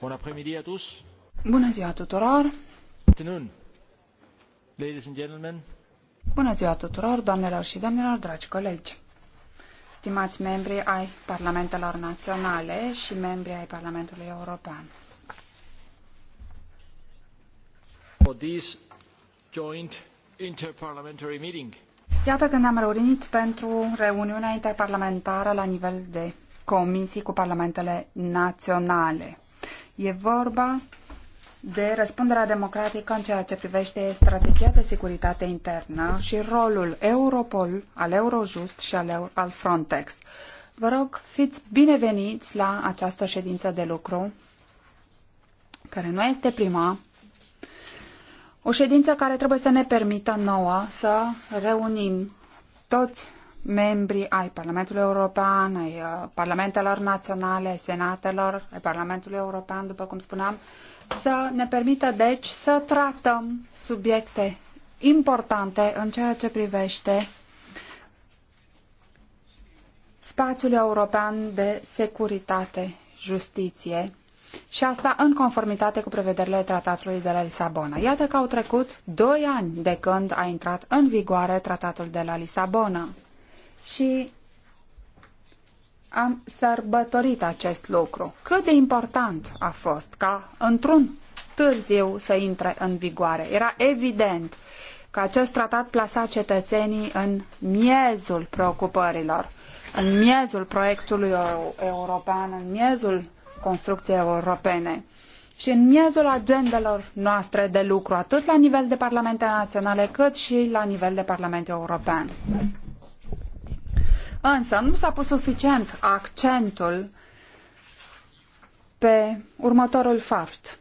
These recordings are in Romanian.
Bună dimineața, Bună ziua tuturor. Afternoon. Ladies and gentlemen. Bună ziua tuturor, doamnelor și domnilor, dragi colegi. Stimați membri ai Parlamentelor Naționale și membri ai Parlamentului European. For this joint interparliamentary meeting. Iată că ne-am reunit pentru reuniunea interparlamentară la nivel de comisii cu parlamentele naționale. E vorba de răspunderea democratică în ceea ce privește strategia de securitate internă și rolul Europol, al Eurojust și al, al Frontex. Vă rog, fiți bineveniți la această ședință de lucru, care nu este prima, o ședință care trebuie să ne permită nouă să reunim toți membri ai Parlamentului European, ai uh, Parlamentelor Naționale, ai Senatelor, ai Parlamentului European, după cum spuneam, să ne permită, deci, să tratăm subiecte importante în ceea ce privește spațiul european de securitate, justiție și asta în conformitate cu prevederile tratatului de la Lisabona. Iată că au trecut doi ani de când a intrat în vigoare tratatul de la Lisabona și am sărbătorit acest lucru. Cât de important a fost ca într-un târziu să intre în vigoare. Era evident că acest tratat plasa cetățenii în miezul preocupărilor, în miezul proiectului european, în miezul construcției europene și în miezul agendelor noastre de lucru, atât la nivel de parlamente naționale, cât și la nivel de parlament european. Însă nu s-a pus suficient accentul pe următorul fapt.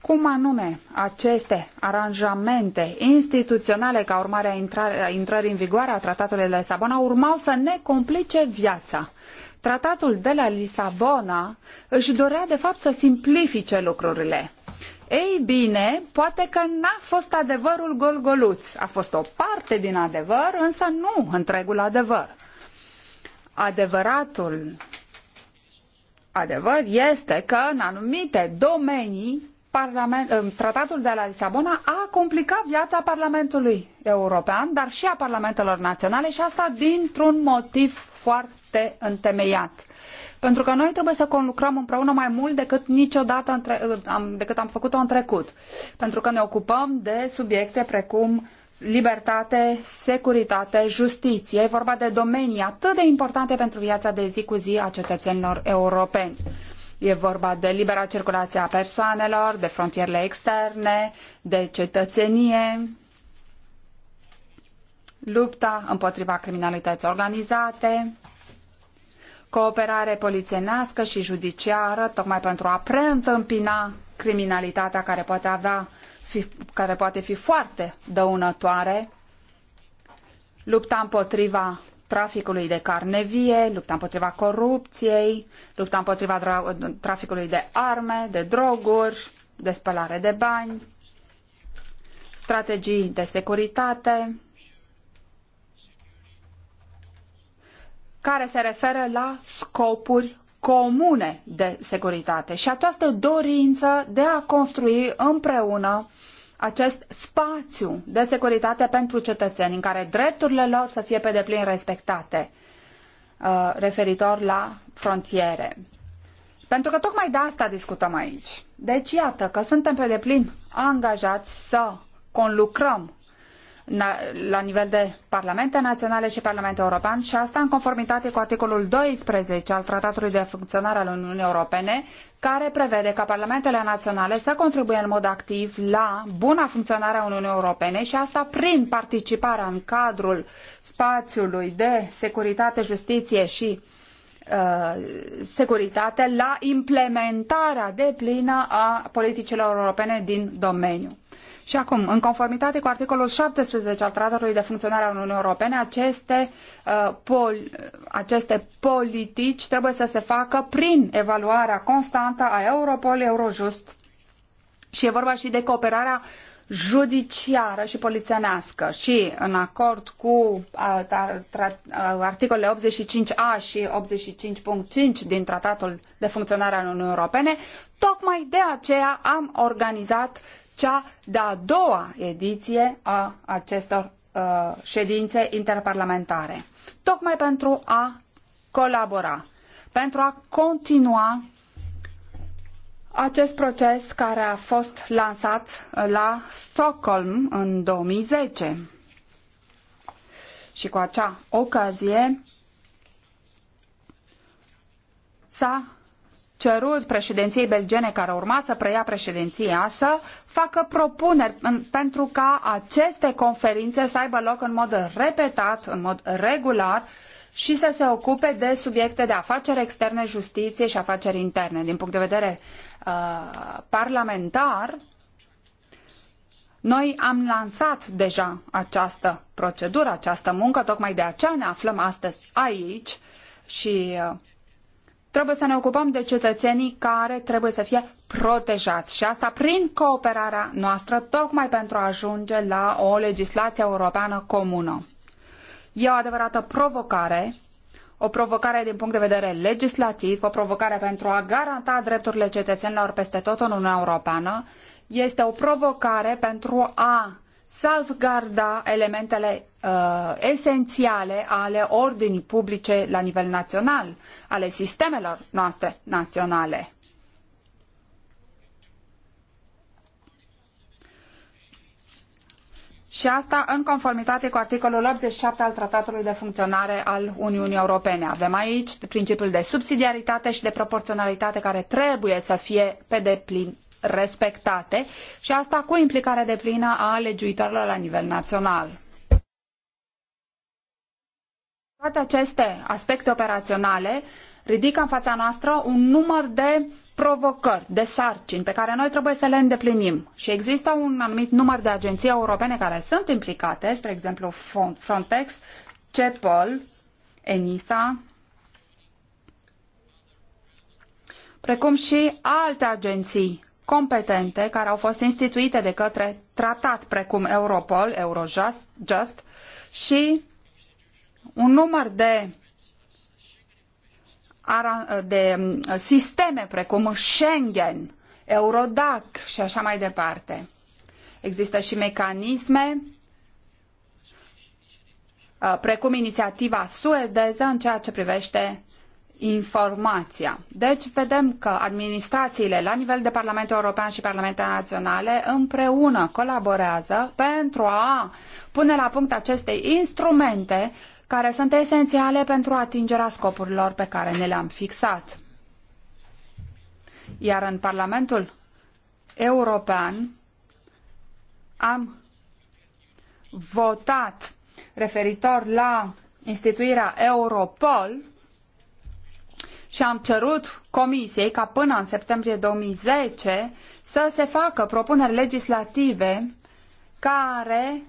Cum anume aceste aranjamente instituționale ca urmare a intrării în vigoare a tratatului de la Lisabona urmau să ne complice viața. Tratatul de la Lisabona își dorea de fapt să simplifice lucrurile. Ei bine, poate că n-a fost adevărul golgoluț. A fost o parte din adevăr, însă nu întregul adevăr. Adevăratul adevăr este că în anumite domenii Parlament, tratatul de la Lisabona a complicat viața Parlamentului European, dar și a Parlamentelor Naționale și asta dintr-un motiv foarte întemeiat. Pentru că noi trebuie să conlucrăm împreună mai mult decât niciodată între, uh, am, decât am făcut-o în trecut. Pentru că ne ocupăm de subiecte precum libertate, securitate, justiție. E vorba de domenii atât de importante pentru viața de zi cu zi a cetățenilor europeni. E vorba de libera circulație a persoanelor, de frontierele externe, de cetățenie, lupta împotriva criminalității organizate, cooperare polițienească și judiciară, tocmai pentru a preîntâmpina criminalitatea care poate avea fi, care poate fi foarte dăunătoare, lupta împotriva traficului de carne vie, lupta împotriva corupției, lupta împotriva traficului de arme, de droguri, de spălare de bani, strategii de securitate, care se referă la scopuri comune de securitate și această dorință de a construi împreună acest spațiu de securitate pentru cetățeni în care drepturile lor să fie pe deplin respectate uh, referitor la frontiere. Pentru că tocmai de asta discutăm aici. Deci iată că suntem pe deplin angajați să conlucrăm la nivel de parlamente naționale și parlament European și asta în conformitate cu articolul 12 al Tratatului de Funcționare al Uniunii Europene, care prevede ca parlamentele naționale să contribuie în mod activ la buna funcționare a Uniunii Europene și asta prin participarea în cadrul spațiului de securitate, justiție și uh, securitate la implementarea deplină a politicilor europene din domeniu. Și acum, în conformitate cu articolul 17 al Tratatului de Funcționare a Uniunii Europene, aceste, uh, pol, aceste politici trebuie să se facă prin evaluarea constantă a Europol, Eurojust și e vorba și de cooperarea judiciară și polițenească și în acord cu articolele 85A și 85.5 din Tratatul de Funcționare al Uniunii Europene, tocmai de aceea am organizat cea de-a doua ediție a acestor uh, ședințe interparlamentare, tocmai pentru a colabora, pentru a continua acest proces care a fost lansat la Stockholm în 2010. Și cu acea ocazie s-a cerut președinției belgiene care urma să preia președinția să facă propuneri pentru ca aceste conferințe să aibă loc în mod repetat, în mod regular și să se ocupe de subiecte de afaceri externe, justiție și afaceri interne. Din punct de vedere uh, parlamentar, noi am lansat deja această procedură, această muncă, tocmai de aceea ne aflăm astăzi aici și uh, trebuie să ne ocupăm de cetățenii care trebuie să fie protejați și asta prin cooperarea noastră, tocmai pentru a ajunge la o legislație europeană comună. E o adevărată provocare, o provocare din punct de vedere legislativ, o provocare pentru a garanta drepturile cetățenilor peste tot în Uniunea Europeană, este o provocare pentru a salvgarda elementele uh, esențiale ale ordinii publice la nivel național, ale sistemelor noastre naționale. Și asta în conformitate cu articolul 87 al Tratatului de Funcționare al Uniunii Europene. Avem aici principiul de subsidiaritate și de proporționalitate care trebuie să fie pe deplin respectate și asta cu implicarea deplină a legiuitorilor la nivel național. Toate aceste aspecte operaționale ridică în fața noastră un număr de provocări, de sarcini pe care noi trebuie să le îndeplinim. Și există un anumit număr de agenții europene care sunt implicate, spre exemplu Frontex, CEPOL, ENISA, precum și alte agenții competente care au fost instituite de către tratat precum Europol, Eurojust Just, și un număr de, de sisteme precum Schengen, Eurodac și așa mai departe. Există și mecanisme uh, precum inițiativa suedeză în ceea ce privește informația. Deci vedem că administrațiile la nivel de Parlamentul European și Parlamente Naționale împreună colaborează pentru a pune la punct aceste instrumente care sunt esențiale pentru atingerea scopurilor pe care ne le-am fixat. Iar în Parlamentul European am votat referitor la instituirea Europol, și am cerut Comisiei ca până în septembrie 2010 să se facă propuneri legislative care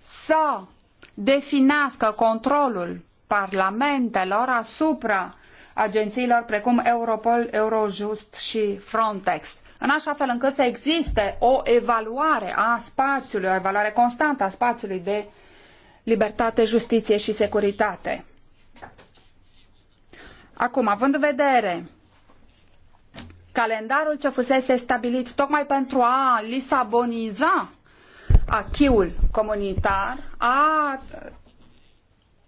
să definească controlul parlamentelor asupra agențiilor precum Europol, Eurojust și Frontex în așa fel încât să existe o evaluare a spațiului, o evaluare constantă a spațiului de libertate, justiție și securitate. Acum, având în vedere calendarul ce fusese stabilit tocmai pentru a lisaboniza achiul comunitar, a,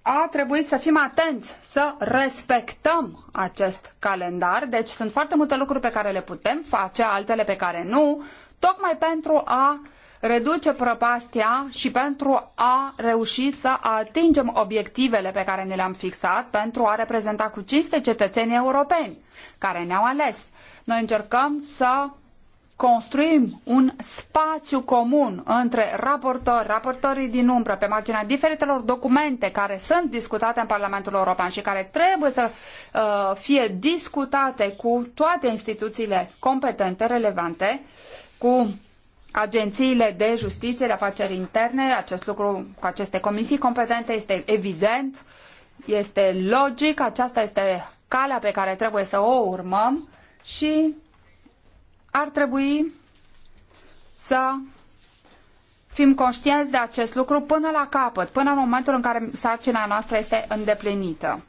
a trebuit să fim atenți, să respectăm acest calendar. Deci sunt foarte multe lucruri pe care le putem face, altele pe care nu, tocmai pentru a uh, reduce prăpastia și pentru a reuși să atingem obiectivele pe care ne le-am fixat pentru a reprezenta cu cinste cetățenii europeni care ne-au ales. Noi încercăm să construim un spațiu comun între raportori, raportorii din umbră, pe marginea diferitelor documente care sunt discutate în Parlamentul European și care trebuie să uh, fie discutate cu toate instituțiile competente, relevante, cu agențiile de justiție, de afaceri interne, acest lucru cu aceste comisii competente este evident, este logic, aceasta este calea pe care trebuie să o urmăm și ar trebui să fim conștienți de acest lucru până la capăt, până în momentul în care sarcina noastră este îndeplinită.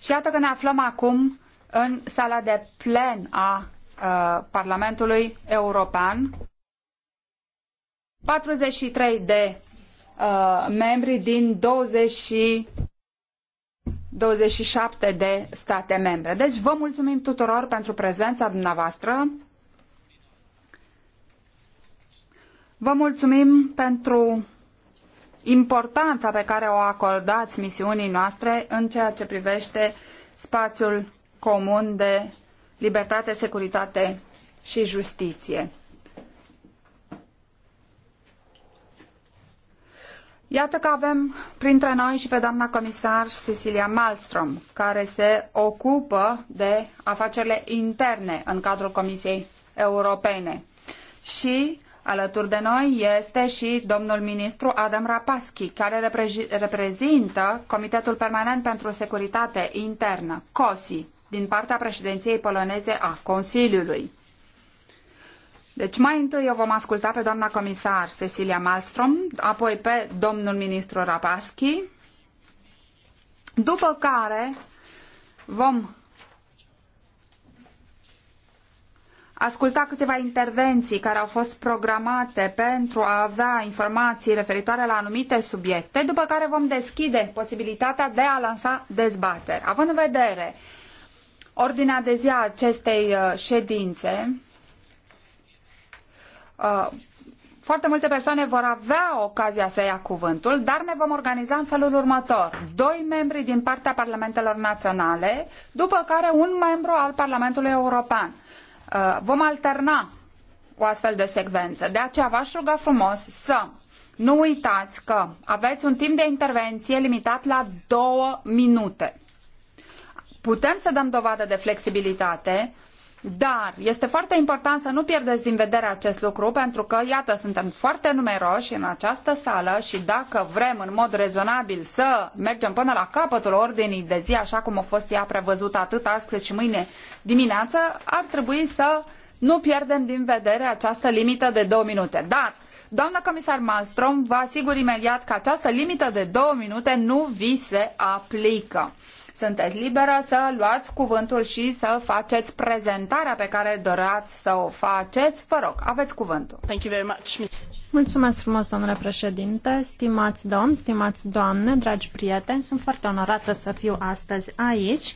Și iată că ne aflăm acum în sala de plen a Uh, Parlamentului European, 43 de uh, membri din 20 și 27 de state membre. Deci vă mulțumim tuturor pentru prezența dumneavoastră. Vă mulțumim pentru importanța pe care o acordați misiunii noastre în ceea ce privește spațiul comun de libertate, securitate și justiție. Iată că avem printre noi și pe doamna comisar Cecilia Malmström, care se ocupă de afacerile interne în cadrul Comisiei Europene. Și alături de noi este și domnul ministru Adam Rapaschi, care reprezintă Comitetul Permanent pentru Securitate Internă, COSI din partea președinției poloneze a Consiliului. Deci mai întâi o vom asculta pe doamna comisar Cecilia Malmström, apoi pe domnul ministru Rapaschi, după care vom asculta câteva intervenții care au fost programate pentru a avea informații referitoare la anumite subiecte, după care vom deschide posibilitatea de a lansa dezbateri. Având în vedere Ordinea de zi a acestei uh, ședințe uh, foarte multe persoane vor avea ocazia să ia cuvântul, dar ne vom organiza în felul următor. Doi membri din partea Parlamentelor Naționale, după care un membru al Parlamentului European. Uh, vom alterna o astfel de secvență. De aceea v-aș ruga frumos să nu uitați că aveți un timp de intervenție limitat la două minute. Putem să dăm dovadă de flexibilitate, dar este foarte important să nu pierdeți din vedere acest lucru, pentru că, iată, suntem foarte numeroși în această sală și dacă vrem în mod rezonabil să mergem până la capătul ordinii de zi, așa cum a fost ea prevăzută atât astăzi, cât și mâine dimineață, ar trebui să nu pierdem din vedere această limită de două minute. Dar, doamnă comisar Malmström, vă asigur imediat că această limită de două minute nu vi se aplică sunteți liberă să luați cuvântul și să faceți prezentarea pe care doreați să o faceți. Vă rog, aveți cuvântul. Thank you very much. Mulțumesc frumos, domnule președinte, stimați domn, stimați doamne, dragi prieteni, sunt foarte onorată să fiu astăzi aici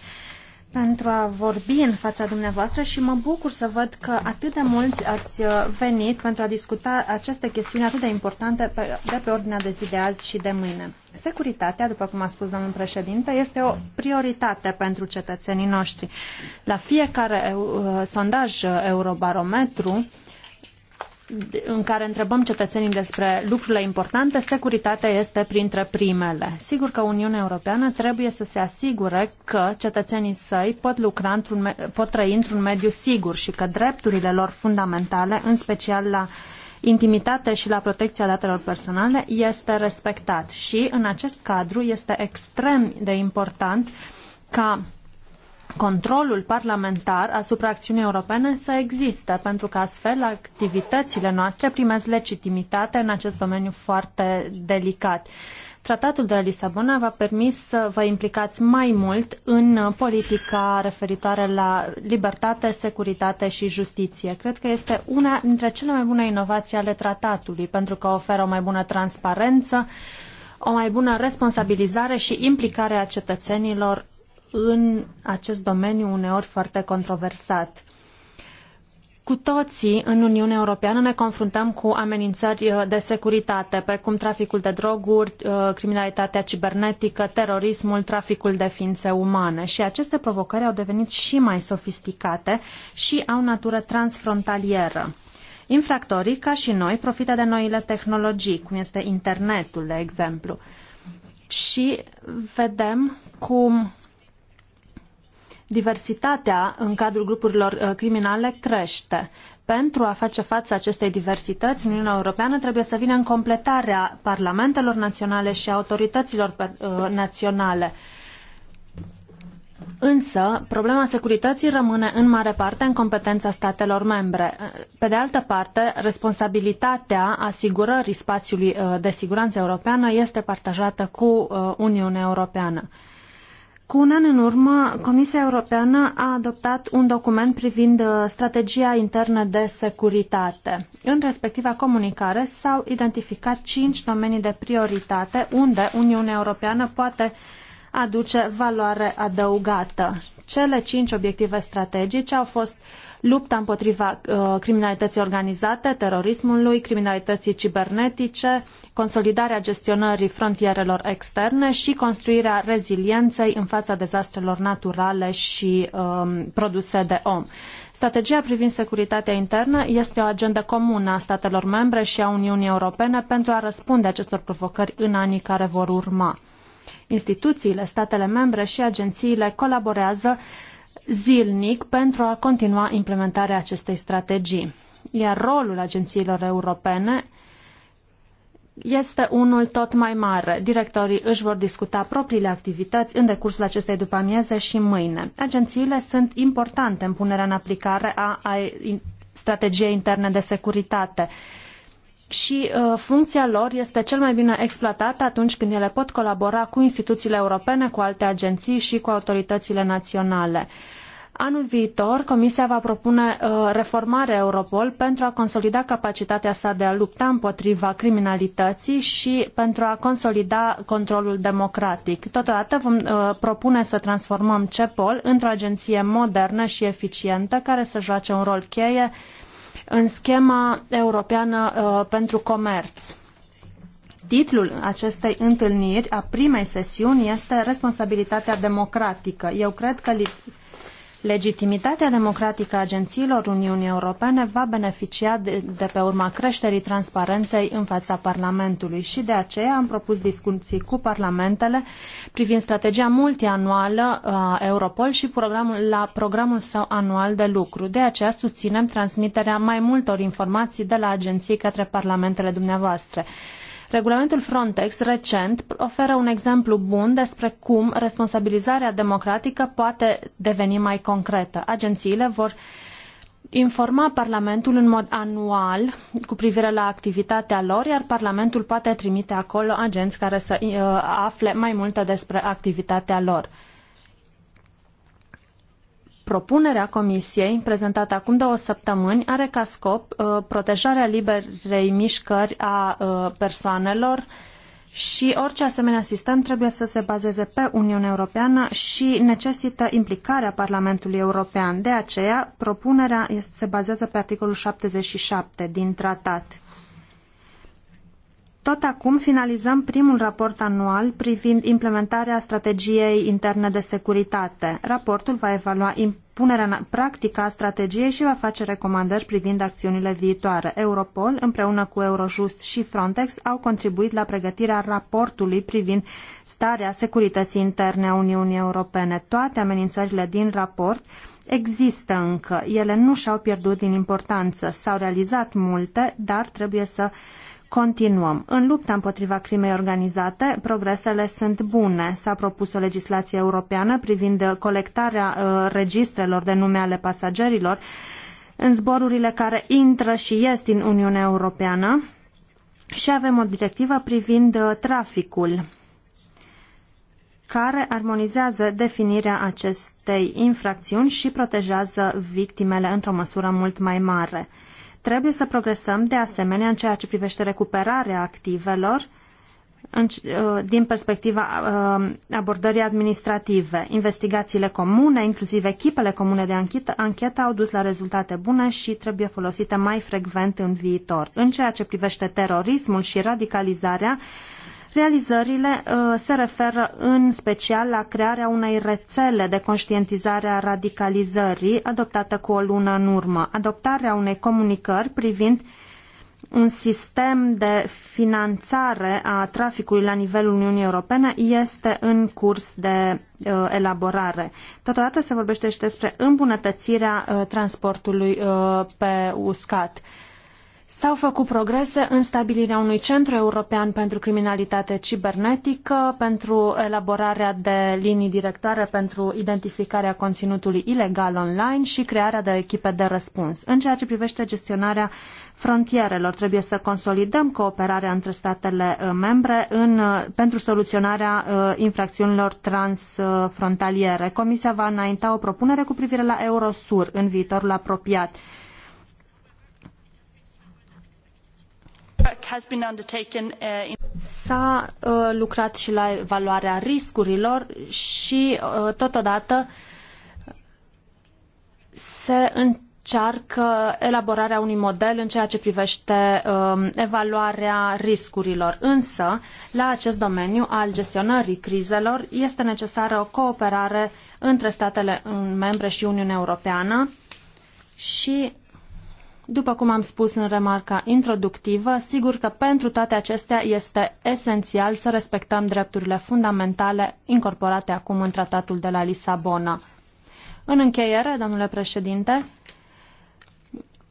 pentru a vorbi în fața dumneavoastră și mă bucur să văd că atât de mulți ați uh, venit pentru a discuta aceste chestiuni atât de importante de pe ordinea de zi de azi și de mâine. Securitatea, după cum a spus domnul președinte, este o prioritate pentru cetățenii noștri. La fiecare uh, sondaj Eurobarometru, în care întrebăm cetățenii despre lucrurile importante, securitatea este printre primele. Sigur că Uniunea Europeană trebuie să se asigure că cetățenii săi pot, lucra într-un, pot trăi într-un mediu sigur și că drepturile lor fundamentale, în special la intimitate și la protecția datelor personale, este respectat. Și în acest cadru este extrem de important ca controlul parlamentar asupra acțiunii europene să existe, pentru că astfel activitățile noastre primesc legitimitate în acest domeniu foarte delicat. Tratatul de la Lisabona v-a permis să vă implicați mai mult în politica referitoare la libertate, securitate și justiție. Cred că este una dintre cele mai bune inovații ale tratatului, pentru că oferă o mai bună transparență, o mai bună responsabilizare și implicare a cetățenilor în acest domeniu uneori foarte controversat. Cu toții în Uniunea Europeană ne confruntăm cu amenințări uh, de securitate, precum traficul de droguri, uh, criminalitatea cibernetică, terorismul, traficul de ființe umane. Și aceste provocări au devenit și mai sofisticate și au natură transfrontalieră. Infractorii, ca și noi, profită de noile tehnologii, cum este internetul, de exemplu. Și vedem cum diversitatea în cadrul grupurilor uh, criminale crește. Pentru a face față acestei diversități, Uniunea Europeană trebuie să vină în completarea parlamentelor naționale și autorităților uh, naționale. Însă, problema securității rămâne în mare parte în competența statelor membre. Pe de altă parte, responsabilitatea asigurării spațiului uh, de siguranță europeană este partajată cu Uniunea Europeană. Cu un an în urmă, Comisia Europeană a adoptat un document privind uh, strategia internă de securitate. În respectiva comunicare s-au identificat cinci domenii de prioritate unde Uniunea Europeană poate aduce valoare adăugată cele cinci obiective strategice au fost lupta împotriva uh, criminalității organizate, terorismului, criminalității cibernetice, consolidarea gestionării frontierelor externe și construirea rezilienței în fața dezastrelor naturale și um, produse de om. Strategia privind securitatea internă este o agendă comună a statelor membre și a Uniunii Europene pentru a răspunde acestor provocări în anii care vor urma. Instituțiile, statele membre și agențiile colaborează zilnic pentru a continua implementarea acestei strategii. Iar rolul agențiilor europene este unul tot mai mare. Directorii își vor discuta propriile activități în decursul acestei după amieze și mâine. Agențiile sunt importante în punerea în aplicare a, a strategiei interne de securitate și uh, funcția lor este cel mai bine exploatată atunci când ele pot colabora cu instituțiile europene, cu alte agenții și cu autoritățile naționale. Anul viitor, Comisia va propune uh, reformarea Europol pentru a consolida capacitatea sa de a lupta împotriva criminalității și pentru a consolida controlul democratic. Totodată vom uh, propune să transformăm CEPOL într-o agenție modernă și eficientă care să joace un rol cheie în schema europeană uh, pentru comerț. Titlul acestei întâlniri, a primei sesiuni, este Responsabilitatea democratică. Eu cred că Legitimitatea democratică a agențiilor Uniunii Europene va beneficia de, de pe urma creșterii transparenței în fața Parlamentului și de aceea am propus discuții cu parlamentele privind strategia multianuală a uh, Europol și programul, la programul său anual de lucru. De aceea susținem transmiterea mai multor informații de la agenții către parlamentele dumneavoastră. Regulamentul Frontex recent oferă un exemplu bun despre cum responsabilizarea democratică poate deveni mai concretă. Agențiile vor informa Parlamentul în mod anual cu privire la activitatea lor, iar Parlamentul poate trimite acolo agenți care să uh, afle mai multe despre activitatea lor. Propunerea Comisiei, prezentată acum două săptămâni, are ca scop uh, protejarea liberei mișcări a uh, persoanelor și orice asemenea sistem trebuie să se bazeze pe Uniunea Europeană și necesită implicarea Parlamentului European. De aceea, propunerea este, se bazează pe articolul 77 din tratat. Tot acum finalizăm primul raport anual privind implementarea strategiei interne de securitate. Raportul va evalua punerea în practică a strategiei și va face recomandări privind acțiunile viitoare. Europol, împreună cu Eurojust și Frontex, au contribuit la pregătirea raportului privind starea securității interne a Uniunii Europene. Toate amenințările din raport există încă. Ele nu și-au pierdut din importanță. S-au realizat multe, dar trebuie să Continuăm. În lupta împotriva crimei organizate, progresele sunt bune. S-a propus o legislație europeană privind colectarea uh, registrelor de nume ale pasagerilor în zborurile care intră și ies din Uniunea Europeană și avem o directivă privind uh, traficul care armonizează definirea acestei infracțiuni și protejează victimele într-o măsură mult mai mare. Trebuie să progresăm de asemenea în ceea ce privește recuperarea activelor în, uh, din perspectiva uh, abordării administrative. Investigațiile comune, inclusiv echipele comune de anchetă, anchetă, au dus la rezultate bune și trebuie folosite mai frecvent în viitor. În ceea ce privește terorismul și radicalizarea, Realizările uh, se referă în special la crearea unei rețele de conștientizare a radicalizării adoptată cu o lună în urmă, adoptarea unei comunicări privind un sistem de finanțare a traficului la nivelul Uniunii Europene este în curs de uh, elaborare. Totodată se vorbește și despre îmbunătățirea uh, transportului uh, pe uscat. Uh, S-au făcut progrese în stabilirea unui centru european pentru criminalitate cibernetică, pentru elaborarea de linii directoare pentru identificarea conținutului ilegal online și crearea de echipe de răspuns. În ceea ce privește gestionarea frontierelor, trebuie să consolidăm cooperarea între statele uh, membre în, uh, pentru soluționarea uh, infracțiunilor transfrontaliere. Comisia va înainta o propunere cu privire la Eurosur în viitorul apropiat. Uh, S-a uh, lucrat și la evaluarea riscurilor și uh, totodată se încearcă elaborarea unui model în ceea ce privește uh, evaluarea riscurilor. Însă, la acest domeniu al gestionării crizelor este necesară o cooperare între statele membre și Uniunea Europeană și după cum am spus în remarca introductivă, sigur că pentru toate acestea este esențial să respectăm drepturile fundamentale incorporate acum în Tratatul de la Lisabona. În încheiere, domnule președinte,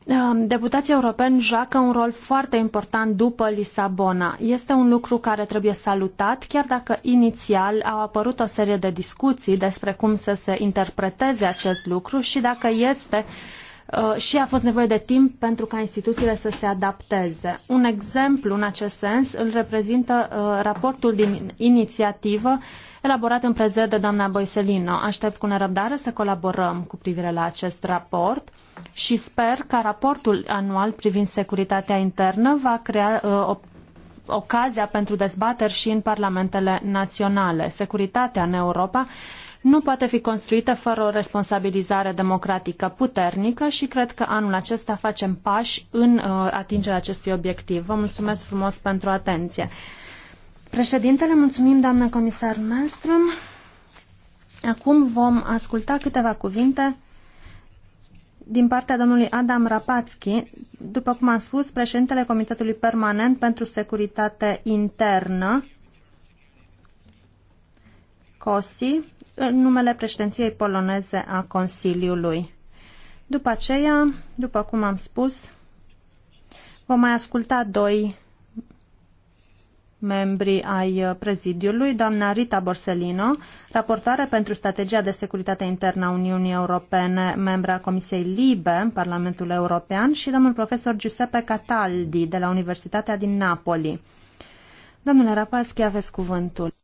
um, Deputații europeni joacă un rol foarte important după Lisabona. Este un lucru care trebuie salutat, chiar dacă inițial au apărut o serie de discuții despre cum să se interpreteze acest lucru și dacă este Uh, și a fost nevoie de timp pentru ca instituțiile să se adapteze. Un exemplu în acest sens îl reprezintă uh, raportul din inițiativă elaborat în prezent de doamna Boiselino. Aștept cu nerăbdare să colaborăm cu privire la acest raport și sper ca raportul anual privind securitatea internă va crea uh, o ocazia pentru dezbateri și în parlamentele naționale. Securitatea în Europa nu poate fi construită fără o responsabilizare democratică puternică și cred că anul acesta facem pași în uh, atingerea acestui obiectiv. Vă mulțumesc frumos pentru atenție. Președintele, mulțumim doamnă comisar Malmström. Acum vom asculta câteva cuvinte din partea domnului Adam Rapatski, după cum am spus, președintele Comitetului Permanent pentru Securitate Internă, COSI, în numele președinției poloneze a Consiliului. După aceea, după cum am spus, vom mai asculta doi membri ai uh, prezidiului, doamna Rita Borsellino, raportoare pentru strategia de securitate internă a Uniunii Europene, membra Comisiei Libe în Parlamentul European și domnul profesor Giuseppe Cataldi de la Universitatea din Napoli. Domnule Rapalski, aveți cuvântul.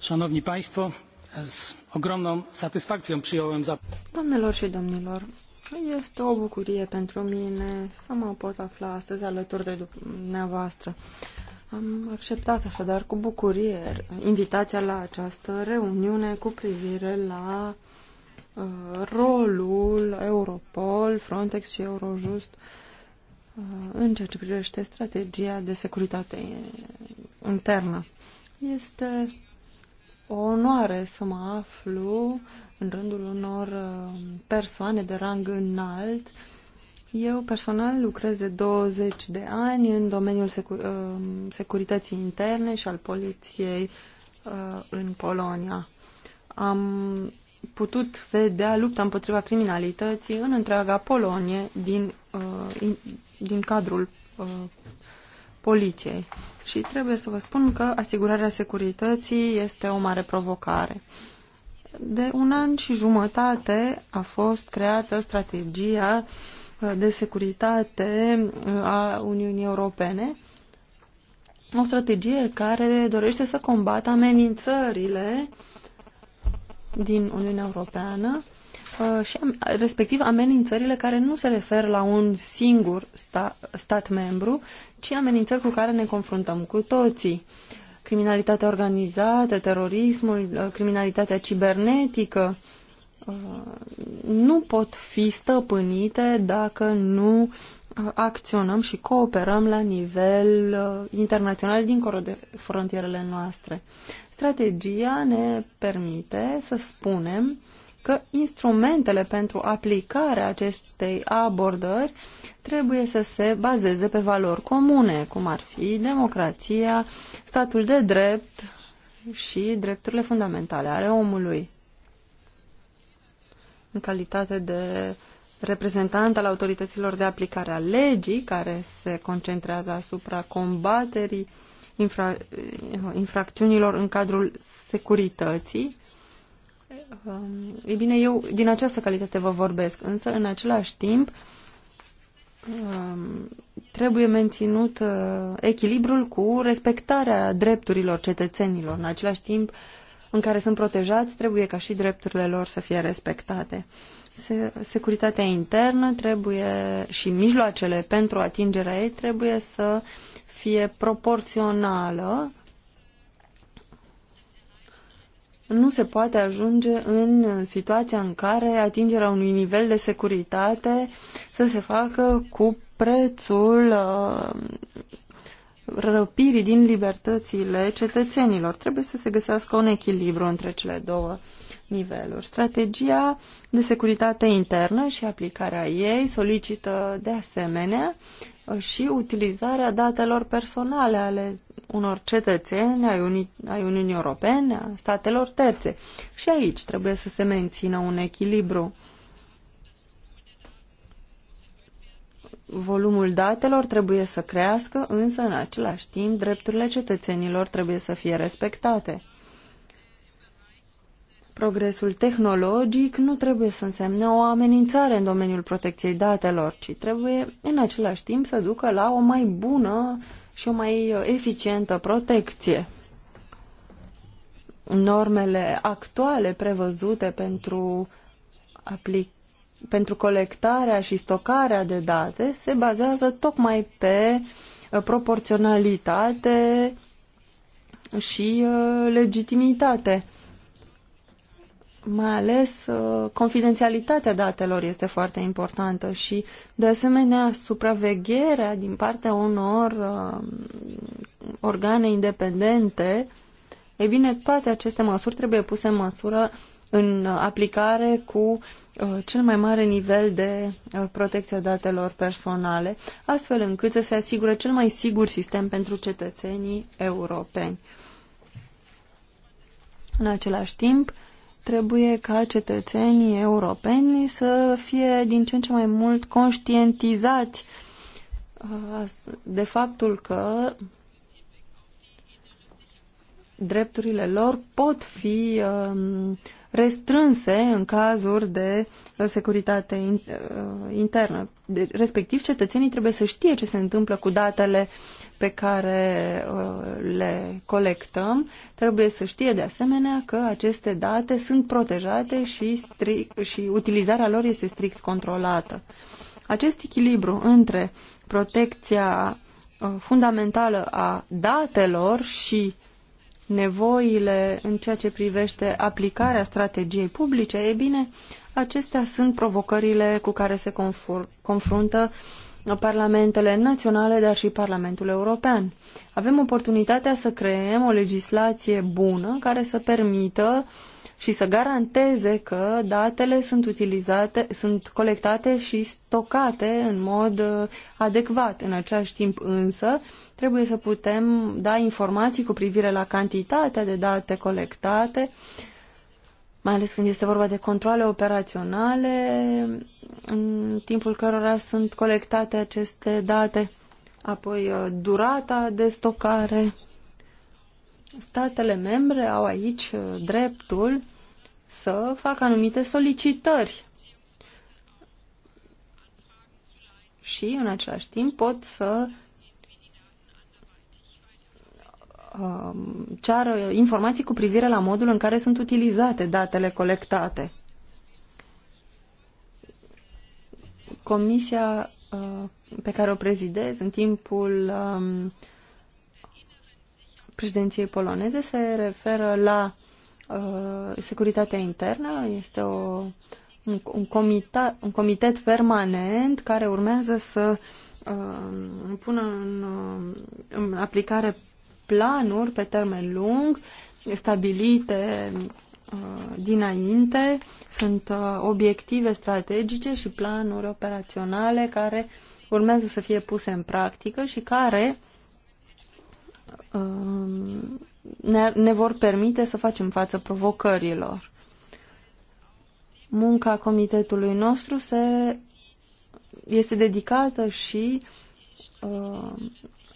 Szanowni Państwo, z ogromną satysfakcją przyjąłem za... Doamnelor și domnilor, este o bucurie pentru mine să mă pot afla astăzi alături de dumneavoastră. Am acceptat așadar cu bucurie invitația la această reuniune cu privire la uh, rolul Europol, Frontex și Eurojust uh, în ceea ce privește strategia de securitate internă. Este o onoare să mă aflu în rândul unor uh, persoane de rang înalt. Eu personal lucrez de 20 de ani în domeniul secur uh, securității interne și al poliției uh, în Polonia. Am putut vedea lupta împotriva criminalității în întreaga Polonie din, din cadrul poliției și trebuie să vă spun că asigurarea securității este o mare provocare. De un an și jumătate a fost creată strategia uh, de securitate uh, a Uniunii Europene, o strategie care dorește să combată amenințările din Uniunea Europeană Uh, și respectiv amenințările care nu se referă la un singur sta, stat membru, ci amenințări cu care ne confruntăm cu toții. Criminalitatea organizată, terorismul, uh, criminalitatea cibernetică uh, nu pot fi stăpânite dacă nu acționăm și cooperăm la nivel internațional dincolo de frontierele noastre. Strategia ne permite să spunem că instrumentele pentru aplicarea acestei abordări trebuie să se bazeze pe valori comune, cum ar fi democrația, statul de drept și drepturile fundamentale ale omului. În calitate de reprezentant al autorităților de aplicare a legii, care se concentrează asupra combaterii infra infracțiunilor în cadrul securității, Um, e bine, eu din această calitate vă vorbesc, însă în același timp um, trebuie menținut uh, echilibrul cu respectarea drepturilor cetățenilor. În același timp în care sunt protejați, trebuie ca și drepturile lor să fie respectate. Securitatea internă trebuie și mijloacele pentru atingerea ei trebuie să fie proporțională nu se poate ajunge în situația în care atingerea unui nivel de securitate să se facă cu prețul uh, răpirii din libertățile cetățenilor. Trebuie să se găsească un echilibru între cele două niveluri. Strategia de securitate internă și aplicarea ei solicită de asemenea și utilizarea datelor personale ale unor cetățeni ai, Uni ai Uniunii Europene, a statelor terțe. Și aici trebuie să se mențină un echilibru. Volumul datelor trebuie să crească, însă în același timp drepturile cetățenilor trebuie să fie respectate. Progresul tehnologic nu trebuie să însemne o amenințare în domeniul protecției datelor, ci trebuie în același timp să ducă la o mai bună și o mai eficientă protecție. Normele actuale prevăzute pentru, pentru colectarea și stocarea de date se bazează tocmai pe uh, proporționalitate și uh, legitimitate mai ales uh, confidențialitatea datelor este foarte importantă și, de asemenea, supravegherea din partea unor uh, organe independente. E bine, toate aceste măsuri trebuie puse în măsură în aplicare cu uh, cel mai mare nivel de protecție a datelor personale, astfel încât să se asigure cel mai sigur sistem pentru cetățenii europeni. În același timp, Trebuie ca cetățenii europeni să fie din ce în ce mai mult conștientizați uh, de faptul că drepturile lor pot fi um, restrânse în cazuri de uh, securitate uh, internă. Respectiv, cetățenii trebuie să știe ce se întâmplă cu datele pe care uh, le colectăm, trebuie să știe de asemenea că aceste date sunt protejate și, strict, și utilizarea lor este strict controlată. Acest echilibru între protecția uh, fundamentală a datelor și nevoile în ceea ce privește aplicarea strategiei publice, e bine, acestea sunt provocările cu care se confruntă parlamentele naționale, dar și Parlamentul European. Avem oportunitatea să creăm o legislație bună care să permită și să garanteze că datele sunt utilizate, sunt colectate și stocate în mod uh, adecvat. În același timp însă trebuie să putem da informații cu privire la cantitatea de date colectate, uh, mai ales când este vorba de controle operaționale, în timpul cărora sunt colectate aceste date, apoi uh, durata de stocare. Statele membre au aici uh, dreptul să facă anumite solicitări și, în același timp, pot să Um, ceară informații cu privire la modul în care sunt utilizate datele colectate. Comisia uh, pe care o prezidez în timpul um, președinției poloneze se referă la uh, securitatea internă. Este o, un, un, comita, un comitet permanent care urmează să um, pună în, în aplicare planuri pe termen lung stabilite uh, dinainte, sunt uh, obiective strategice și planuri operaționale care urmează să fie puse în practică și care um, ne vor permite să facem față provocărilor. Munca comitetului nostru se, este dedicată și uh,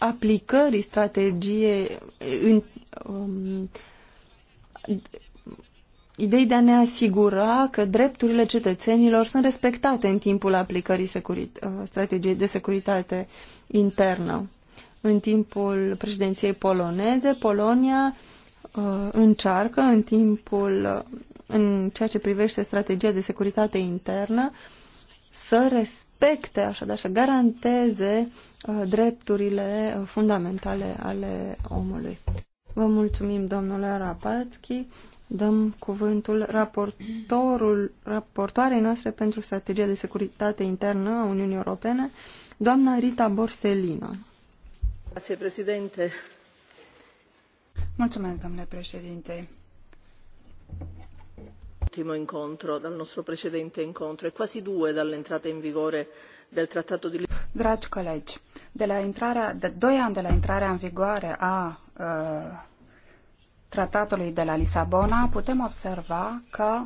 aplicării strategiei, în, um, idei de a ne asigura că drepturile cetățenilor sunt respectate în timpul aplicării uh, strategiei de securitate internă. În timpul președinției poloneze, Polonia uh, încearcă în timpul, uh, în ceea ce privește strategia de securitate internă, uh, să respecte, așadar să garanteze uh, drepturile uh, fundamentale ale omului. Vă mulțumim, domnule Rapatski. Dăm cuvântul raportorul, raportoarei noastre pentru strategia de securitate internă a Uniunii Europene, doamna Rita Borsellino. Grazie, președinte. Mulțumesc, domnule președinte. Ultimo incontro, dal nostro precedente incontro, e quasi due dall'entrata in vigore del Trattato di Dragi colegi, de la intrarea, de doi ani de la intrarea în vigoare a uh, Tratatului de la Lisabona, putem observa că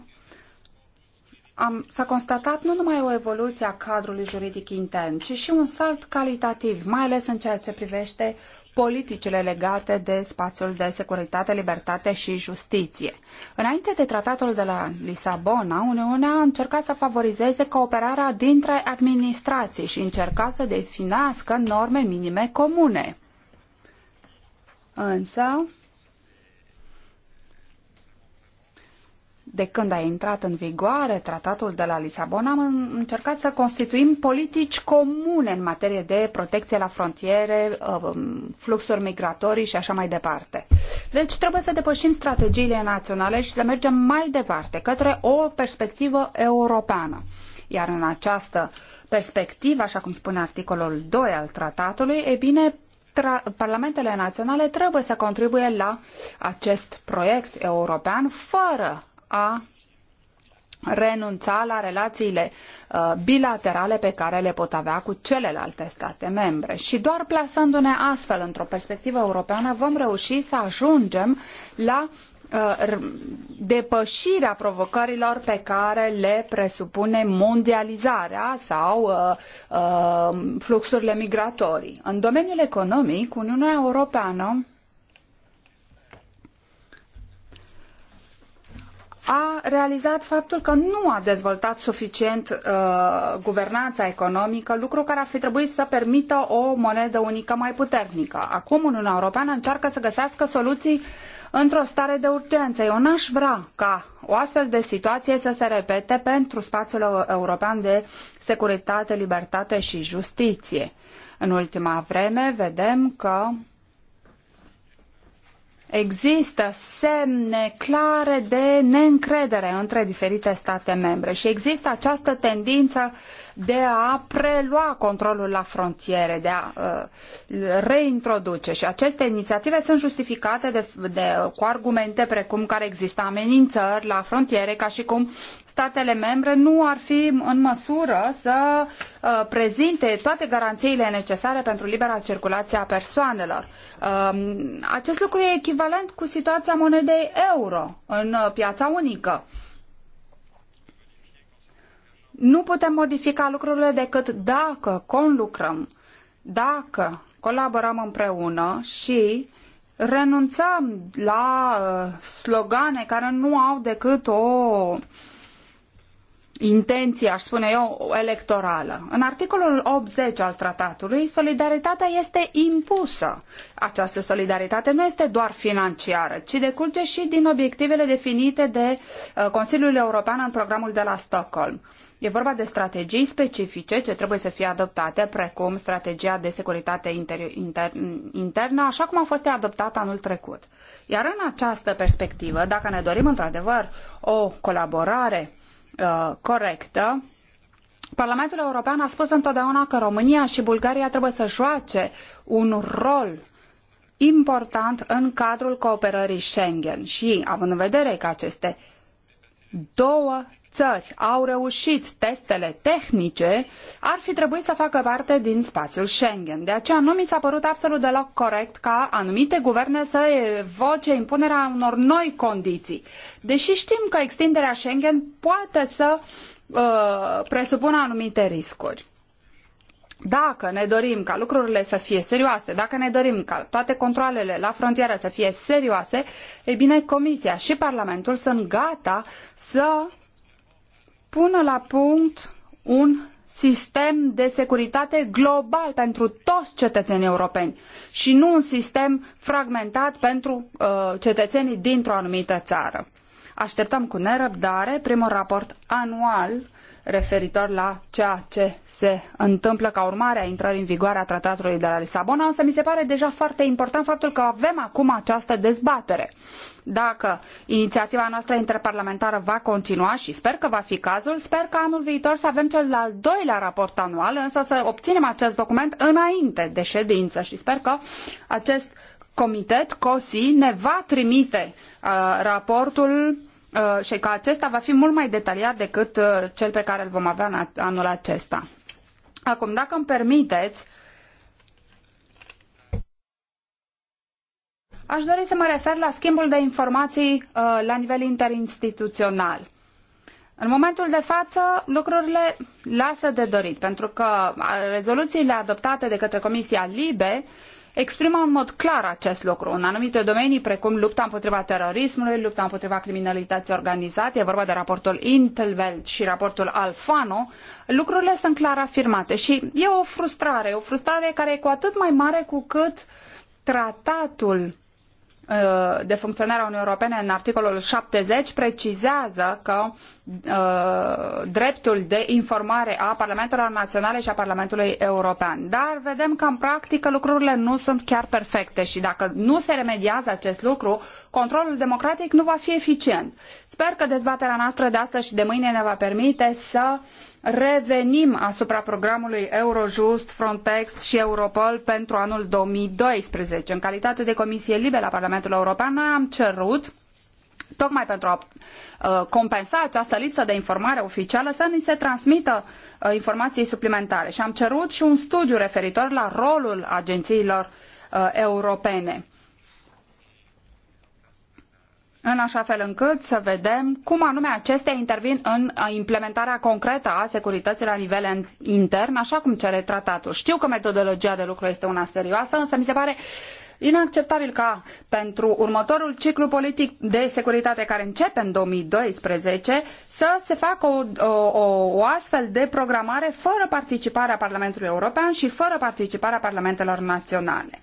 am, s-a constatat nu numai o evoluție a cadrului juridic intern, ci și un salt calitativ, mai ales în ceea ce privește politicile legate de spațiul de securitate, libertate și justiție. Înainte de tratatul de la Lisabona, Uniunea încerca să favorizeze cooperarea dintre administrații și încerca să definească norme minime comune. Însă, de când a intrat în vigoare tratatul de la Lisabona, am încercat să constituim politici comune în materie de protecție la frontiere, uh, um, fluxuri migratorii și așa mai departe. Deci trebuie să depășim strategiile naționale și să mergem mai departe, către o perspectivă europeană. Iar în această perspectivă, așa cum spune articolul 2 al tratatului, e bine, parlamentele naționale trebuie să contribuie la acest proiect european fără a renunța la relațiile uh, bilaterale pe care le pot avea cu celelalte state membre. Și doar plasându-ne astfel într-o perspectivă europeană vom reuși să ajungem la uh, depășirea provocărilor pe care le presupune mondializarea sau uh, fluxurile migratorii. În domeniul economic, Uniunea Europeană a realizat faptul că nu a dezvoltat suficient uh, guvernanța economică, lucru care ar fi trebuit să permită o monedă unică mai puternică. Acum Uniunea Europeană încearcă să găsească soluții într-o stare de urgență. Eu n-aș vrea ca o astfel de situație să se repete pentru spațiul european de securitate, libertate și justiție. În ultima vreme vedem că există semne clare de neîncredere între diferite state membre și există această tendință de a prelua controlul la frontiere, de a uh, reintroduce și aceste inițiative sunt justificate de, de, cu argumente precum care există amenințări la frontiere, ca și cum statele membre nu ar fi în măsură să Uh, prezinte toate garanțiile necesare pentru libera circulație a persoanelor. Um, acest lucru e echivalent cu situația monedei euro în uh, piața unică. Nu putem modifica lucrurile decât dacă conlucrăm, dacă colaborăm împreună și renunțăm la uh, slogane care nu au decât o intenție, aș spune eu, electorală. În articolul 80 al tratatului, solidaritatea este impusă. Această solidaritate nu este doar financiară, ci decurge și din obiectivele definite de uh, Consiliul European în programul de la Stockholm. E vorba de strategii specifice ce trebuie să fie adoptate, precum strategia de securitate inter- inter- internă, așa cum a fost adoptată anul trecut. Iar în această perspectivă, dacă ne dorim într-adevăr o colaborare Uh, corectă. Parlamentul European a spus întotdeauna că România și Bulgaria trebuie să joace un rol important în cadrul cooperării Schengen și având în vedere că aceste două ări au reușit testele tehnice, ar fi trebuit să facă parte din spațiul Schengen. De aceea nu mi s-a părut absolut deloc corect ca anumite guverne să evoce impunerea unor noi condiții. Deși știm că extinderea Schengen poate să uh, presupună anumite riscuri dacă ne dorim ca lucrurile să fie serioase, dacă ne dorim ca toate controlele la frontieră să fie serioase, e bine, Comisia și Parlamentul sunt gata să pună la punct un sistem de securitate global pentru toți cetățenii europeni și nu un sistem fragmentat pentru uh, cetățenii dintr-o anumită țară. Așteptăm cu nerăbdare primul raport anual referitor la ceea ce se întâmplă ca urmare a intrării în vigoare a tratatului de la Lisabona, însă mi se pare deja foarte important faptul că avem acum această dezbatere. Dacă inițiativa noastră interparlamentară va continua și sper că va fi cazul, sper că anul viitor să avem cel de-al doilea raport anual, însă să obținem acest document înainte de ședință și sper că acest comitet, COSI, ne va trimite uh, raportul uh, Uh, și că acesta va fi mult mai detaliat decât uh, cel pe care îl vom avea anul acesta. Acum, dacă îmi permiteți, aș dori să mă refer la schimbul de informații uh, la nivel interinstituțional. În momentul de față, lucrurile lasă de dorit, pentru că rezoluțiile adoptate de către Comisia Libe uh, exprimă în mod clar acest lucru. În anumite domenii, precum lupta împotriva terorismului, lupta împotriva criminalității organizate, e vorba de raportul Intelveld și raportul Alfano, lucrurile sunt clar afirmate și e o frustrare, o frustrare care e cu atât mai mare cu cât tratatul Uh, de funcționare a Uniunii Europene în articolul 70 precizează că uh, dreptul de informare a Parlamentelor Naționale și a Parlamentului European. Dar vedem că în practică lucrurile nu sunt chiar perfecte și dacă nu se remediază acest lucru, controlul democratic nu va fi eficient. Sper că dezbaterea noastră de astăzi și de mâine ne va permite să revenim asupra programului Eurojust, Frontex și Europol pentru anul 2012. În calitate de Comisie Libe la Parlamentul European, noi am cerut tocmai pentru a ă, compensa această lipsă de informare oficială, să ni se transmită ă, informații suplimentare. Și am cerut și un studiu referitor la rolul agențiilor ă, europene în așa fel încât să vedem cum anume acestea intervin în uh, implementarea concretă a securității la nivel intern, așa cum cere tratatul. Știu că metodologia de lucru este una serioasă, însă mi se pare inacceptabil ca pentru următorul ciclu politic de securitate care începe în 2012 să se facă o, o, o astfel de programare fără participarea Parlamentului European și fără participarea Parlamentelor Naționale.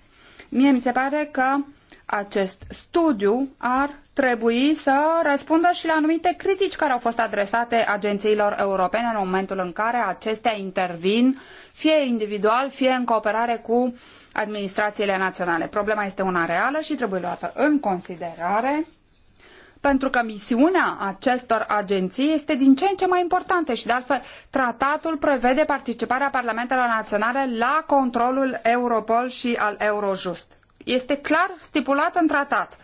Mie mi se pare că acest studiu ar trebui să răspundă și la anumite critici care au fost adresate agențiilor europene în momentul în care acestea intervin, fie individual, fie în cooperare cu administrațiile naționale. Problema este una reală și trebuie luată în considerare pentru că misiunea acestor agenții este din ce în ce mai importantă și de altfel tratatul prevede participarea parlamentelor naționale la controlul Europol și al Eurojust. Este clar stipulat în tratat.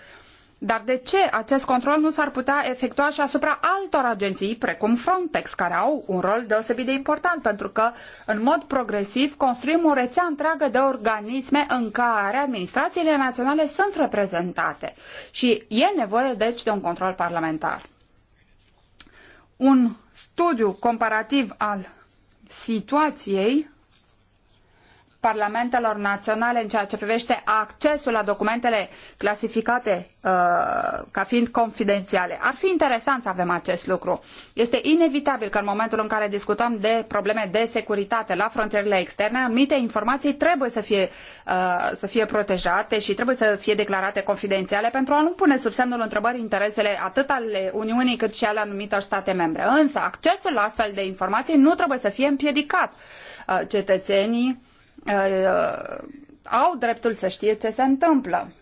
Dar de ce acest control nu s-ar putea efectua și asupra altor agenții, precum Frontex, care au un rol deosebit de important, pentru că, în mod progresiv, construim o rețea întreagă de organisme în care administrațiile naționale sunt reprezentate. Și e nevoie, deci, de un control parlamentar. Un studiu comparativ al situației parlamentelor naționale în ceea ce privește accesul la documentele clasificate uh, ca fiind confidențiale. Ar fi interesant să avem acest lucru. Este inevitabil că în momentul în care discutăm de probleme de securitate la frontierele externe, anumite informații trebuie să fie, uh, să fie protejate și trebuie să fie declarate confidențiale pentru a nu pune sub semnul întrebării interesele atât ale Uniunii cât și ale anumitor state membre. Însă accesul la astfel de informații nu trebuie să fie împiedicat. Uh, cetățenii Uh, au dreptul să știe ce se întâmplă.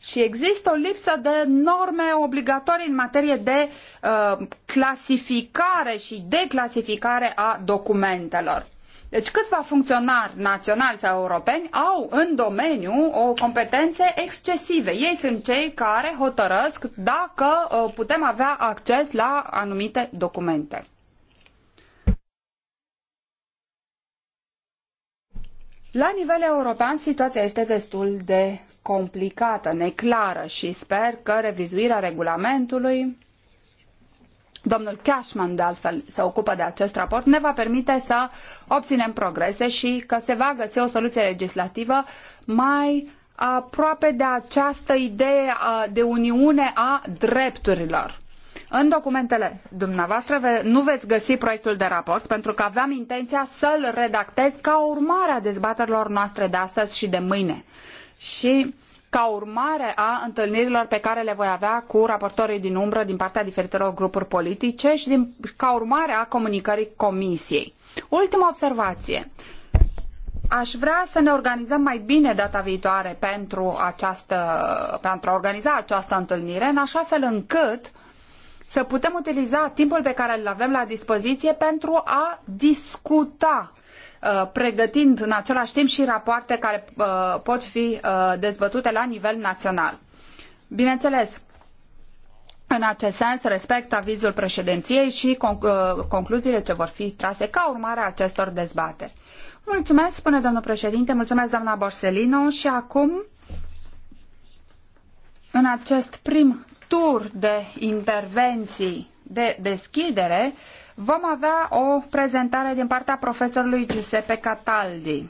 Și există o lipsă de norme obligatorii în materie de uh, clasificare și declasificare a documentelor. Deci câțiva funcționari naționali sau europeni au în domeniu o competențe excesive. Ei sunt cei care hotărăsc dacă uh, putem avea acces la anumite documente. La nivel european, situația este destul de complicată, neclară și sper că revizuirea regulamentului Domnul Cashman, de altfel, se ocupă de acest raport, ne va permite să obținem progrese și că se va găsi o soluție legislativă mai aproape de această idee de uniune a drepturilor. În documentele dumneavoastră nu veți găsi proiectul de raport pentru că aveam intenția să-l redactez ca urmare a dezbaterilor noastre de astăzi și de mâine. Și ca urmare a întâlnirilor pe care le voi avea cu raportorii din umbră din partea diferitelor grupuri politice și din, ca urmare a comunicării comisiei. Ultima observație. Aș vrea să ne organizăm mai bine data viitoare pentru, această, pentru a organiza această întâlnire, în așa fel încât uh, să putem utiliza timpul pe care îl avem la dispoziție pentru a discuta uh, pregătind în același timp și rapoarte care uh, pot fi uh, dezbătute la nivel național. Bineînțeles, în acest sens respect avizul președinției și concluziile ce vor fi trase ca urmare a acestor dezbateri. Mulțumesc, spune domnul președinte, mulțumesc doamna Borsellino și acum, în acest prim tur de intervenții de deschidere, vom avea o prezentare din partea profesorului Giuseppe Cataldi,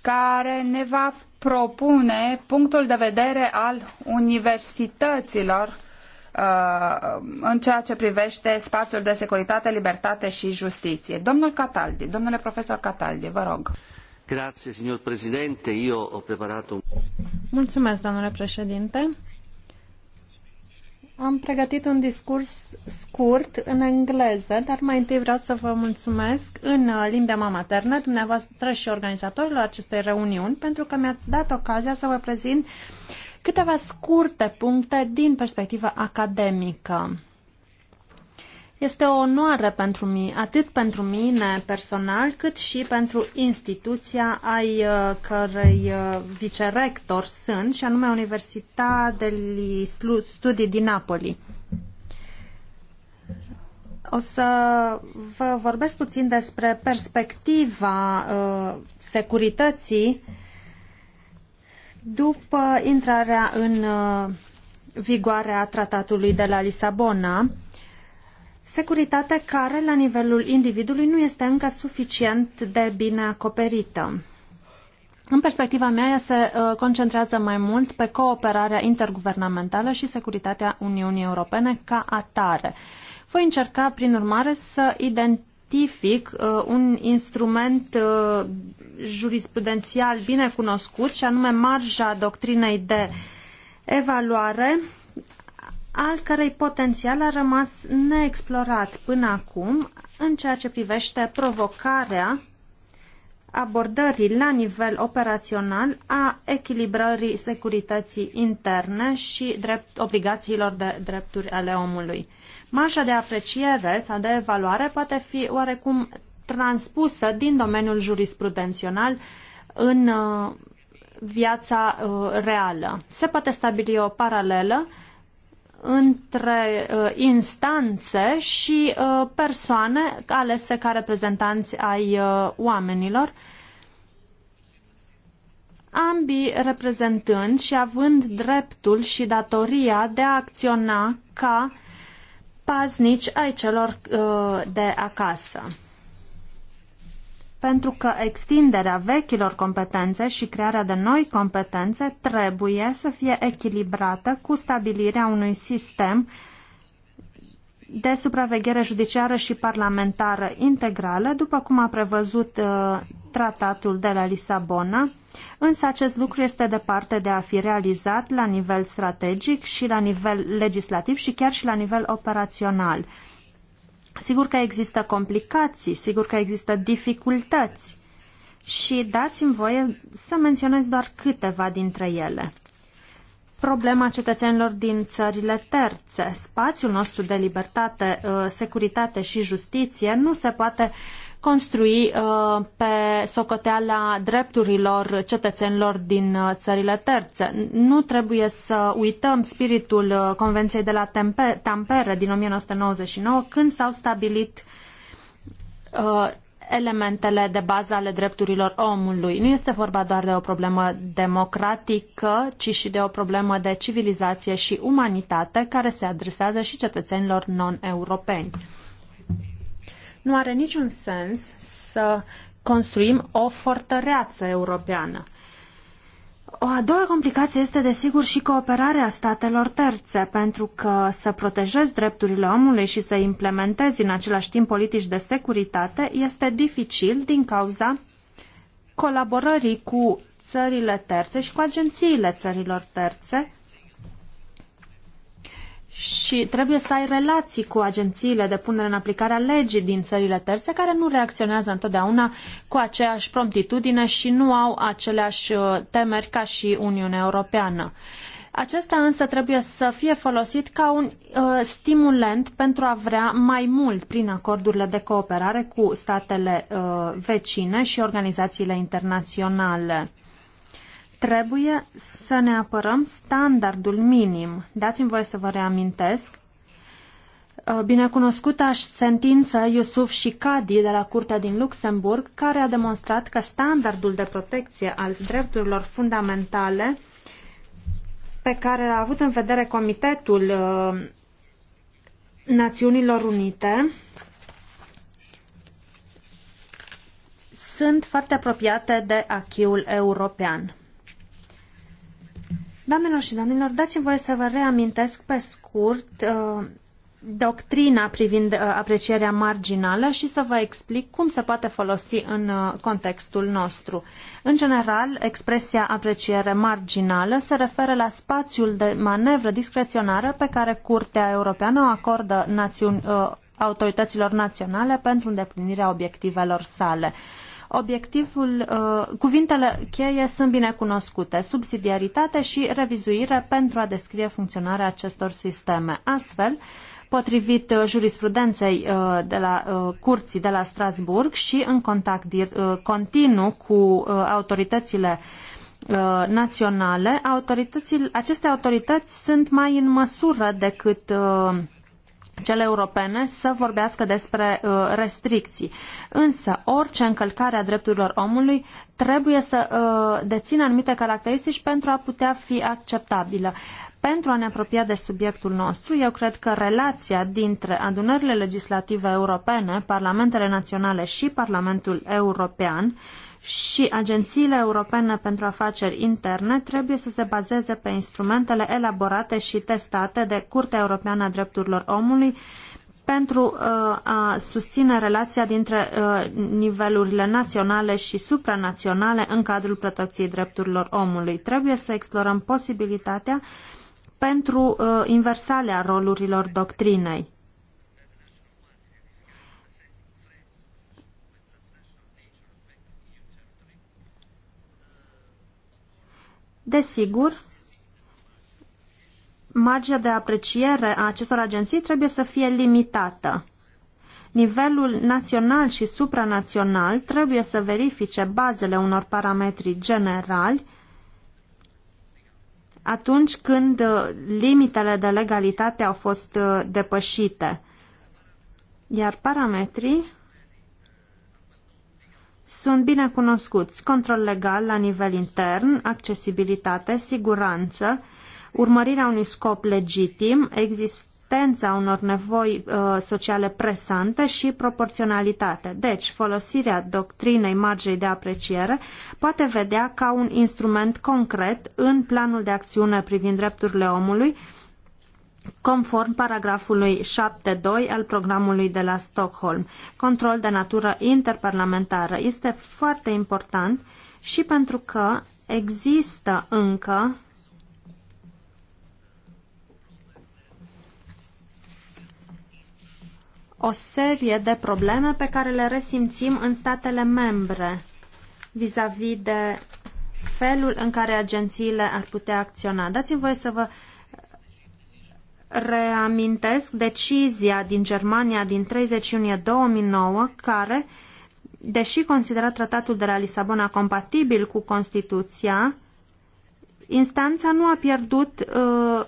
care ne va propune punctul de vedere al universităților uh, în ceea ce privește spațiul de securitate, libertate și justiție. Domnul Cataldi, domnule profesor Cataldi, vă rog. Mulțumesc, domnule președinte. Am pregătit un discurs scurt în engleză, dar mai întâi vreau să vă mulțumesc în uh, limba mea maternă, dumneavoastră și organizatorilor acestei reuniuni, pentru că mi-ați dat ocazia să vă prezint câteva scurte puncte din perspectiva academică. Este o onoare pentru mine, atât pentru mine personal, cât și pentru instituția ai uh, cărei uh, vicerector sunt, și anume Universitatea de Studii din Napoli. O să vă vorbesc puțin despre perspectiva uh, securității după intrarea în uh, vigoare a tratatului de la Lisabona securitate care, la nivelul individului, nu este încă suficient de bine acoperită. În perspectiva mea, ea se uh, concentrează mai mult pe cooperarea interguvernamentală și securitatea Uniunii Europene ca atare. Voi încerca, prin urmare, să identific uh, un instrument uh, jurisprudențial bine cunoscut, și anume marja doctrinei de evaluare al cărei potențial a rămas neexplorat până acum în ceea ce privește provocarea abordării la nivel operațional a echilibrării securității interne și drept, obligațiilor de drepturi ale omului. Marșa de apreciere sau de evaluare poate fi oarecum transpusă din domeniul jurisprudențional în uh, viața uh, reală. Se poate stabili o paralelă între uh, instanțe și uh, persoane alese ca reprezentanți ai uh, oamenilor, ambii reprezentând și având dreptul și datoria de a acționa ca paznici ai celor uh, de acasă pentru că extinderea vechilor competențe și crearea de noi competențe trebuie să fie echilibrată cu stabilirea unui sistem de supraveghere judiciară și parlamentară integrală, după cum a prevăzut uh, tratatul de la Lisabona, însă acest lucru este departe de a fi realizat la nivel strategic și la nivel legislativ și chiar și la nivel operațional. Sigur că există complicații, sigur că există dificultăți și dați-mi voie să menționez doar câteva dintre ele. Problema cetățenilor din țările terțe. Spațiul nostru de libertate, uh, securitate și justiție nu se poate uh, construi uh, pe socoteala drepturilor cetățenilor din uh, țările terțe. Nu trebuie să uităm spiritul uh, Convenției de la Tampere din 1999 când s-au stabilit elementele de bază ale drepturilor omului. Nu este vorba doar de o problemă democratică, ci și de o problemă de civilizație și umanitate care se adresează și cetățenilor non-europeni. Nu are niciun sens să construim o fortăreață europeană. O a doua complicație este, desigur, și cooperarea statelor terțe, pentru că să protejezi drepturile omului și să implementezi în același timp politici de securitate este dificil din cauza colaborării cu țările terțe și cu agențiile țărilor terțe și trebuie să ai relații cu agențiile de punere în aplicare a legii din țările terțe care nu reacționează întotdeauna cu aceeași promptitudine și nu au aceleași uh, temeri ca și Uniunea Europeană. Acesta însă trebuie să fie folosit ca un uh, stimulent pentru a vrea mai mult prin acordurile de cooperare cu statele uh, vecine și organizațiile internaționale. Trebuie să ne apărăm standardul minim. Dați-mi voie să vă reamintesc uh, binecunoscuta sentință Iusuf și Cadi de la Curtea din Luxemburg, care a demonstrat că standardul de protecție al drepturilor fundamentale pe care l-a avut în vedere Comitetul uh, Națiunilor Unite sunt foarte apropiate de achiul european. Doamnelor și domnilor, dați-mi voie să vă reamintesc pe scurt uh, doctrina privind uh, aprecierea marginală și să vă explic cum se poate folosi în uh, contextul nostru. În general, expresia apreciere marginală se referă la spațiul de manevră discreționară pe care Curtea Europeană o acordă națiuni, uh, autorităților naționale pentru îndeplinirea obiectivelor sale. Uh, obiectivul, uh, cuvintele cheie sunt bine cunoscute, subsidiaritate și revizuire pentru a descrie funcționarea acestor sisteme. Astfel, potrivit uh, jurisprudenței uh, de la uh, curții de la Strasburg și în contact continuu cu autoritățile naționale, autoritățile, aceste autorități sunt mai în măsură decât cele europene să vorbească despre uh, restricții. Însă, orice încălcare a drepturilor omului trebuie să uh, dețină anumite caracteristici pentru a putea fi acceptabilă. Pentru a ne apropia de subiectul nostru, eu cred că relația dintre adunările legislative europene, parlamentele naționale și Parlamentul European și agențiile europene pentru afaceri interne trebuie să se bazeze pe instrumentele elaborate și testate de Curtea Europeană a Drepturilor Omului pentru uh, a susține relația dintre uh, nivelurile naționale și supranaționale în cadrul protecției drepturilor omului. Trebuie să explorăm posibilitatea uh, pentru uh, inversalea rolurilor doctrinei. Desigur, marja de apreciere a acestor agenții trebuie să fie limitată. Nivelul național și supranațional trebuie să verifice bazele unor parametri generali atunci când uh, limitele de legalitate au fost uh, depășite. Iar parametrii sunt bine cunoscuți. Control legal la nivel intern, accesibilitate, siguranță, urmărirea unui scop legitim, există existența unor nevoi uh, sociale presante și proporționalitate. Deci, folosirea doctrinei margei de apreciere poate vedea ca un instrument concret în planul de acțiune privind drepturile omului, conform paragrafului 7.2 al programului de la Stockholm, control de natură interparlamentară. Este foarte important și pentru că există încă o serie de probleme pe care le resimțim în statele membre vis-a-vis -vis de felul în care agențiile ar putea acționa. Dați-mi voie să vă reamintesc decizia din Germania din 30 iunie 2009 care, deși considera tratatul de la Lisabona compatibil cu Constituția, instanța nu a pierdut uh,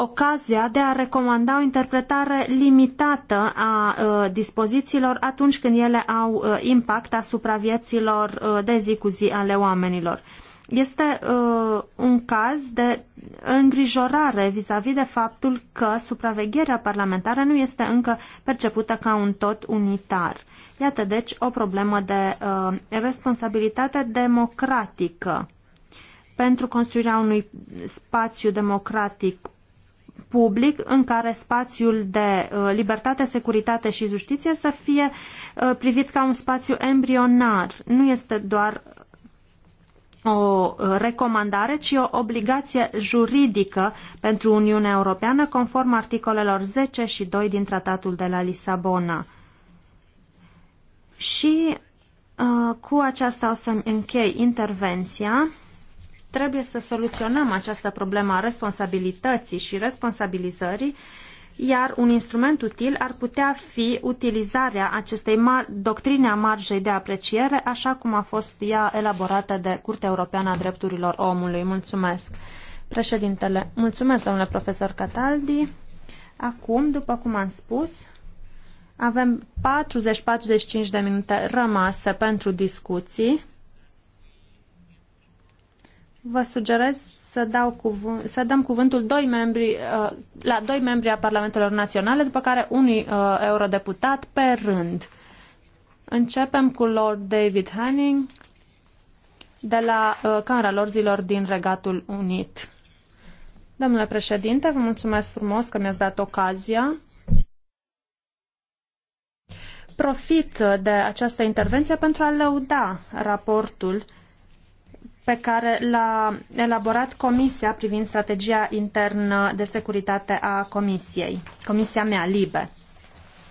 ocazia de a recomanda o interpretare limitată a uh, dispozițiilor atunci când ele au uh, impact asupra vieților uh, de zi cu zi ale oamenilor. Este uh, un caz de îngrijorare vis-a-vis -vis de faptul că supravegherea parlamentară nu este încă percepută ca un tot unitar. Iată, deci, o problemă de uh, responsabilitate democratică pentru construirea unui spațiu democratic public în care spațiul de uh, libertate, securitate și justiție să fie uh, privit ca un spațiu embrionar. Nu este doar o uh, recomandare, ci o obligație juridică pentru Uniunea Europeană, conform articolelor 10 și 2 din Tratatul de la Lisabona. Și cu aceasta o să-mi închei intervenția trebuie să soluționăm această problemă a responsabilității și responsabilizării, iar un instrument util ar putea fi utilizarea acestei mar- doctrine a marjei de apreciere, așa cum a fost ea elaborată de Curtea Europeană a Drepturilor Omului. Mulțumesc, președintele. Mulțumesc, domnule profesor Cataldi. Acum, după cum am spus, avem 40-45 de minute rămase pentru discuții. Vă sugerez să, dau cuvânt, să dăm cuvântul doi membri, uh, la doi membri a Parlamentelor Naționale, după care unui uh, eurodeputat pe rând. Începem cu Lord David Hanning de la uh, Camera Lorzilor din Regatul Unit. Domnule președinte, vă mulțumesc frumos că mi-ați dat ocazia profit de această intervenție pentru a lăuda raportul pe care l-a elaborat Comisia privind strategia internă de securitate a Comisiei, Comisia mea, LIBE.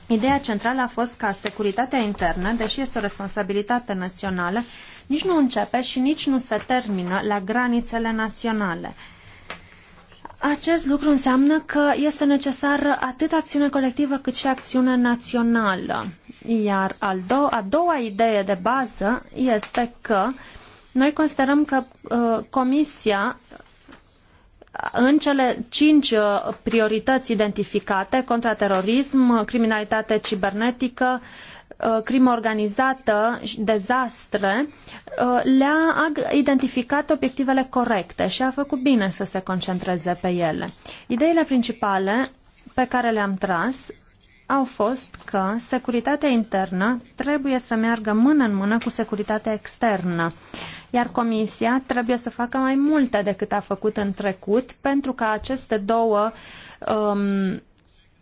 Ideea centrală a fost ca securitatea internă, deși este o responsabilitate națională, nici nu începe și nici nu se termină la granițele naționale. Acest lucru înseamnă că este necesară atât acțiune colectivă cât și acțiune națională. Iar al do- a doua idee de bază este că uh, noi considerăm că uh, Comisia în cele cinci uh, priorități identificate, contraterorism, criminalitate cibernetică, uh, crimă organizată și dezastre, uh, le-a identificat obiectivele corecte și a făcut bine să se concentreze pe ele. Ideile principale pe care le-am tras au fost că securitatea internă trebuie să meargă mână în mână cu securitatea externă, iar Comisia trebuie să facă mai multe decât a făcut în trecut pentru ca aceste două um,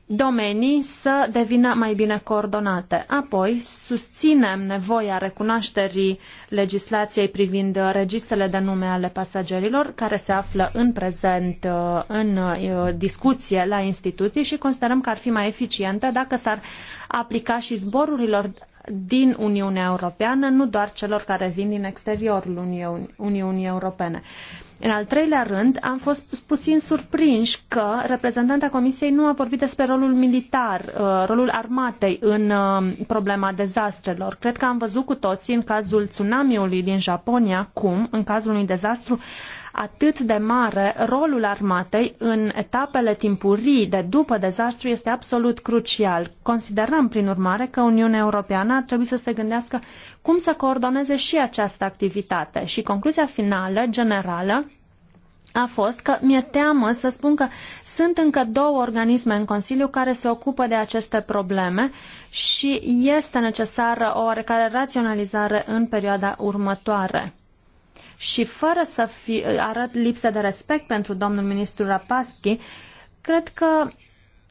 domenii să devină mai bine coordonate. Apoi, susținem nevoia recunoașterii legislației privind registrele de nume ale pasagerilor, care se află în prezent uh, în uh, discuție la instituții și considerăm că ar fi mai eficientă dacă s-ar aplica și zborurilor din Uniunea Europeană, nu doar celor care vin din exteriorul Uniunii Europene. În al treilea rând, am fost puțin surprinși că reprezentanta Comisiei nu a vorbit despre rolul militar, uh, rolul armatei în uh, problema dezastrelor. Cred că am văzut cu toții în cazul tsunamiului din Japonia cum, în cazul unui dezastru atât de mare, rolul armatei în etapele timpurii de după dezastru este absolut crucial. Considerăm, prin urmare, că Uniunea Europeană ar trebui să se gândească cum să coordoneze și această activitate. Și concluzia finală, generală, a fost că mi-e teamă să spun că sunt încă două organisme în Consiliu care se ocupă de aceste probleme și este necesară o oarecare raționalizare în perioada următoare. Și fără să fi, arăt lipsă de respect pentru domnul ministru Rapaschi, cred că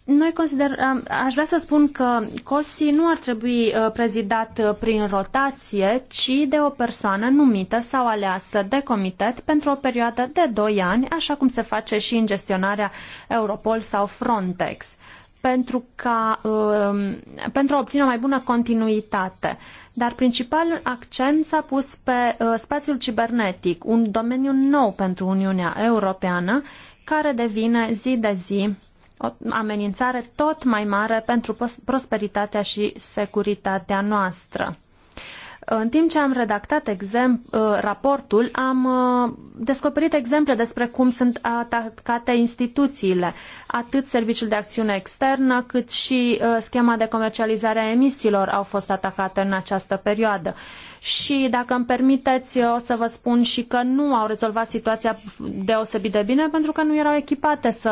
noi considerăm, aș vrea să spun că COSI nu ar trebui uh, prezidat uh, prin rotație, ci de o persoană numită sau aleasă de comitet pentru o perioadă de 2 ani, așa cum se face și în gestionarea Europol sau Frontex, pentru, ca, um, pentru a obține o mai bună continuitate. Dar principal accent s-a pus pe uh, spațiul cibernetic, un domeniu nou pentru Uniunea Europeană, care devine zi de zi o amenințare tot mai mare pentru prosperitatea și securitatea noastră. În timp ce am redactat uh, raportul, am uh, descoperit exemple despre cum sunt atacate instituțiile, atât Serviciul de Acțiune Externă, cât și uh, schema de comercializare a emisiilor au fost atacate în această perioadă. Și dacă îmi permiteți, o să vă spun și că nu au rezolvat situația deosebit de bine pentru că nu erau echipate să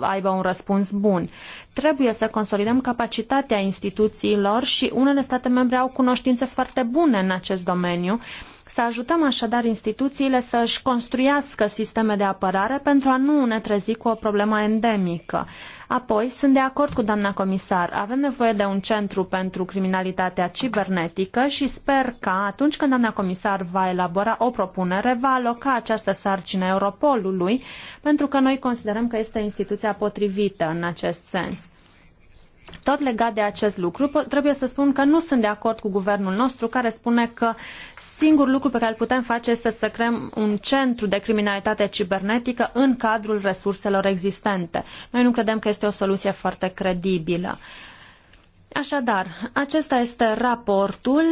aibă un răspuns bun. Trebuie să consolidăm capacitatea instituțiilor și unele state membre au cunoștințe foarte bune bune în acest domeniu. Să ajutăm așadar instituțiile să își construiască sisteme de apărare pentru a nu ne trezi cu o problemă endemică. Apoi, sunt de acord cu doamna comisar, avem nevoie de un centru pentru criminalitatea cibernetică și sper că atunci când doamna comisar va elabora o propunere, va aloca această sarcină Europolului, pentru că noi considerăm că este instituția potrivită în acest sens. Tot legat de acest lucru, trebuie să spun că nu sunt de acord cu guvernul nostru care spune că singurul lucru pe care îl putem face este să creăm un centru de criminalitate cibernetică în cadrul resurselor existente. Noi nu credem că este o soluție foarte credibilă. Așadar, acesta este raportul,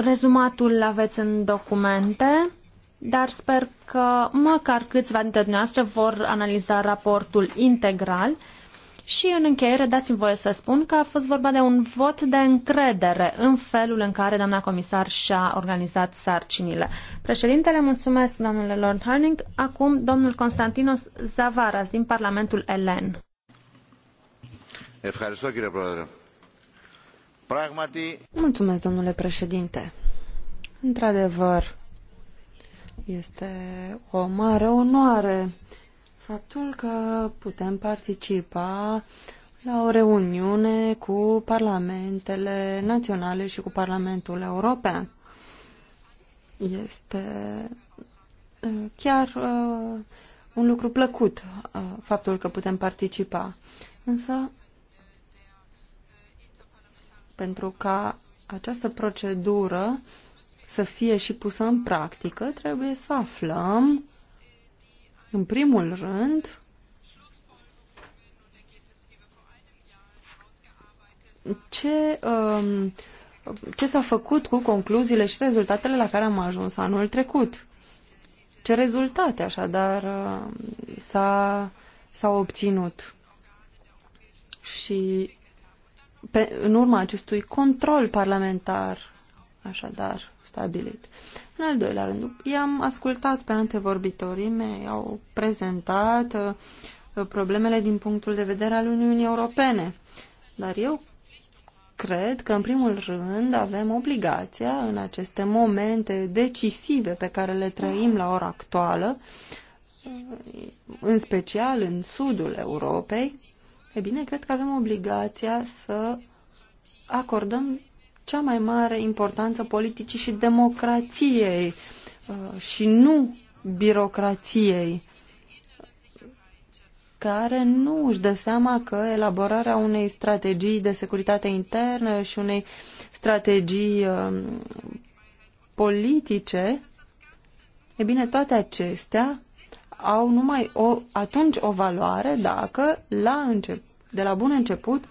rezumatul aveți în documente, dar sper că măcar câțiva dintre dumneavoastră vor analiza raportul integral. Și în încheiere dați-mi voie să spun că a fost vorba de un vot de încredere în felul în care doamna comisar și-a organizat sarcinile. Președintele, mulțumesc domnule Lord Harning. Acum domnul Constantinos Zavaras din Parlamentul Elen. Mulțumesc, domnule președinte. Într-adevăr, este o mare onoare faptul că putem participa la o reuniune cu parlamentele naționale și cu Parlamentul European. Este uh, chiar uh, un lucru plăcut, uh, faptul că putem participa. Însă, pentru ca această procedură să fie și pusă în practică, trebuie să aflăm în primul rând, ce, um, ce s-a făcut cu concluziile și rezultatele la care am ajuns anul trecut. Ce rezultate, așadar, um, s-a, s-au obținut. Și pe, în urma acestui control parlamentar, așadar, stabilit. În al doilea rând, i-am ascultat pe antevorbitorii mei, au prezentat uh, problemele din punctul de vedere al Uniunii Europene. Dar eu cred că, în primul rând, avem obligația, în aceste momente decisive pe care le trăim la ora actuală, uh, în special în sudul Europei, e bine, cred că avem obligația să acordăm cea mai mare importanță politicii și democrației uh, și nu birocrației care nu își dă seama că elaborarea unei strategii de securitate internă și unei strategii um, politice, e bine, toate acestea au numai o, atunci o valoare dacă la încep, de la bun început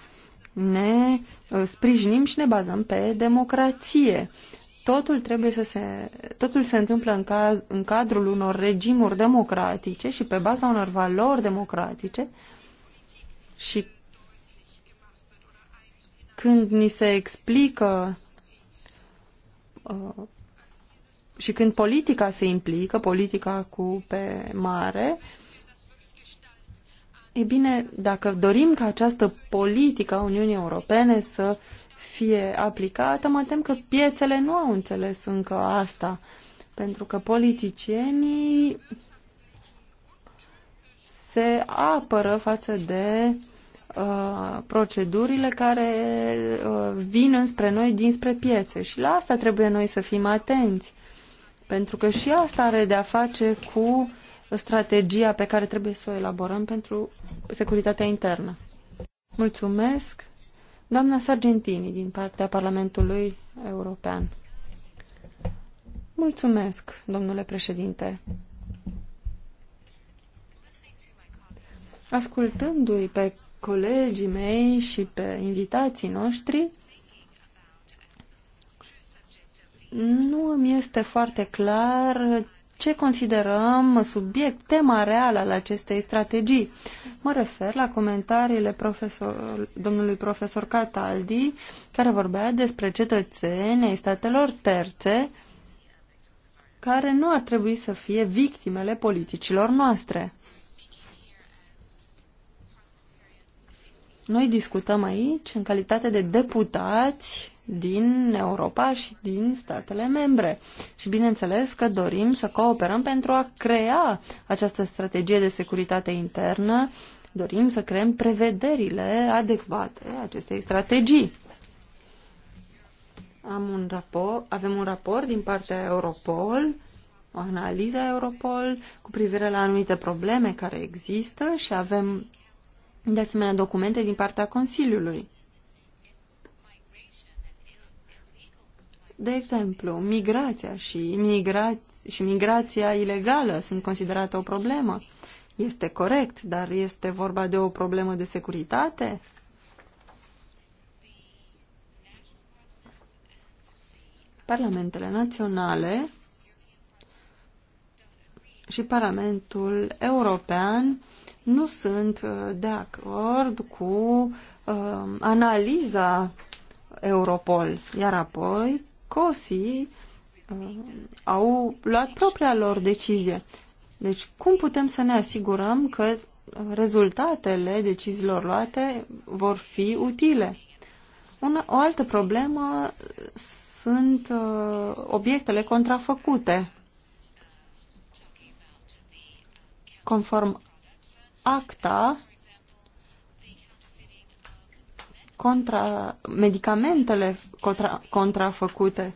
ne uh, sprijinim și ne bazăm pe democrație. Totul, trebuie să se, totul se întâmplă în, caz, în cadrul unor regimuri democratice și pe baza unor valori democratice și când ni se explică uh, și când politica se implică, politica cu pe mare, uh, E bine, dacă dorim ca această politică a Uniunii Europene să fie aplicată, mă tem că piețele nu au înțeles încă asta, pentru că politicienii se apără față de uh, procedurile care uh, vin înspre noi dinspre piețe și la asta trebuie noi să fim atenți, pentru că și asta are de-a face cu strategia pe care trebuie să o elaborăm pentru securitatea internă. Mulțumesc. Doamna Sargentini, din partea Parlamentului European. Mulțumesc, domnule președinte. Ascultându-i pe colegii mei și pe invitații noștri, nu mi este foarte clar ce considerăm subiect, tema reală al acestei strategii. Mă refer la comentariile profesor, domnului profesor Cataldi, care vorbea despre cetățeni, ai statelor terțe care nu ar trebui să fie victimele politicilor noastre. Noi discutăm aici, în calitate de deputați, din Europa și din statele membre. Și bineînțeles că dorim să cooperăm pentru a crea această strategie de securitate internă, dorim să creăm prevederile adecvate acestei strategii. Am un rapor, avem un raport din partea Europol, o analiză a Europol cu privire la anumite probleme care există și avem de asemenea documente din partea Consiliului. De exemplu, migrația și, migra- și migrația ilegală sunt considerate o problemă. Este corect, dar este vorba de o problemă de securitate? Parlamentele naționale și Parlamentul European nu sunt uh, de acord cu uh, analiza Europol, iar apoi COSI uh, au luat propria lor decizie. Deci cum putem să ne asigurăm că rezultatele deciziilor luate vor fi utile? Una, o altă problemă sunt uh, obiectele contrafăcute. Conform ACTA, contra, medicamentele contra, contrafăcute.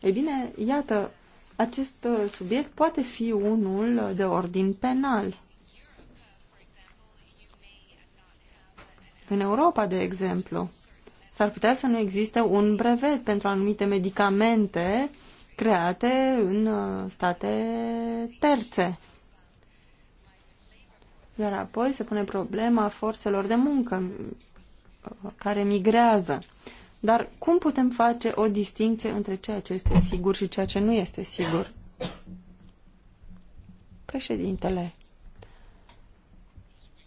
Ei bine, iată, acest uh, subiect poate fi unul de ordin penal. În Europa, de exemplu, s-ar putea să nu existe un brevet pentru anumite medicamente create în uh, state terțe. Iar apoi se pune problema forțelor de muncă care migrează. Dar cum putem face o distinție între ceea ce este sigur și ceea ce nu este sigur? Președintele,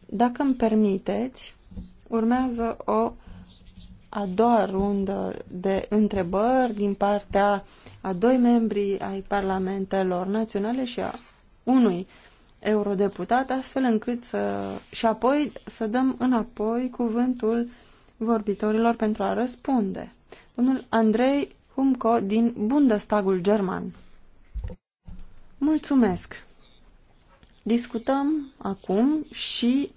dacă îmi permiteți, urmează o a doua rundă de întrebări din partea a doi membri ai parlamentelor naționale și a unui eurodeputat, astfel încât să... și apoi să dăm înapoi cuvântul vorbitorilor pentru a răspunde. Domnul Andrei Humco din Bundestagul German. Mulțumesc! Discutăm acum și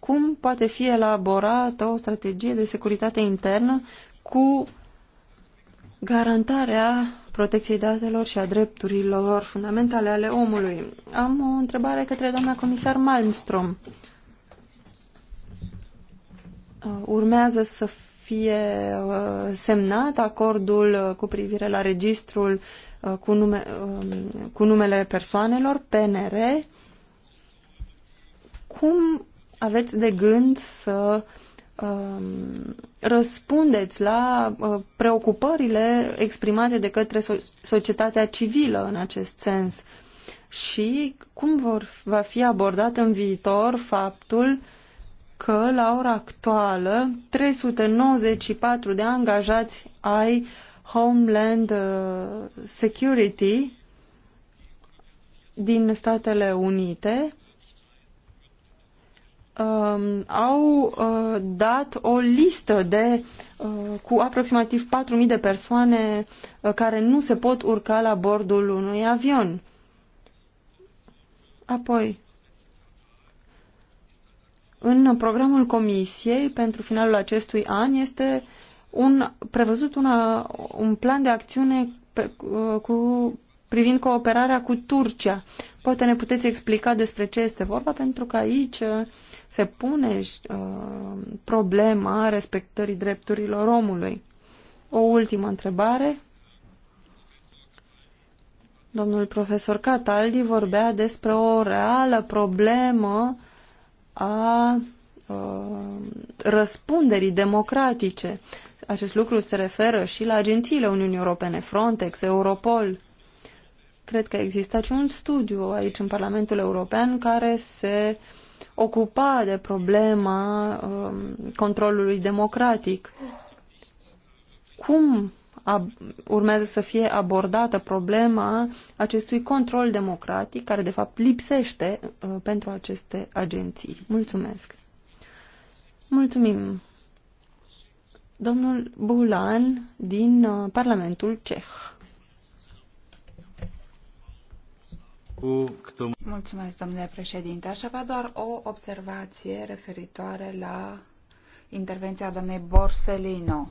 cum poate fi elaborată o strategie de securitate internă cu garantarea protecției datelor și a drepturilor fundamentale ale omului. Am o întrebare către doamna comisar Malmström. Uh, urmează să fie uh, semnat acordul uh, cu privire la registrul cu, nume, um, cu numele persoanelor, PNR. Cum aveți de gând să um, răspundeți la preocupările exprimate de către societatea civilă în acest sens și cum vor, va fi abordat în viitor faptul uh, că la ora actuală 394 de angajați ai Homeland uh, Security din Statele Unite um, au uh, dat o listă de uh, cu aproximativ 4.000 de persoane uh, care nu se pot urca la bordul unui avion. Apoi, în programul Comisiei pentru finalul acestui an este un, prevăzut una, un plan de acțiune pe, cu, privind cooperarea cu Turcia. Poate ne puteți explica despre ce este vorba, pentru că aici uh, se pune uh, problema respectării drepturilor omului. O ultimă întrebare. Domnul profesor Cataldi vorbea despre o reală problemă a răspunderii democratice. Acest lucru se referă și la agențiile Uniunii Europene, Frontex, Europol. Cred că există și un studiu aici în Parlamentul European care se ocupa de problema um, controlului democratic. Cum urmează să fie abordată problema acestui control democratic care de fapt lipsește uh, pentru aceste agenții. Mulțumesc! Mulțumim! Domnul Bulan din uh, Parlamentul Ceh. Mulțumesc, domnule președinte. Aș avea doar o observație referitoare la intervenția doamnei Borsellino.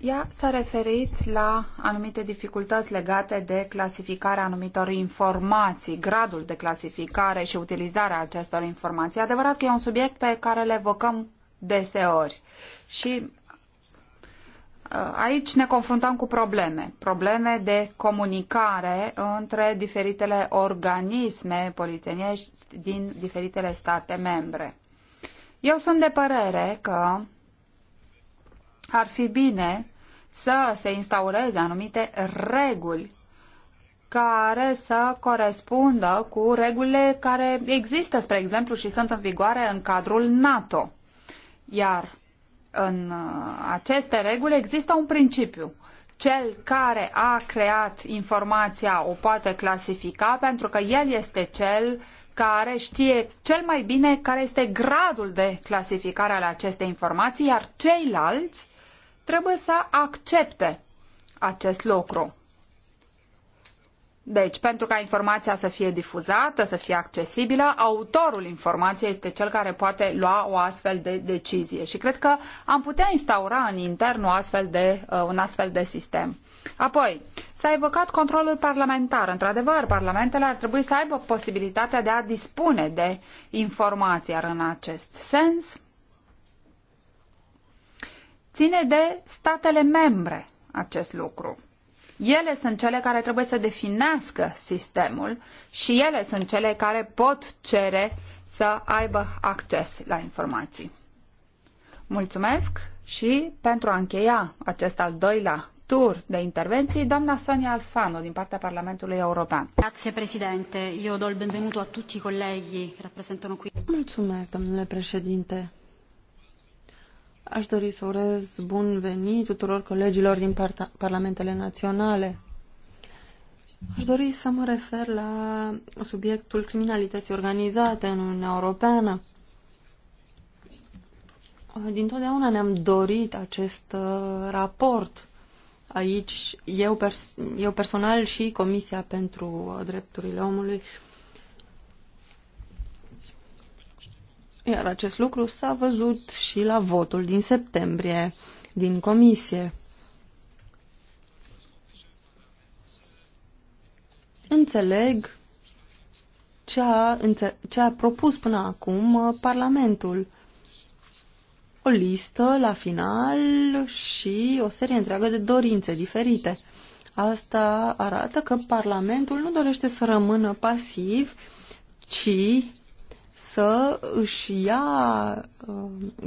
Ea s-a referit la anumite dificultăți legate de clasificarea anumitor informații, gradul de clasificare și utilizarea acestor informații. Adevărat că e un subiect pe care le evocăm deseori și uh, aici ne confruntăm cu probleme, probleme de comunicare între diferitele organisme polițienești din diferitele state membre. Eu sunt de părere că ar fi bine să se instaureze anumite reguli care să corespundă cu regulile care există, spre exemplu, și sunt în vigoare în cadrul NATO. Iar în uh, aceste reguli există un principiu. Cel care a creat informația o poate clasifica pentru că el este cel care știe cel mai bine care este gradul de clasificare al acestei informații, iar ceilalți trebuie să accepte acest lucru. Deci, pentru ca informația să fie difuzată, să fie accesibilă, autorul informației este cel care poate lua o astfel de decizie. Și cred că am putea instaura în intern o astfel de, uh, un astfel de sistem. Apoi, s-a evocat controlul parlamentar. Într-adevăr, parlamentele ar trebui să aibă posibilitatea de a dispune de informații, iar în acest sens, Ține de statele membre acest lucru. Ele sunt cele care trebuie să definească sistemul și ele sunt cele care pot cere să aibă acces la informații. Mulțumesc și pentru a încheia acest al doilea tur de intervenții, doamna Sonia Alfano din partea Parlamentului European. Grazie eu benvenuto a tutti colleghi che rappresentano qui. Mulțumesc, domnule președinte. Aș dori să urez bun venit tuturor colegilor din parlamentele naționale. Aș dori să mă refer la subiectul criminalității organizate în Uniunea Europeană. Dintotdeauna ne-am dorit acest uh, raport. Aici, eu, pers eu personal și Comisia pentru Drepturile Omului uh, Iar acest lucru s-a văzut și la votul din septembrie din comisie. Înțeleg ce a, înțe ce a propus până acum uh, Parlamentul. O listă la final și o serie întreagă de dorințe diferite. Asta arată că Parlamentul nu dorește să rămână pasiv, ci să își ia, uh,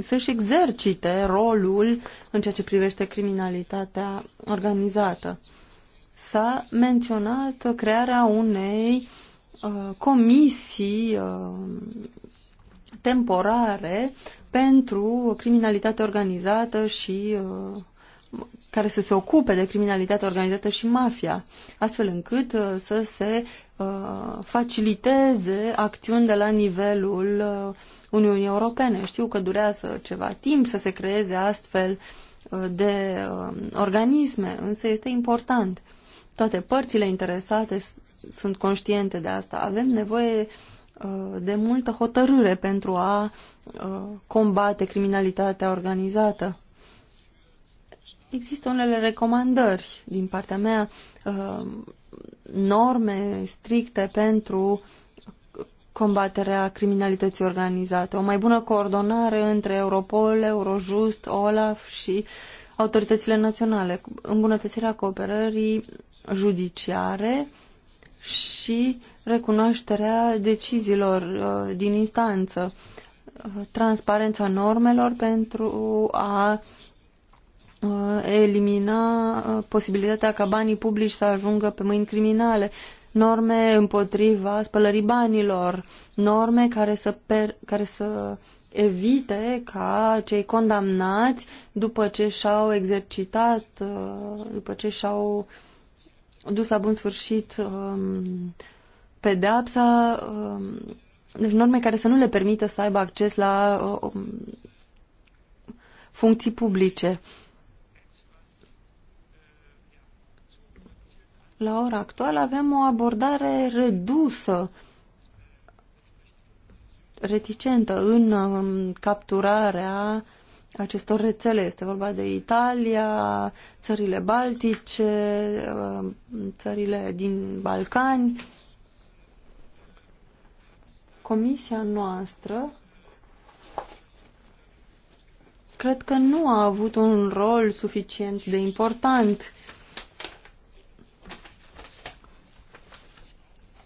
să-și exercite rolul în ceea ce privește criminalitatea organizată. S-a menționat crearea unei uh, comisii uh, temporare pentru criminalitate organizată și care să se ocupe de criminalitatea organizată și mafia, astfel încât să se Uh, faciliteze acțiuni de la nivelul uh, Uniunii Europene. Știu că durează ceva timp să se creeze astfel uh, de organisme, însă este important. Toate părțile interesate sunt conștiente de asta. Avem nevoie de multă hotărâre pentru a combate criminalitatea organizată. Există unele recomandări din partea mea norme stricte pentru combaterea criminalității organizate, o mai bună coordonare între Europol, Eurojust, OLAF și autoritățile naționale, îmbunătățirea cooperării judiciare și recunoașterea deciziilor uh, din instanță, transparența normelor pentru a Uh, elimina uh, posibilitatea ca banii publici să ajungă pe mâini criminale, norme împotriva spălării banilor, norme care să, per, care să evite ca cei condamnați, după ce și-au exercitat, uh, după ce și-au dus la bun sfârșit um, pedeapsa, um, deci norme care să nu le permită să aibă acces la um, funcții publice. la ora actuală avem o abordare redusă, reticentă în um, capturarea acestor rețele. Este vorba de Italia, țările baltice, um, țările din Balcani. Comisia noastră cred că nu a avut un rol suficient de important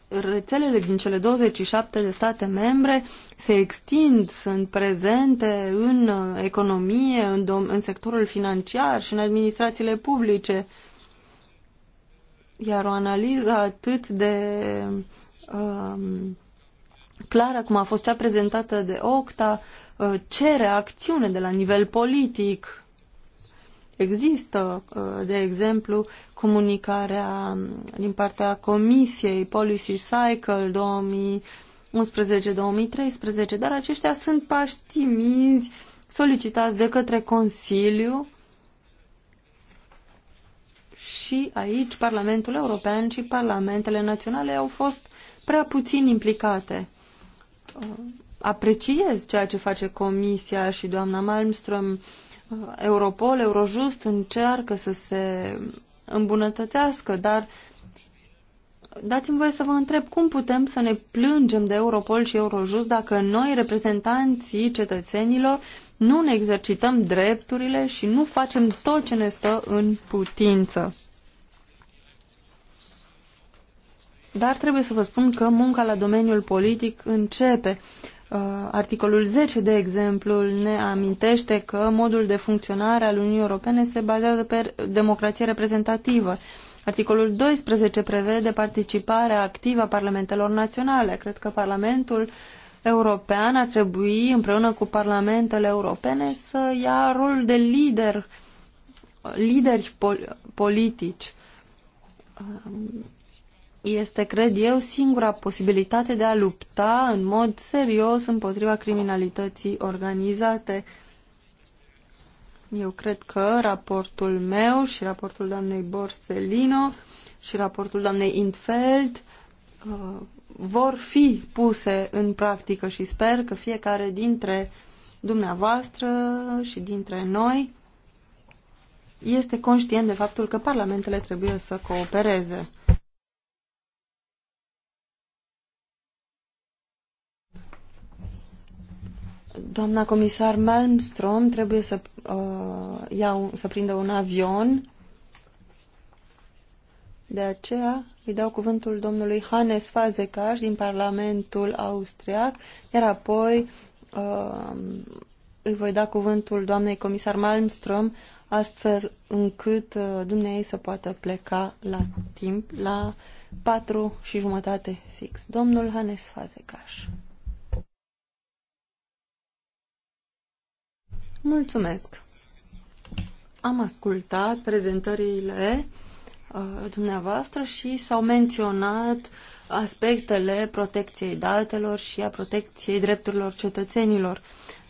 rețelele din cele 27 de state membre se extind, sunt prezente în uh, economie, în, în sectorul financiar și în administrațiile publice. Iar o analiză atât de um, clară cum a fost cea prezentată de Octa uh, cere acțiune de la nivel politic. Există, uh, de exemplu, comunicarea din partea Comisiei Policy Cycle 2011-2013, dar aceștia sunt pași solicitați de către Consiliu și aici Parlamentul European și Parlamentele Naționale au fost prea puțin implicate. Apreciez ceea ce face Comisia și doamna Malmström Europol, Eurojust încearcă să se îmbunătățească, dar dați-mi voie să vă întreb cum putem să ne plângem de Europol și Eurojust dacă noi, reprezentanții cetățenilor, nu ne exercităm drepturile și nu facem tot ce ne stă în putință. Dar trebuie să vă spun că munca la domeniul politic începe. Uh, articolul 10, de exemplu, ne amintește că modul de funcționare al Uniunii Europene se bazează pe democrație reprezentativă. Articolul 12 prevede participarea activă a parlamentelor naționale. Cred că Parlamentul European ar trebui, împreună cu parlamentele europene, să ia rolul de lider, lideri pol politici este, cred eu, singura posibilitate de a lupta în mod serios împotriva criminalității organizate. Eu cred că raportul meu și raportul doamnei Borsellino și raportul doamnei Intfeld uh, vor fi puse în practică și sper că fiecare dintre dumneavoastră și dintre noi este conștient de faptul că parlamentele trebuie să coopereze. Doamna comisar Malmström trebuie să, uh, ia un, să prindă un avion. De aceea îi dau cuvântul domnului Hannes Fazekas din Parlamentul Austriac, iar apoi uh, îi voi da cuvântul doamnei comisar Malmström, astfel încât uh, dumneai să poată pleca la timp, la patru și jumătate fix. Domnul Hannes Fazekas. Mulțumesc. Am ascultat prezentările uh, dumneavoastră și s-au menționat aspectele protecției datelor și a protecției drepturilor cetățenilor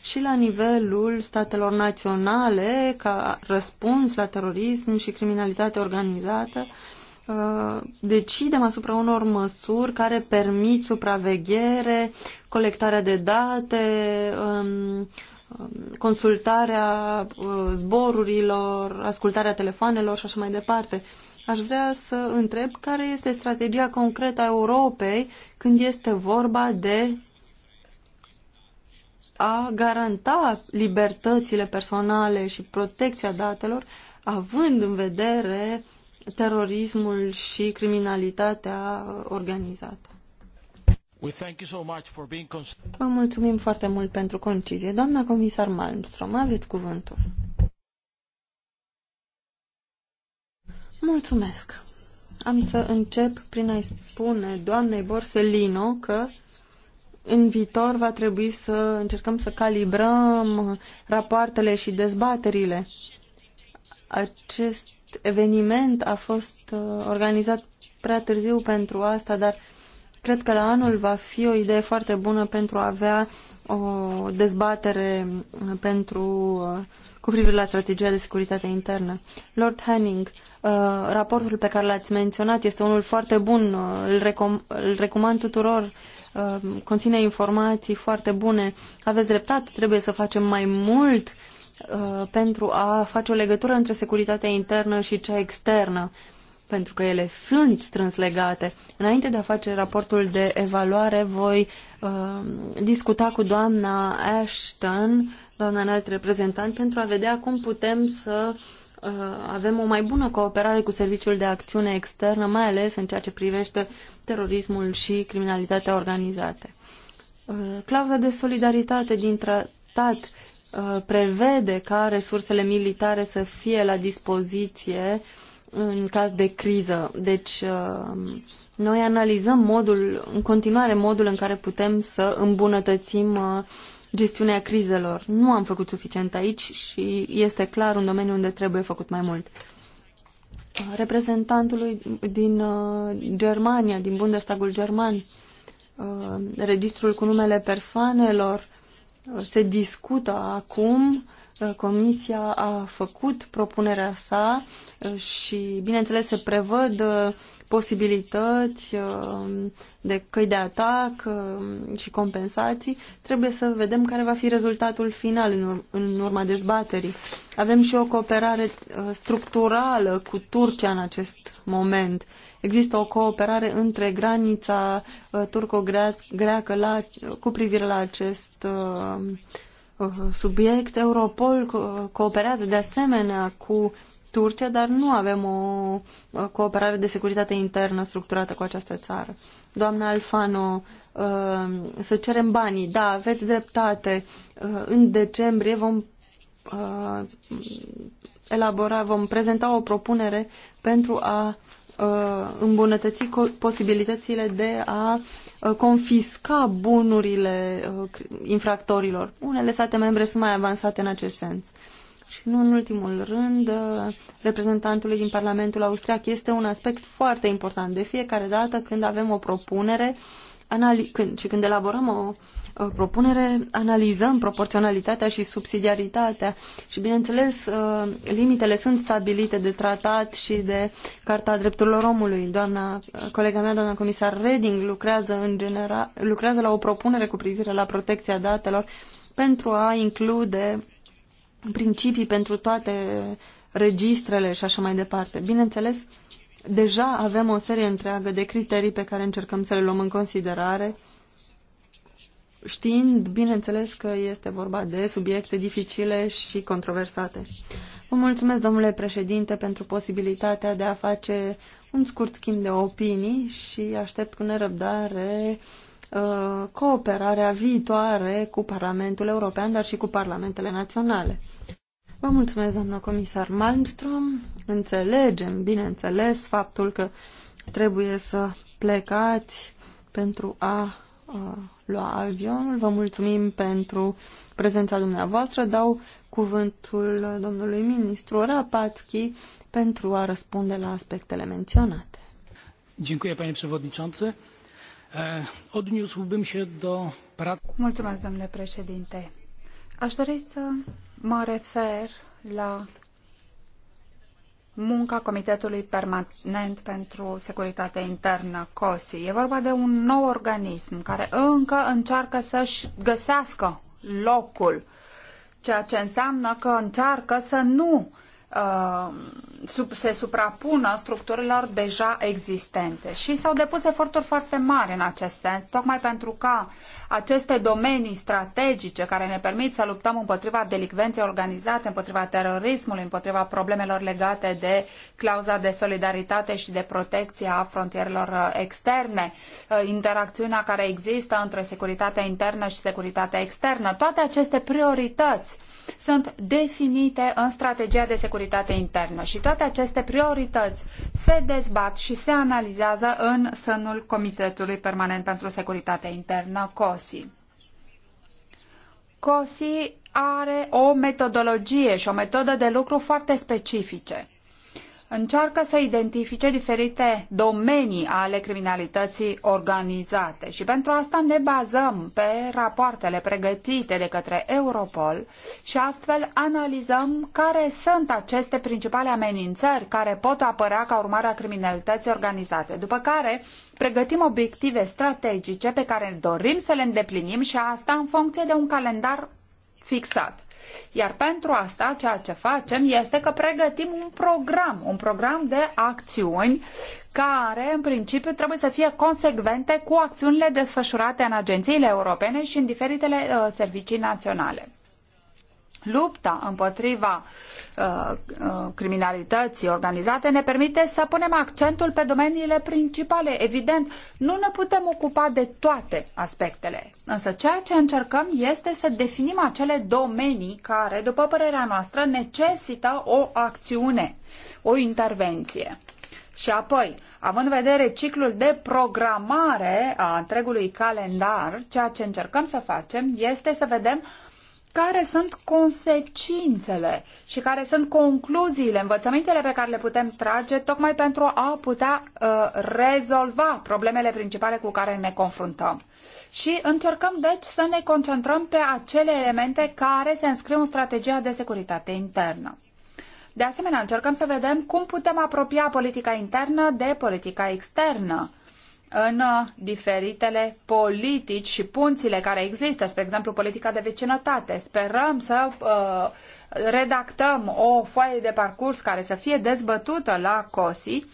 și la nivelul statelor naționale ca răspuns la terorism și criminalitate organizată uh, decidem asupra unor măsuri care permit supraveghere, colectarea de date, um, consultarea uh, zborurilor, ascultarea telefoanelor și așa mai departe. Aș vrea să întreb care este strategia concretă a Europei când este vorba de a garanta libertățile personale și protecția datelor, având în vedere terorismul și criminalitatea organizată. Vă mulțumim foarte mult pentru concizie. Doamna comisar Malmström, aveți cuvântul. Mulțumesc. Am să încep prin a-i spune doamnei Borsellino că în viitor va trebui să încercăm să calibrăm rapoartele și dezbaterile. Acest eveniment a fost uh, organizat prea târziu pentru asta, dar Cred că la anul va fi o idee foarte bună pentru a avea o dezbatere pentru, cu privire la strategia de securitate internă. Lord Hanning, uh, raportul pe care l-ați menționat este unul foarte bun, uh, îl, recom îl recomand tuturor, uh, conține informații foarte bune. Aveți dreptate, trebuie să facem mai mult pentru a face o legătură între securitatea internă și cea externă pentru că ele sunt strâns legate. Înainte de a face raportul de evaluare, voi uh, discuta cu doamna Ashton, doamna înalt reprezentant, pentru a vedea cum putem să uh, avem o mai bună cooperare cu Serviciul de Acțiune Externă, mai ales în ceea ce privește terorismul și criminalitatea organizată. Uh, clauza de solidaritate din tratat uh, prevede ca resursele militare să fie la dispoziție în caz de criză. Deci uh, noi analizăm modul, în continuare modul în care putem să îmbunătățim uh, gestiunea crizelor. Nu am făcut suficient aici și este clar un domeniu unde trebuie făcut mai mult. Reprezentantului din uh, Germania, din Bundestagul german, registrul cu numele persoanelor se discută acum Ă, comisia a făcut propunerea sa ă, și, bineînțeles, se prevăd ă, posibilități de căi de atac și compensații. Trebuie să vedem care va fi rezultatul final în urma dezbaterii. Avem și o cooperare structurală cu Turcia în acest moment. Există o cooperare între granița turco-greacă cu privire la acest Uh, subiect. Europol cooperează de asemenea cu Turcia, dar nu avem o uh, cooperare de securitate internă structurată cu această țară. Doamna Alfano, uh, să cerem banii. Da, aveți dreptate. În decembrie vom elabora, vom prezenta o propunere pentru a îmbunătăți posibilitățile de a Uh, confisca bunurile uh, infractorilor. Unele state membre sunt mai avansate în acest sens. Și nu în ultimul rând, uh, reprezentantului din Parlamentul Austriac este un aspect foarte important. De fiecare dată când avem o propunere, uh, anali- când, și când elaborăm o propunere, analizăm proporționalitatea și subsidiaritatea și, bineînțeles, uh, limitele sunt stabilite de tratat și de Carta Drepturilor Omului. Doamna, uh, colega mea, doamna comisar Reding, lucrează, în genera- lucrează la o propunere cu privire la protecția datelor pentru a include principii pentru toate registrele și așa mai departe. Bineînțeles, uh, deja avem o serie întreagă de criterii pe care încercăm să le luăm în considerare, știind, bineînțeles, că este vorba de subiecte dificile și controversate. Vă mulțumesc, domnule președinte, pentru posibilitatea de a face un scurt schimb de opinii și aștept cu nerăbdare uh, cooperarea viitoare cu Parlamentul European, dar și cu parlamentele naționale. Vă mulțumesc, doamnă comisar Malmström. Înțelegem, bineînțeles, faptul că trebuie să plecați pentru a, a lua avionul. Vă mulțumim pentru prezența dumneavoastră. Dau cuvântul domnului ministru Rapatski pentru a răspunde la aspectele menționate. Dziękuję, panie przewodniczący. Odniósłbym się do pracy. Mulțumesc, domnule președinte. Aș dori să Mă refer la munca Comitetului Permanent pentru Securitatea Internă, COSI. E vorba de un nou organism care încă încearcă să-și găsească locul, ceea ce înseamnă că încearcă să nu uh, se suprapună structurilor deja existente. Și s-au depus eforturi foarte mari în acest sens, tocmai pentru ca aceste domenii strategice care ne permit să luptăm împotriva delicvenței organizate, împotriva terorismului, împotriva problemelor legate de clauza de solidaritate și de protecție a frontierelor uh, externe, uh, interacțiunea care există între securitatea internă și securitatea externă. Toate aceste priorități sunt definite în strategia de securitate internă și toate aceste priorități se dezbat și se analizează în sânul Comitetului Permanent pentru Securitatea Internă, COS. COSI. COSI are o metodologie și o metodă de lucru foarte specifice încearcă să identifice diferite domenii ale criminalității organizate și pentru asta ne bazăm pe rapoartele pregătite de către Europol și astfel analizăm care sunt aceste principale amenințări care pot apărea ca urmare a criminalității organizate, după care pregătim obiective strategice pe care dorim să le îndeplinim și asta în funcție de un calendar fixat. Iar pentru asta, ceea ce facem este că pregătim un program, un program de acțiuni care, în principiu, trebuie să fie consecvente cu acțiunile desfășurate în agențiile europene și în diferitele uh, servicii naționale lupta împotriva uh, uh, criminalității organizate ne permite să punem accentul pe domeniile principale. Evident, nu ne putem ocupa de toate aspectele, însă ceea ce încercăm este să definim acele domenii care, după părerea noastră, necesită o acțiune, o intervenție. Și apoi, având în vedere ciclul de programare a întregului calendar, ceea ce încercăm să facem este să vedem uh, care sunt consecințele și care sunt concluziile, învățămintele pe care le putem trage tocmai pentru a putea uh, rezolva problemele principale cu care ne confruntăm. Și încercăm deci să ne concentrăm pe acele elemente care se înscriu în strategia de securitate internă. De asemenea, încercăm să vedem cum putem apropia politica internă de politica externă în diferitele politici și punțile care există, spre exemplu politica de vecinătate. Sperăm să uh, redactăm o foaie de parcurs care să fie dezbătută la COSI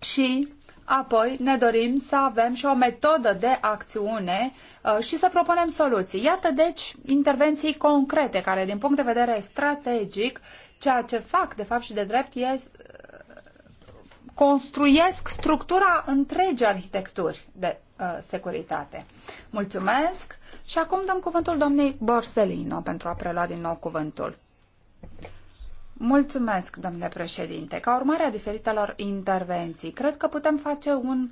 și apoi ne dorim să avem și o metodă de acțiune uh, și să propunem soluții. Iată deci intervenții concrete care din punct de vedere strategic ceea ce fac de fapt și de drept este construiesc structura întregii arhitecturi de uh, securitate. Mulțumesc și acum dăm cuvântul doamnei Borsellino pentru a prelua din nou cuvântul. Mulțumesc, domnule președinte. Ca urmare a diferitelor intervenții, cred că putem face un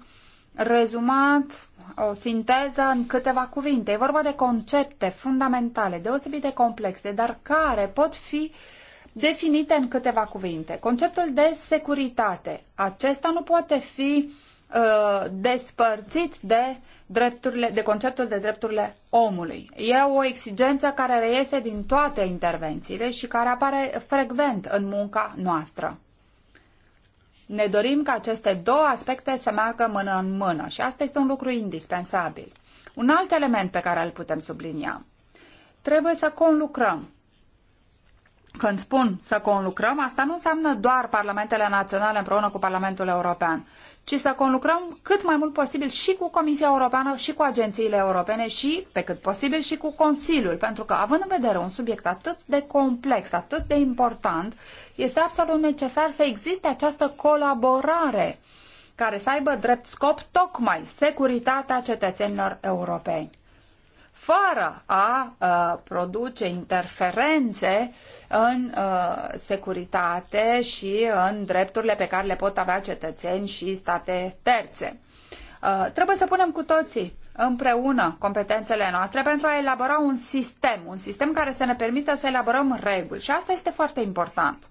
rezumat, o sinteză în câteva cuvinte. E vorba de concepte fundamentale, deosebit de complexe, dar care pot fi uh, definite în câteva cuvinte. Conceptul de securitate. Acesta nu poate fi uh, despărțit de, drepturile, de conceptul de drepturile omului. E o exigență care reiese din toate intervențiile și care apare frecvent în munca noastră. Ne dorim ca aceste două aspecte să meargă mână în mână și asta este un lucru indispensabil. Un alt element pe care îl putem sublinia. Trebuie să conlucrăm când spun să conlucrăm, asta nu înseamnă doar parlamentele naționale împreună cu Parlamentul European, ci să conlucrăm cât mai mult posibil și cu Comisia Europeană și cu agențiile europene și, pe cât posibil, și cu Consiliul, pentru că, având în vedere un subiect atât de complex, atât de important, este absolut necesar să existe această colaborare care să aibă drept scop tocmai securitatea cetățenilor europeni fără a uh, produce interferențe în uh, securitate și în drepturile pe care le pot avea cetățeni și state terțe. Uh, trebuie să punem cu toții împreună competențele noastre pentru a elabora un sistem, un sistem care să ne permită să elaborăm reguli. Și asta este foarte important.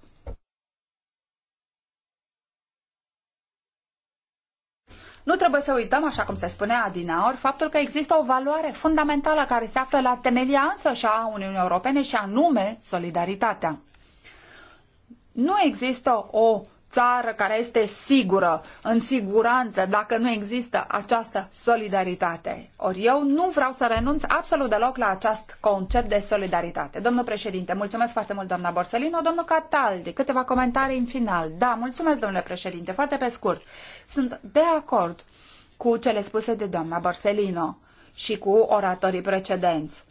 Nu trebuie să uităm, așa cum se spunea adinaori, faptul că există o valoare fundamentală care se află la temelia însă și a Uniunii Europene și anume solidaritatea. Nu există o țară care este sigură, în siguranță, dacă nu există această solidaritate. Ori eu nu vreau să renunț absolut deloc la acest concept de solidaritate. Domnul președinte, mulțumesc foarte mult, doamna Borsellino. Domnul Cataldi, câteva comentarii în final. Da, mulțumesc, domnule președinte, foarte pe scurt. Sunt de acord cu cele spuse de doamna Borsellino și cu oratorii precedenți.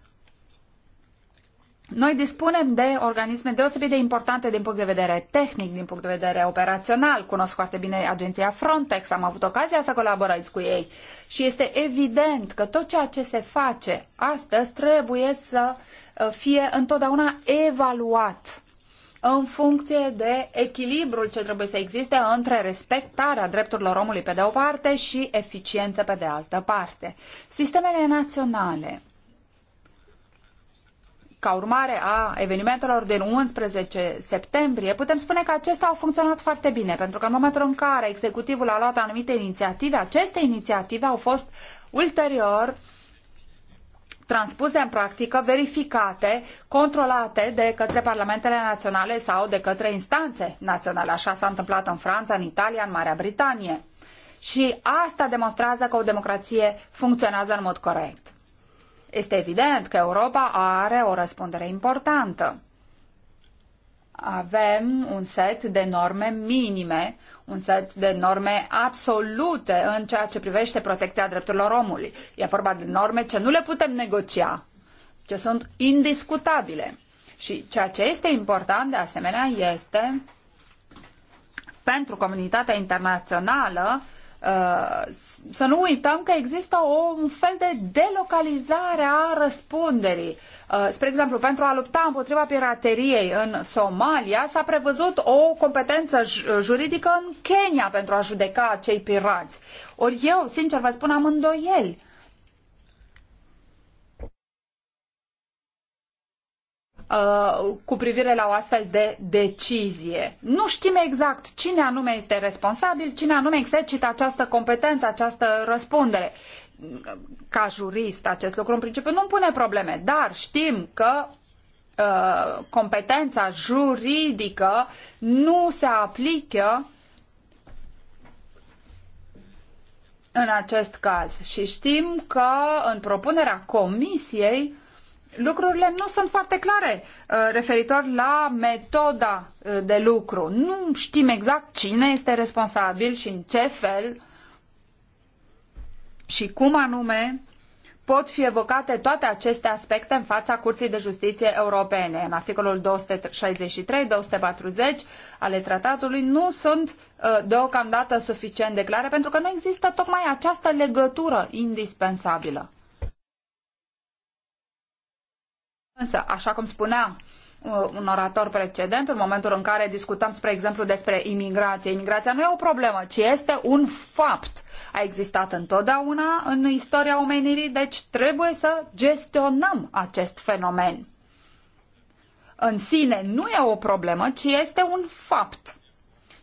Noi dispunem de organisme deosebit de importante din punct de vedere tehnic, din punct de vedere operațional. Cunosc foarte bine agenția Frontex, am avut ocazia să colaborez cu ei și este evident că tot ceea ce se face astăzi trebuie să uh, fie întotdeauna evaluat în funcție de echilibrul ce trebuie să existe între respectarea drepturilor omului pe de o parte și eficiență pe de altă parte. Sistemele naționale ca urmare a evenimentelor din 11 septembrie, putem spune că acestea au funcționat foarte bine, pentru că în momentul în care executivul a luat anumite inițiative, aceste inițiative au fost ulterior transpuse în practică, verificate, controlate de către parlamentele naționale sau de către instanțe naționale. Așa s-a întâmplat în Franța, în Italia, în Marea Britanie. Și asta demonstrează că o democrație funcționează în mod corect. Este evident că Europa are o răspundere importantă. Avem un set de norme minime, un set de norme absolute în ceea ce privește protecția drepturilor omului. E vorba de norme ce nu le putem negocia, ce sunt indiscutabile. Și ceea ce este important, de asemenea, este pentru comunitatea internațională Uh, să nu uităm că există o, un fel de delocalizare a răspunderii. Uh, spre exemplu, pentru a lupta împotriva pirateriei în Somalia s-a prevăzut o competență juridică în Kenya pentru a judeca cei pirați. Ori eu, sincer, vă spun, am îndoieli Uh, cu privire la o astfel de decizie. Nu știm exact cine anume este responsabil, cine anume exercită această competență, această răspundere. Ca jurist, acest lucru în principiu nu pune probleme, dar știm că uh, competența juridică nu se aplică în acest caz și știm că în propunerea comisiei lucrurile nu sunt foarte clare uh, referitor la metoda uh, de lucru. Nu știm exact cine este responsabil și în ce fel și cum anume pot fi evocate toate aceste aspecte în fața Curții de Justiție Europene. În articolul 263-240 ale tratatului nu sunt uh, deocamdată suficient de clare pentru că nu există tocmai această legătură indispensabilă. Însă, așa cum spunea uh, un orator precedent, în momentul în care discutam, spre exemplu, despre imigrație. Imigrația nu e o problemă, ci este un fapt. A existat întotdeauna în istoria omenirii, deci trebuie să gestionăm acest fenomen. În sine nu e o problemă, ci este un fapt.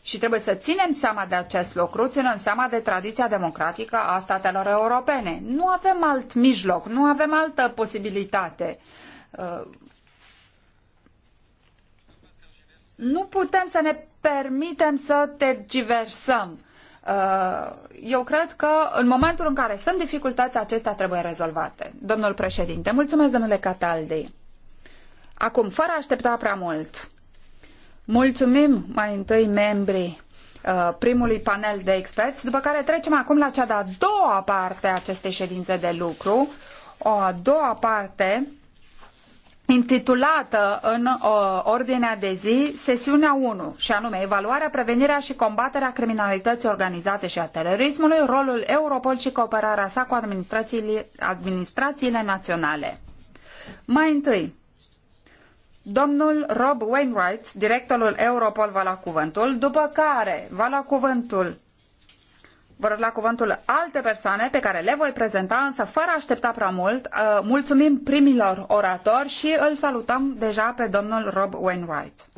Și trebuie să ținem seama de acest lucru, ținem seama de tradiția democratică a statelor europene. Nu avem alt mijloc, nu avem altă posibilitate. Uh, nu putem să ne permitem să tergiversăm. Uh, eu cred că în momentul în care sunt dificultăți, acestea trebuie rezolvate. Domnul președinte, mulțumesc, domnule Cataldi. Acum, fără a aștepta prea mult, mulțumim mai întâi membrii uh, primului panel de experți, după care trecem acum la cea de-a doua parte a acestei ședințe de lucru. O a doua parte intitulată în ordinea de zi sesiunea 1, și anume evaluarea, prevenirea și combaterea criminalității organizate și a terorismului, rolul Europol și cooperarea sa cu administrațiile, administrațiile naționale. Mai întâi, domnul Rob Wainwright, directorul Europol, va lua cuvântul, după care va lua cuvântul vor lua cuvântul alte persoane pe care le voi prezenta, însă fără a aștepta prea mult, uh, mulțumim primilor oratori și îl salutăm deja pe domnul Rob Wainwright.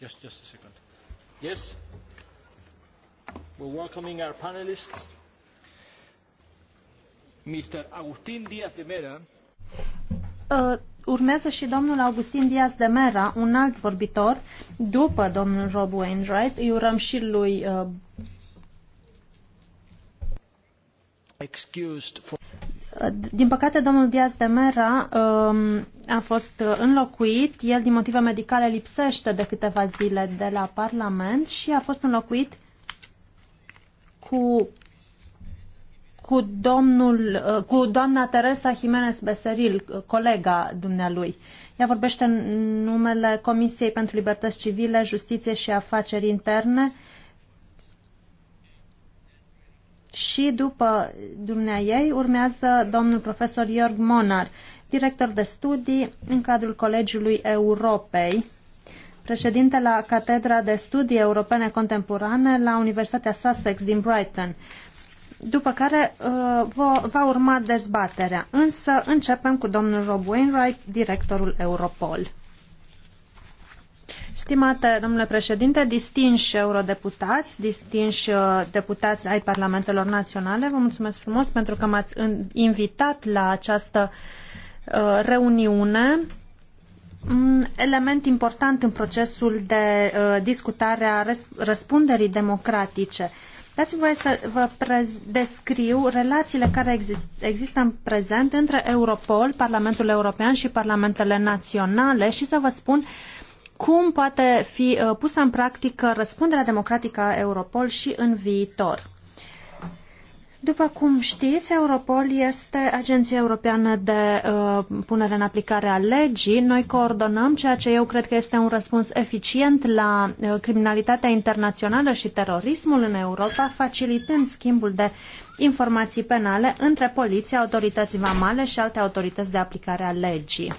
Just, just a second. Yes? We're welcoming our panelists. Mr. Agustin Díaz de Mera. Uh, urmează și domnul Agustin Diaz de Mera, un alt vorbitor, după domnul Rob Wainwright. Îi urăm și lui uh, uh din păcate, domnul Diaz de Mera uh, a fost uh, înlocuit. El, din motive medicale, lipsește de câteva zile de la Parlament și a fost înlocuit cu cu domnul, uh, cu doamna Teresa Jimenez Beseril, colega dumnealui. Ea vorbește în numele Comisiei pentru Libertăți Civile, Justiție și Afaceri Interne. Și după dumnea ei urmează domnul profesor Iorg Monar, director de studii în cadrul Colegiului Europei Președintele la Catedra de Studii Europene Contemporane la Universitatea Sussex din Brighton. După care uh, va urma dezbaterea, însă începem cu domnul Rob Wainwright, directorul Europol. Stimate domnule președinte, distinși eurodeputați, distinși uh, deputați ai Parlamentelor Naționale, vă mulțumesc frumos pentru că m-ați invitat la această uh, reuniune un element important în procesul de uh, discutare a răspunderii democratice. Dați-mi voie să vă descriu relațiile care exist există în prezent între Europol, Parlamentul European și Parlamentele Naționale și să vă spun cum poate fi uh, pusă în practică răspunderea democratică a Europol și în viitor. După cum știți, Europol este Agenția Europeană de uh, Punere în Aplicare a Legii. Noi coordonăm ceea ce eu cred că este un răspuns eficient la uh, criminalitatea internațională și terorismul în Europa, facilitând schimbul de informații penale între poliție, autorități vamale și alte autorități de aplicare a legii.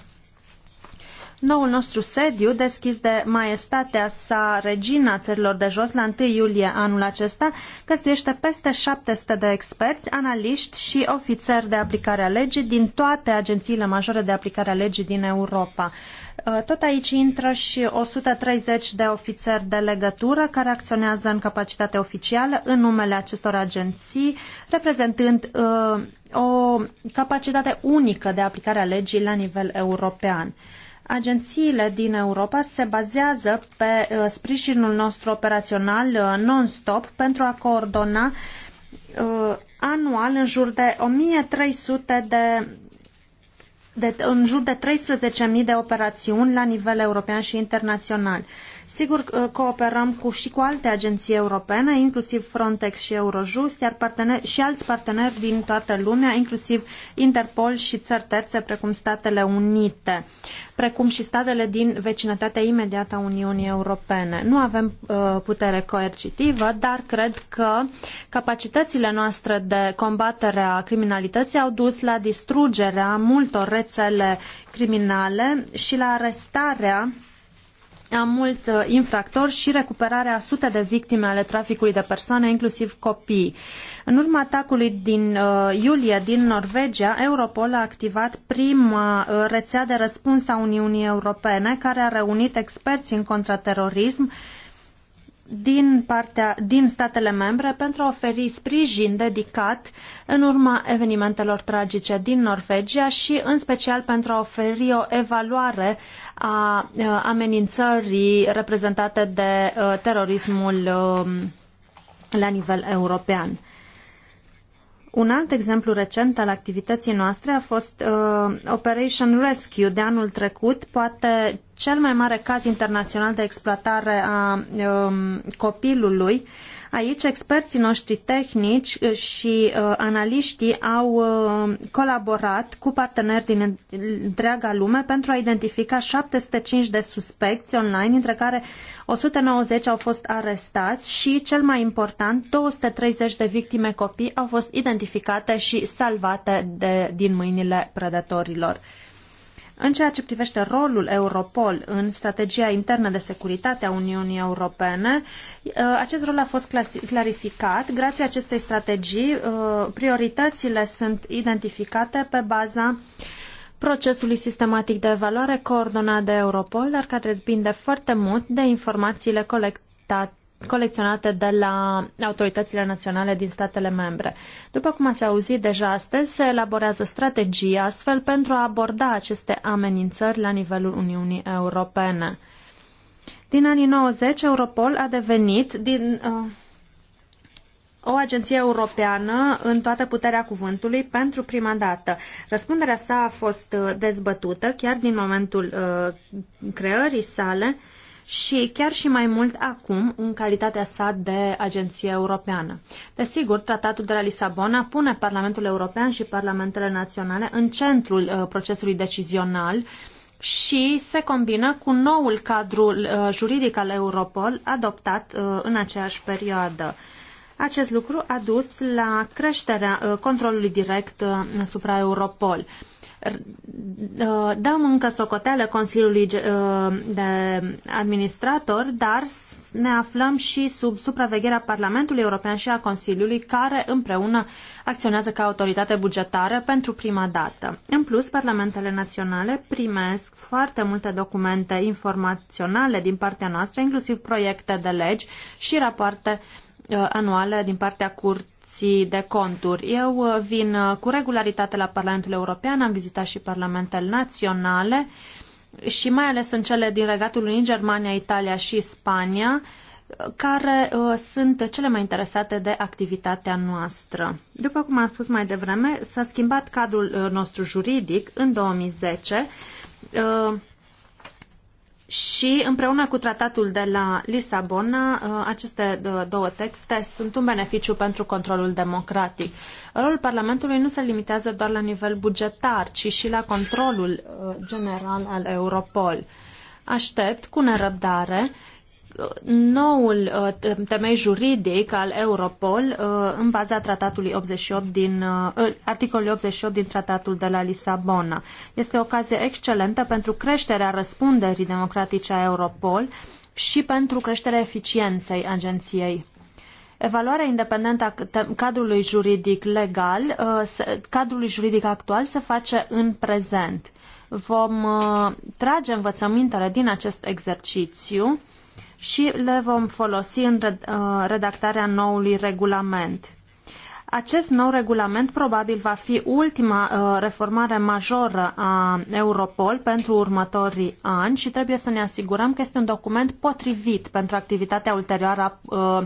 Noul nostru sediu, deschis de maestatea sa regina țărilor de jos la 1 iulie anul acesta, găstuiește peste 700 de experți, analiști și ofițeri de aplicare a legii din toate agențiile majore de aplicare a legii din Europa. Uh, tot aici intră și 130 de ofițeri de legătură care acționează în capacitate oficială în numele acestor agenții, reprezentând uh, o capacitate unică de aplicare a legii la nivel european. Agențiile din Europa se bazează pe uh, sprijinul nostru operațional uh, non-stop pentru a coordona uh, anual în jur de 1300 de de, în jur de 13.000 de operațiuni la nivel european și internațional. Sigur, uh, cooperăm cu și cu alte agenții europene, inclusiv Frontex și Eurojust, iar partener, și alți parteneri din toată lumea, inclusiv Interpol și țări terțe, precum Statele Unite, precum și statele din vecinătatea imediată a Uniunii Europene. Nu avem uh, putere coercitivă, dar cred că capacitățile noastre de combatere a criminalității au dus la distrugerea multor rețele criminale și la arestarea a mult uh, infractori și recuperarea a sute de victime ale traficului de persoane, inclusiv copii. În urma atacului din uh, iulie din Norvegia, Europol a activat prima uh, rețea de răspuns a Uniunii Europene, care a reunit experți în contraterorism uh, din, partea, din statele membre pentru a oferi sprijin dedicat în urma evenimentelor tragice din Norvegia și în special pentru a oferi o evaluare a amenințării reprezentate de terorismul la nivel european. Un alt exemplu recent al activității noastre a fost uh, Operation Rescue de anul trecut. Poate cel mai mare caz internațional de exploatare a um, copilului. Aici experții noștri tehnici și uh, analiștii au uh, colaborat cu parteneri din întreaga lume pentru a identifica 705 de suspecți online, dintre care 190 au fost arestați și, cel mai important, 230 de victime copii au fost identificate și salvate de, din mâinile prădătorilor. În ceea ce privește rolul Europol în strategia internă de securitate a Uniunii Europene, uh, acest rol a fost clarificat. Grație acestei strategii, uh, prioritățile sunt identificate pe baza procesului sistematic de evaluare coordonat de Europol, dar care depinde foarte mult de informațiile colectate colecționate de la autoritățile naționale din statele membre. După cum ați auzit deja astăzi, se elaborează strategii astfel pentru a aborda aceste amenințări la nivelul Uniunii Europene. Din anii 90, Europol a devenit din, uh, o agenție europeană în toată puterea cuvântului pentru prima dată. Răspunderea sa a fost uh, dezbătută chiar din momentul uh, creării sale. Uh, și chiar și mai mult acum în calitatea sa de agenție europeană. Desigur, tratatul de la Lisabona pune Parlamentul European și Parlamentele Naționale în centrul uh, procesului decizional și se combină cu noul cadru uh, juridic al Europol adoptat uh, în aceeași perioadă. Acest lucru a dus la creșterea controlului direct asupra Europol. Uh, dăm încă socoteală Consiliului uh, de Administrator, dar ne aflăm și sub supravegherea Parlamentului European și a Consiliului, care împreună acționează ca autoritate bugetară pentru prima dată. În plus, parlamentele naționale primesc foarte multe documente informaționale din partea noastră, inclusiv proiecte de legi și rapoarte uh, anuale din partea curții Curții de Conturi. Eu uh, vin uh, cu regularitate la Parlamentul European, am vizitat și parlamentele naționale și mai ales în cele din Regatul Unii, Germania, Italia și Spania, care uh, sunt cele mai interesate de activitatea noastră. După cum am spus mai devreme, s-a schimbat cadrul uh, nostru juridic în 2010. Uh, și împreună cu tratatul de la Lisabona, uh, aceste uh, două texte sunt un beneficiu pentru controlul democratic. Rolul Parlamentului nu se limitează doar la nivel bugetar, ci și la controlul uh, general al Europol. Aștept cu nerăbdare noul uh, temei juridic al Europol uh, în baza tratatului 88 din uh, articolului 88 din tratatul de la Lisabona. Este o ocazie excelentă pentru creșterea răspunderii democratice a Europol și pentru creșterea eficienței agenției. Evaluarea independentă a cadrului juridic legal, cadrului juridic actual se face în prezent. Vom trage învățămintele din acest exercițiu și le vom folosi în uh, redactarea noului regulament. Acest nou regulament probabil va fi ultima uh, reformare majoră a Europol pentru următorii ani și trebuie să ne asigurăm că este un document potrivit pentru activitatea ulterioară a uh,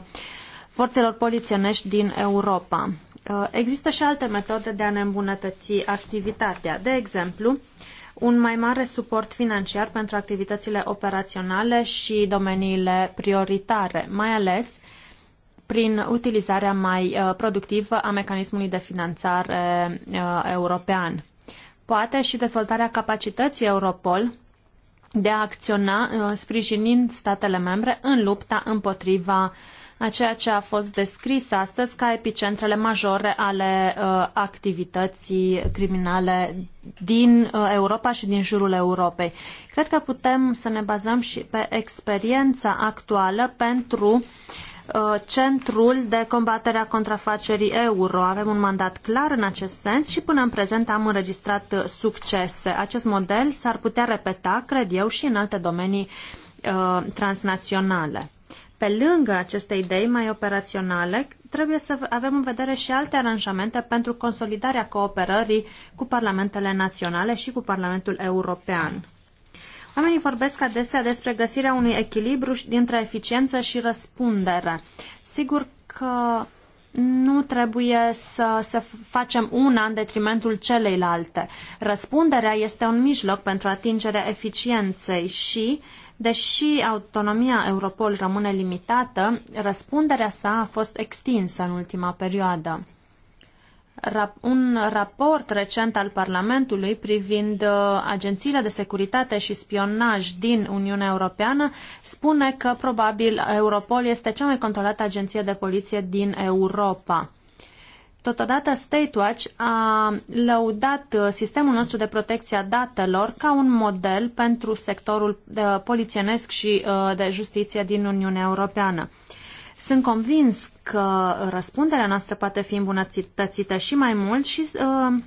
forțelor polițienești din Europa. Există și alte metode de a ne îmbunătăți activitatea. De exemplu, un mai mare suport financiar pentru activitățile operaționale și domeniile prioritare, mai ales prin utilizarea mai uh, productivă a mecanismului de finanțare uh, european. Poate și dezvoltarea capacității Europol de a acționa uh, sprijinind statele membre în lupta împotriva a ceea ce a fost descris astăzi ca epicentrele majore ale uh, activității criminale din uh, Europa și din jurul Europei. Cred că putem să ne bazăm și pe experiența actuală pentru uh, Centrul de combatere a contrafacerii euro. Avem un mandat clar în acest sens și până în prezent am înregistrat uh, succese. Acest model s-ar putea repeta, cred eu, și în alte domenii uh, transnaționale. Pe lângă aceste idei mai operaționale, trebuie să avem în vedere și alte aranjamente pentru consolidarea cooperării cu parlamentele naționale și cu Parlamentul European. Oamenii vorbesc adesea despre găsirea unui echilibru dintre eficiență și răspundere. Sigur că nu trebuie să, să facem una în detrimentul celeilalte. Răspunderea este un mijloc pentru atingerea eficienței și uh, Deși autonomia Europol rămâne limitată, răspunderea sa a fost extinsă în ultima perioadă. Un raport recent al Parlamentului privind uh, agențiile de securitate și spionaj din Uniunea Europeană spune că probabil Europol este cea mai controlată agenție de poliție din Europa. Totodată Statewatch a lăudat uh, sistemul nostru de protecție a datelor ca un model pentru sectorul uh, polițienesc și uh, de justiție din Uniunea Europeană. Sunt convins că răspunderea noastră poate fi îmbunătățită și mai mult și uh,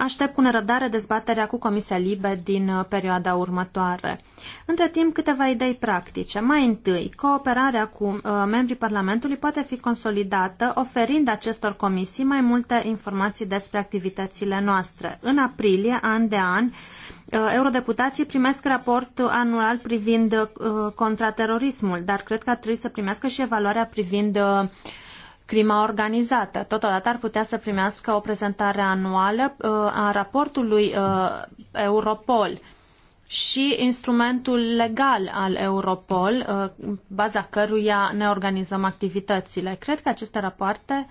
Aștept cu nerăbdare dezbaterea cu Comisia Libe din uh, perioada următoare. Între timp, câteva idei practice. Mai întâi, cooperarea cu uh, membrii Parlamentului poate fi consolidată, oferind acestor comisii mai multe informații despre activitățile noastre. În aprilie, an de an, uh, Eurodeputații primesc raport anual privind uh, contraterorismul, dar cred că ar trebui să primească și evaluarea privind uh, crima organizată. Totodată ar putea să primească o prezentare anuală uh, a raportului uh, Europol și instrumentul legal al Europol, în uh, baza căruia ne organizăm activitățile. Cred că aceste rapoarte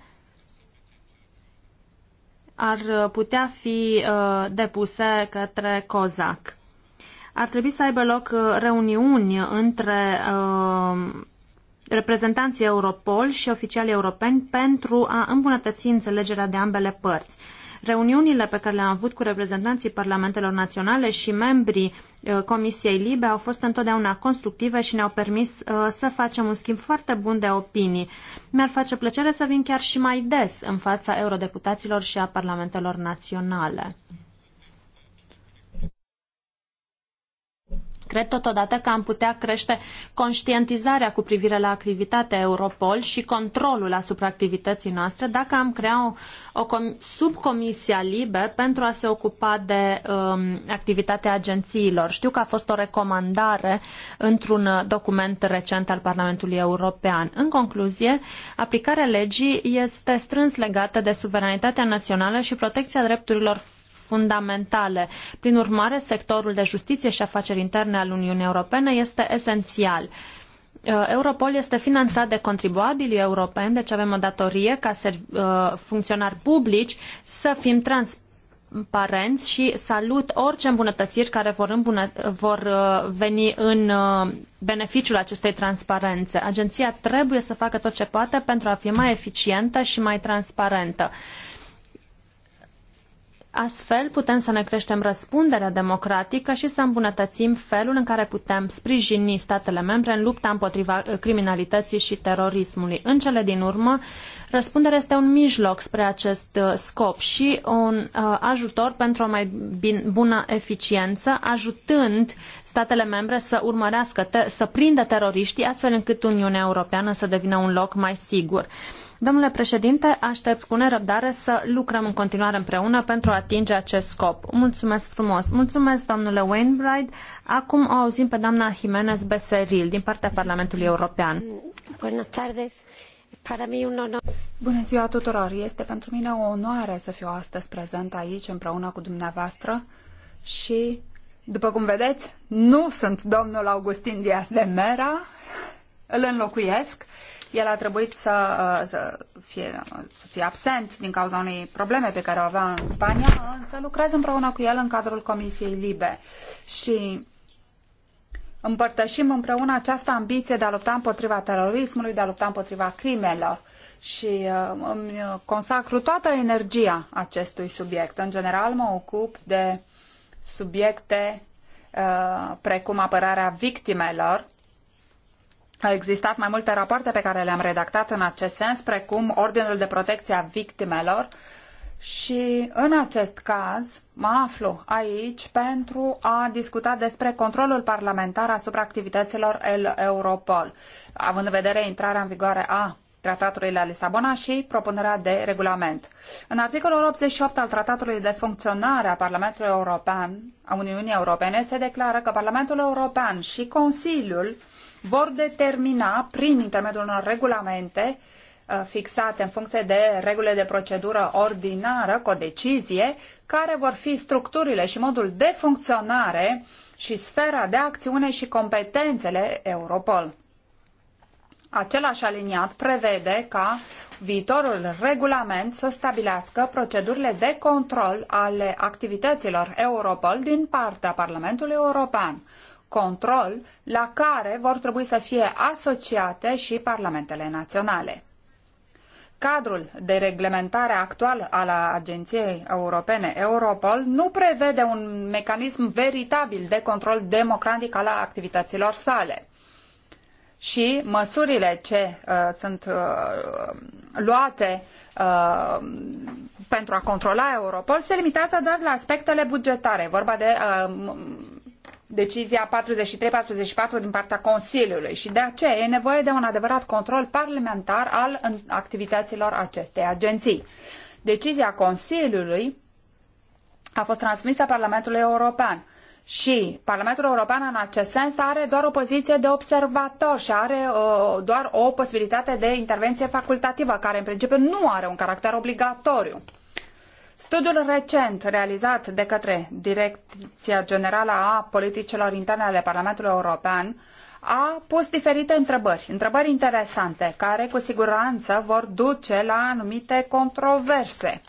ar putea fi depuse către COSAC. Ar trebui să aibă loc reuniuni între reprezentanții Europol și oficialii europeni pentru a îmbunătăți înțelegerea de ambele părți. Reuniunile pe care le-am avut cu reprezentanții parlamentelor naționale și membrii uh, Comisiei Libe au fost întotdeauna constructive și ne-au permis uh, să facem un schimb foarte bun de opinii. Mi-ar face plăcere să vin chiar și mai des în fața eurodeputaților și a parlamentelor naționale. Cred totodată că am putea crește conștientizarea cu privire la activitatea Europol și controlul asupra activității noastre dacă am crea o, o subcomisia LIBE pentru a se ocupa de um, activitatea agențiilor. Știu că a fost o recomandare într-un document recent al Parlamentului European. În concluzie, aplicarea legii este strâns legată de suveranitatea națională și protecția drepturilor fundamentale. Prin urmare, sectorul de justiție și afaceri interne al Uniunii Europene este esențial. Uh, Europol este finanțat de contribuabilii europeni, deci avem o datorie ca uh, funcționari publici să fim transparenți parenți și salut orice îmbunătățiri care vor, îmbunăt- vor uh, veni în beneficiul acestei transparențe. Agenția trebuie să facă tot ce poate pentru a fi mai eficientă și mai transparentă. Astfel putem să ne creștem răspunderea democratică și să îmbunătățim felul în care putem sprijini statele membre în lupta împotriva uh, criminalității și terorismului. În cele din urmă, răspunderea este un mijloc spre acest uh, scop și un uh, ajutor pentru o mai bună eficiență, ajutând statele membre să urmărească, să prindă teroriștii, astfel încât Uniunea Europeană să devină un loc mai sigur. Domnule președinte, aștept cu nerăbdare să lucrăm în continuare împreună pentru a atinge acest scop. Mulțumesc frumos! Mulțumesc, domnule Wainwright. Acum o auzim pe doamna Jimenez Beseril din partea Parlamentului European. Bună ziua tuturor! Este pentru mine o onoare să fiu astăzi prezent aici împreună cu dumneavoastră și, după cum vedeți, nu sunt domnul Augustin Dias de Mera, îl înlocuiesc el a trebuit să, uh, să, fie, să fie absent din cauza unei probleme pe care o avea în Spania, însă lucrez împreună cu el în cadrul Comisiei Libe și împărtășim împreună această ambiție de a lupta împotriva terorismului, de a lupta împotriva crimelor și uh, îmi consacru toată energia acestui subiect. În general mă ocup de subiecte uh, precum apărarea victimelor au existat mai multe rapoarte pe care le-am redactat în acest sens, precum Ordinul de Protecție a Victimelor și în acest caz mă aflu aici pentru a discuta despre controlul parlamentar asupra activităților el Europol, având în vedere intrarea în vigoare a Tratatului la Lisabona și propunerea de regulament. În articolul 88 al Tratatului de funcționare a Parlamentului European, a Uniunii Europene, se declară că Parlamentul European și Consiliul vor determina prin intermediul unor regulamente uh, fixate în funcție de regulile de procedură ordinară, cu o decizie, care vor fi structurile și modul de funcționare și sfera de acțiune și competențele Europol. Același aliniat prevede ca viitorul regulament să stabilească procedurile de control ale activităților Europol din partea Parlamentului European control la care vor trebui să fie asociate și parlamentele naționale. Cadrul de reglementare actual al Agenției Europene Europol nu prevede un mecanism veritabil de control democratic al activităților sale și măsurile ce uh, sunt uh, luate uh, pentru a controla Europol se limitează doar la aspectele bugetare, vorba de uh, decizia 43-44 din partea Consiliului și de aceea e nevoie de un adevărat control parlamentar al activităților acestei agenții. Decizia Consiliului a fost transmisă Parlamentului European și Parlamentul European în acest sens are doar o poziție de observator și are uh, doar o posibilitate de intervenție facultativă, care în principiu nu are un caracter obligatoriu. Studiul recent realizat de către Direcția Generală a Politicilor Interne ale Parlamentului European a pus diferite întrebări, întrebări interesante, care cu siguranță vor duce la anumite controverse.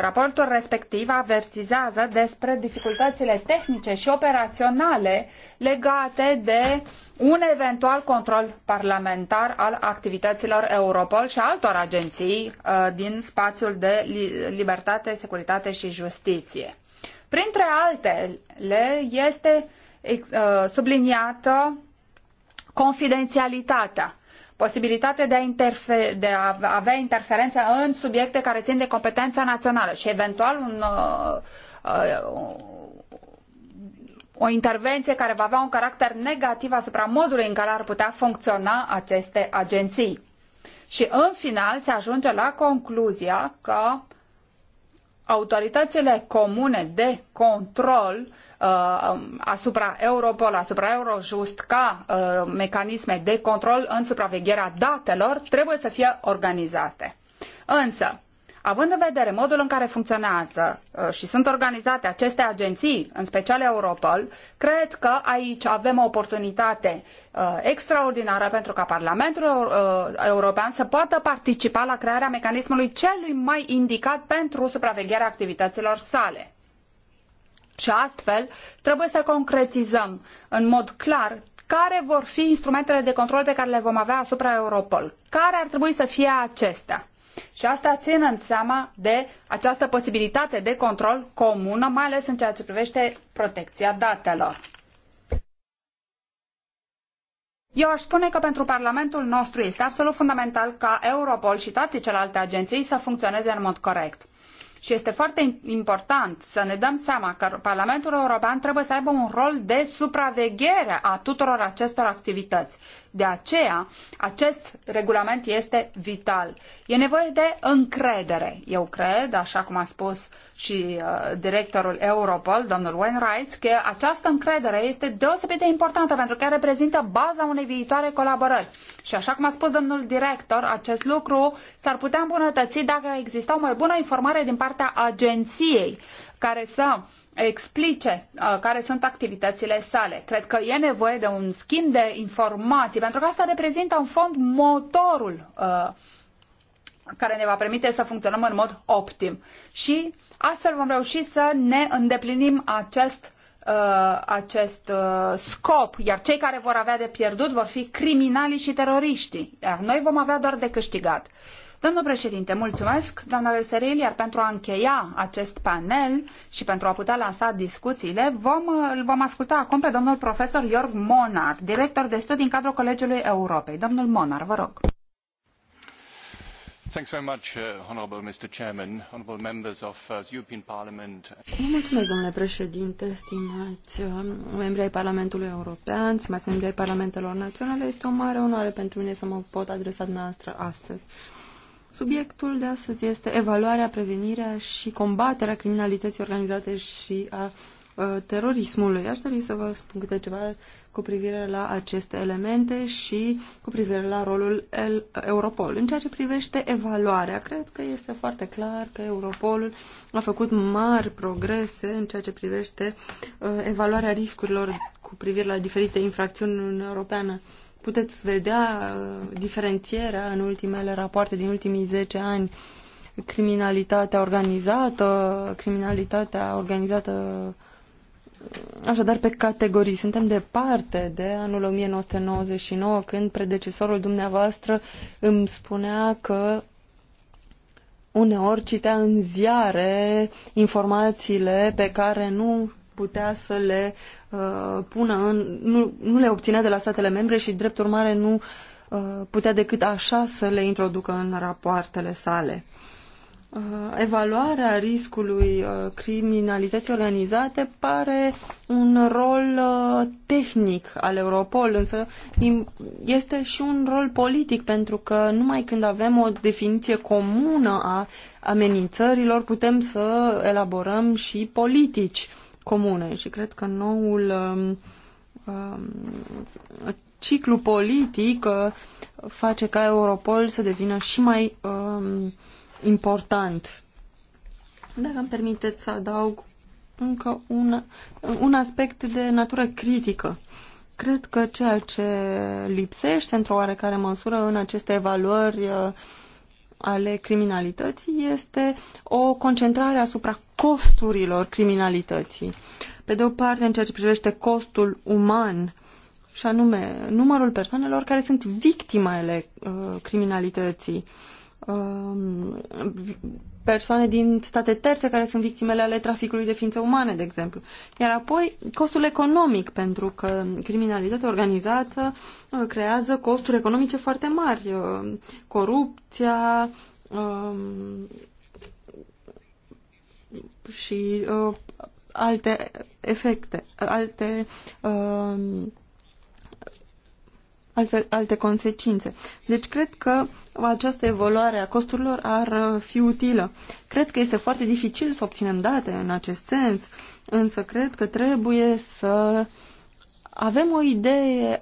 Raportul respectiv avertizează despre dificultățile tehnice și operaționale legate de un eventual control parlamentar al activităților Europol și altor agenții uh, din spațiul de libertate, securitate și justiție. Printre altele este uh, subliniată confidențialitatea posibilitate de a, de a avea interferențe în subiecte care țin de competența națională și eventual un, uh, uh, o intervenție care va avea un caracter negativ asupra modului în care ar putea funcționa aceste agenții. Și în final se ajunge la concluzia că autoritățile comune de control uh, um, asupra Europol, asupra Eurojust ca uh, mecanisme de control în supravegherea datelor trebuie să fie organizate. Însă, Având în vedere modul în care funcționează uh, și sunt organizate aceste agenții, în special Europol, cred că aici avem o oportunitate uh, extraordinară pentru ca Parlamentul uh, European să poată participa la crearea mecanismului celui mai indicat pentru supravegherea activităților sale. Și astfel trebuie să concretizăm în mod clar care vor fi instrumentele de control pe care le vom avea asupra Europol. Care ar trebui să fie acestea? Și asta în seama de această posibilitate de control comună, mai ales în ceea ce privește protecția datelor. Eu aș spune că pentru Parlamentul nostru este absolut fundamental ca Europol și toate celelalte agenții să funcționeze în mod corect. Și este foarte important să ne dăm seama că Parlamentul European trebuie să aibă un rol de supraveghere a tuturor acestor activități. De aceea, acest regulament este vital. E nevoie de încredere. Eu cred, așa cum a spus și uh, directorul Europol, domnul Wainwright, că această încredere este deosebit de importantă pentru că reprezintă baza unei viitoare colaborări. Și așa cum a spus domnul director, acest lucru s-ar putea îmbunătăți dacă exista o mai bună informare din partea agenției care să explice uh, care sunt activitățile sale. Cred că e nevoie de un schimb de informații, pentru că asta reprezintă în fond motorul uh, care ne va permite să funcționăm în mod optim. Și astfel vom reuși să ne îndeplinim acest uh, acest uh, scop, iar cei care vor avea de pierdut vor fi criminalii și teroriștii, iar noi vom avea doar de câștigat. Uh, Domnul președinte, mulțumesc, doamna Veseril, iar pentru a încheia acest panel și pentru a putea lansa discuțiile, vom, îl vom asculta acum pe domnul profesor Iorg Monar, director de studii în cadrul Colegiului Europei. Domnul Monar, vă rog. Uh, uh, mulțumesc, domnule președinte, stimați uh, membri ai Parlamentului European, stimați membri ai Parlamentelor Naționale. Este o mare onoare pentru mine să mă pot adresa dumneavoastră astăzi. Subiectul de astăzi este evaluarea, prevenirea și combaterea criminalității organizate și a terorismului. Aș dori să vă spun câte ceva cu privire la aceste elemente și cu privire la rolul El Europol. În ceea ce privește evaluarea, cred că este foarte clar că Europolul a făcut mari progrese în ceea ce privește uh, evaluarea riscurilor cu privire la diferite infracțiuni în Europeană. Uh, Puteți vedea uh, diferențierea în ultimele rapoarte din ultimii 10 ani criminalitatea organizată, criminalitatea organizată uh, Așadar, pe categorii, suntem departe de anul 1999, când predecesorul dumneavoastră îmi spunea că uneori citea în ziare informațiile pe care nu putea să le Uh, pună în, nu, nu le obținea de la statele membre și, drept urmare, nu uh, putea decât așa să le introducă în rapoartele sale. Uh, evaluarea riscului criminalității organizate pare un rol tehnic al Europol, însă este și un rol politic, pentru că numai când avem o definiție comună a amenințărilor, putem să elaborăm și politici comune și cred că noul um, um, ciclu politic uh, face ca Europol să devină și mai um, important. Dacă îmi permiteți să adaug încă un, un aspect de natură critică. Cred că ceea ce lipsește într-o oarecare măsură în aceste evaluări uh, ale criminalității este o concentrare asupra costurilor criminalității. Pe de o parte, în ceea ce privește costul uman, și anume numărul persoanelor care sunt victimele uh, criminalității, uh, persoane din state terțe care sunt victimele ale traficului de ființe umane, de exemplu. Iar apoi costul economic, pentru că criminalitatea organizată uh, creează costuri economice foarte mari. Uh, corupția um, și uh, alte efecte, alte um, alte, alte consecințe. Deci cred că această evoluare a costurilor ar uh, fi utilă. Cred că este foarte dificil să obținem date în acest sens, însă cred că trebuie să avem o idee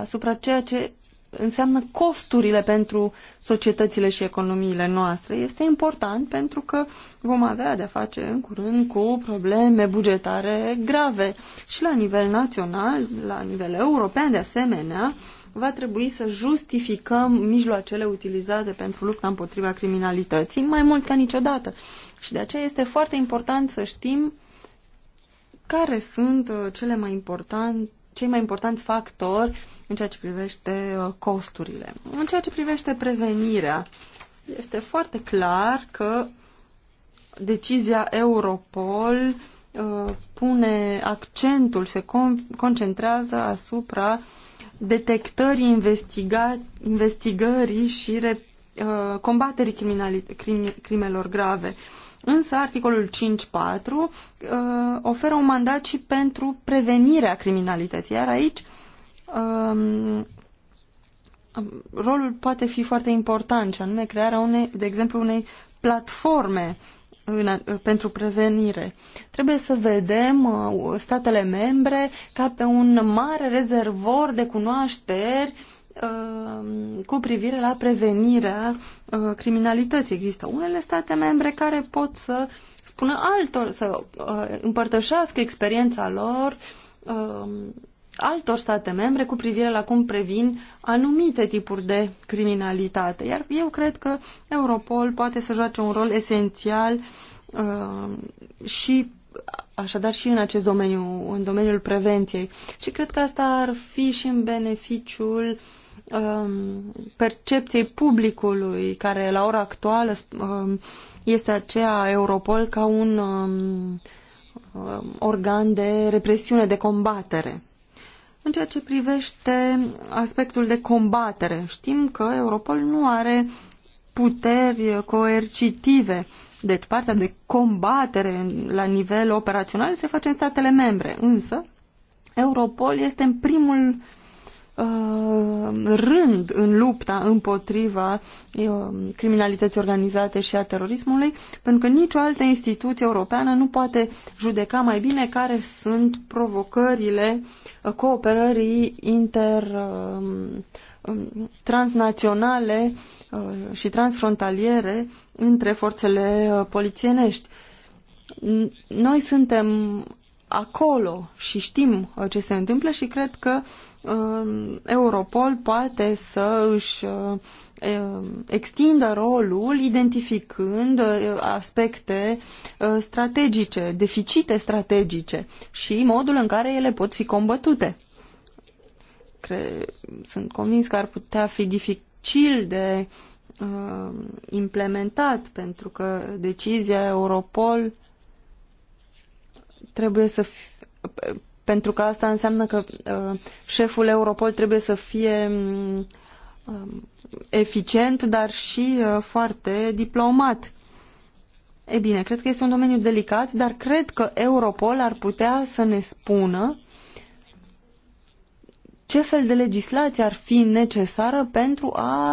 asupra ceea ce înseamnă costurile pentru societățile și economiile noastre. Este important pentru că vom avea de-a face în curând cu probleme bugetare grave și la nivel național, la nivel european de asemenea, va trebui să justificăm mijloacele utilizate pentru lupta împotriva criminalității mai mult ca niciodată. Și de aceea este foarte important să știm care sunt uh, cele mai important, cei mai importanți factori în ceea ce privește uh, costurile. În ceea ce privește prevenirea, este foarte clar că decizia Europol uh, pune accentul, se concentrează asupra uh, detectării, investiga, investigării și re, uh, combaterii crim, crimelor grave. Însă articolul 5.4 uh, oferă un mandat și pentru prevenirea criminalității, iar aici um, rolul poate fi foarte important, și anume crearea unei, de exemplu, unei platforme uh, în, pentru prevenire. Trebuie să vedem uh, statele membre ca pe un mare rezervor de cunoașteri uh, cu privire la prevenirea uh, criminalității. Există unele state membre care pot să spună altor, să împărtășească experiența lor altor state membre cu privire la cum previn anumite tipuri de criminalitate. Iar eu cred că Europol poate să joace un rol esențial uh, și așadar și în acest domeniu, în domeniul prevenției. Și cred că asta ar fi și în beneficiul um, percepției publicului, care la ora actuală um, este aceea Europol ca un um, um organ de represiune, de combatere. În ceea ce privește aspectul de combatere, știm că Europol nu are puteri coercitive. Deci partea de combatere la nivel operațional se face în statele membre, însă Europol este în primul Uh, rând în lupta împotriva uh, criminalității organizate și a terorismului, pentru că nicio altă instituție europeană nu poate judeca mai bine care sunt provocările uh, cooperării inter um, transnaționale și transfrontaliere între forțele polițienești. Noi suntem acolo și știm ce se întâmplă și cred că Um, Europol poate să își um, extindă rolul identificând uh, aspecte uh, strategice, deficite strategice și modul în care ele pot fi combătute. Sunt convins că ar putea fi dificil de um, implementat pentru că decizia Europol trebuie să fie pentru că asta înseamnă că uh, șeful Europol trebuie să fie um, um, eficient, dar și uh, foarte diplomat. E bine, cred că este un domeniu delicat, dar cred că Europol ar putea să ne spună ce fel de legislație ar fi necesară pentru a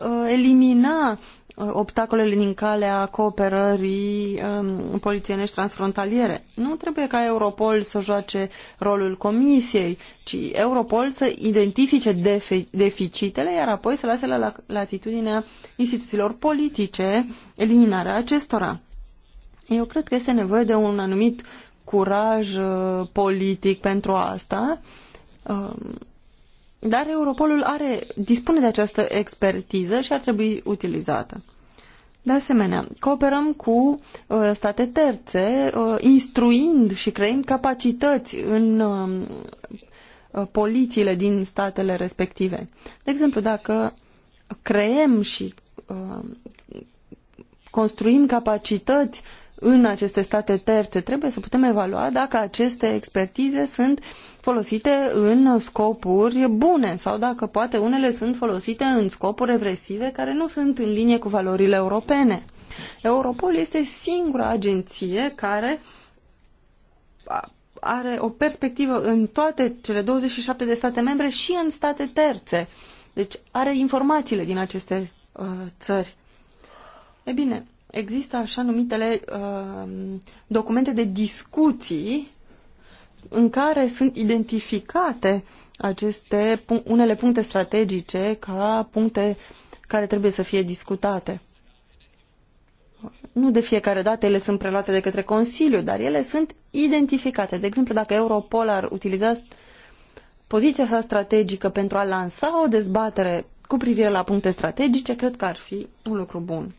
uh, elimina obstacolele din calea cooperării um, polițienești transfrontaliere. Nu trebuie ca Europol să joace rolul comisiei, ci Europol să identifice deficitele, iar apoi să lase la latitudinea instituțiilor politice eliminarea acestora. Eu cred că este nevoie de un anumit curaj uh, politic pentru asta. Uh, dar Europolul are, dispune de această expertiză și ar trebui utilizată. De asemenea, cooperăm cu uh, state terțe, uh, instruind și creând capacități în um, uh, polițiile din statele respective. De exemplu, dacă creăm și uh, construim capacități în aceste state terțe, trebuie să putem evalua dacă aceste expertize sunt uh, folosite în scopuri bune sau dacă poate unele sunt folosite în scopuri represive care nu sunt în linie cu valorile europene. Europol este singura agenție care are o perspectivă în toate cele 27 de state membre și în state terțe. Deci are informațiile din aceste uh, țări. E bine, există așa numitele uh, documente de discuții în care sunt identificate aceste unele puncte strategice ca puncte care trebuie să fie discutate. Nu de fiecare dată ele sunt preluate de către Consiliu, dar ele sunt identificate. De exemplu, dacă Europol ar utiliza poziția sa strategică pentru a lansa o dezbatere cu privire la puncte strategice, cred că ar fi un lucru bun.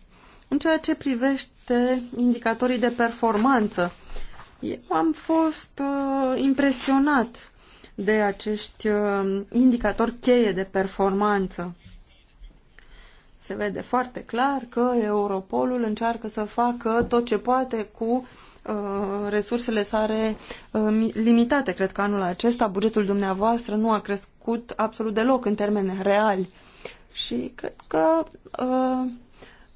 În ceea ce privește indicatorii de performanță, eu am fost uh, impresionat de acești uh, indicatori cheie de performanță. Se vede foarte clar că Europolul încearcă să facă tot ce poate cu uh, resursele sare uh, limitate. Cred că anul acesta bugetul dumneavoastră nu a crescut absolut deloc în termeni reali. Și cred că uh,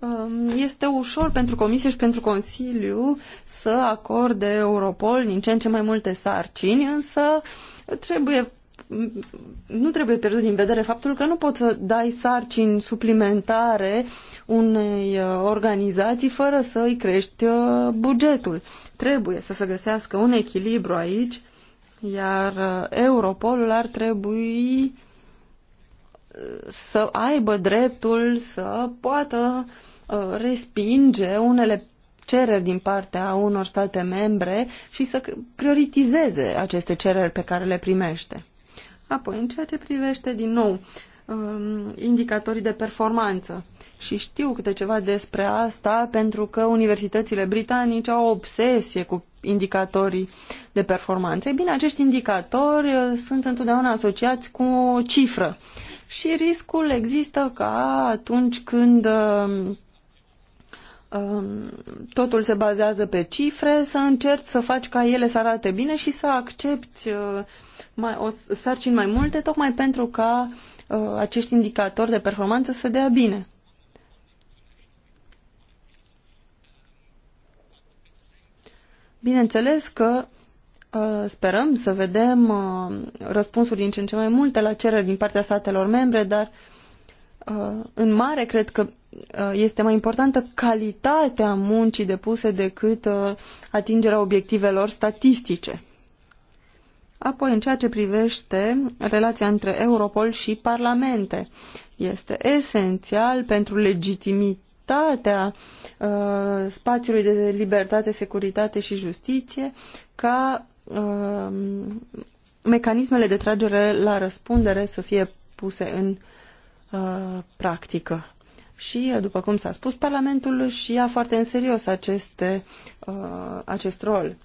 Um, este ușor pentru Comisie și pentru Consiliu să acorde Europol din ce în ce mai multe sarcini, însă trebuie nu trebuie pierdut din vedere faptul că nu poți să dai sarcini suplimentare unei uh, organizații fără să îi crești uh, bugetul. Trebuie să se găsească un echilibru aici, iar uh, Europolul ar trebui să aibă dreptul să poată uh, Uh, respinge unele cereri din partea unor state membre și să prioritizeze aceste cereri pe care le primește. Apoi, în ceea ce privește, din nou, um, indicatorii de performanță. Și știu câte ceva despre asta pentru că universitățile britanice au o obsesie cu indicatorii de performanță. Ei bine, acești indicatori uh, sunt întotdeauna asociați cu o cifră. Și riscul există ca atunci când um, Um, totul se bazează pe cifre, să încerci să faci ca ele să arate bine și să accepti uh, mai, o sarcini mai multe, tocmai pentru ca uh, acești indicatori de performanță să dea bine. Bineînțeles că uh, sperăm să vedem răspunsuri din ce în ce mai multe la cereri din partea statelor membre, dar Uh, în mare cred că uh, este mai importantă calitatea muncii depuse decât uh, atingerea obiectivelor statistice. Apoi, în ceea ce privește relația între Europol și Parlamente, este esențial pentru legitimitatea uh, spațiului de libertate, securitate și justiție ca uh, mecanismele de tragere la răspundere să fie puse în Uh, practică. Și, uh, după cum s-a spus, Parlamentul își ia foarte în serios aceste, uh, acest rol.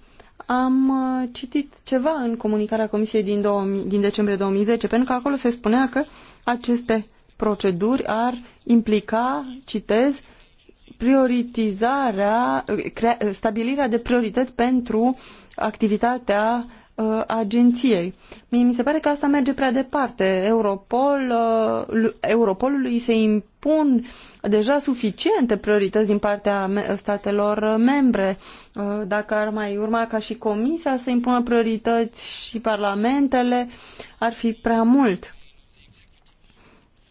Am uh, citit ceva în comunicarea Comisiei din, 2000, din decembrie 2010, pentru că acolo se spunea că aceste proceduri ar implica, citez, prioritizarea, stabilirea de priorități pentru activitatea uh, agenției. Mie mi se pare că asta merge prea departe. Europol, uh, Europolului se impun deja suficiente priorități din partea statelor membre. Uh, dacă ar mai urma ca și Comisia să impună priorități și parlamentele, ar fi prea mult.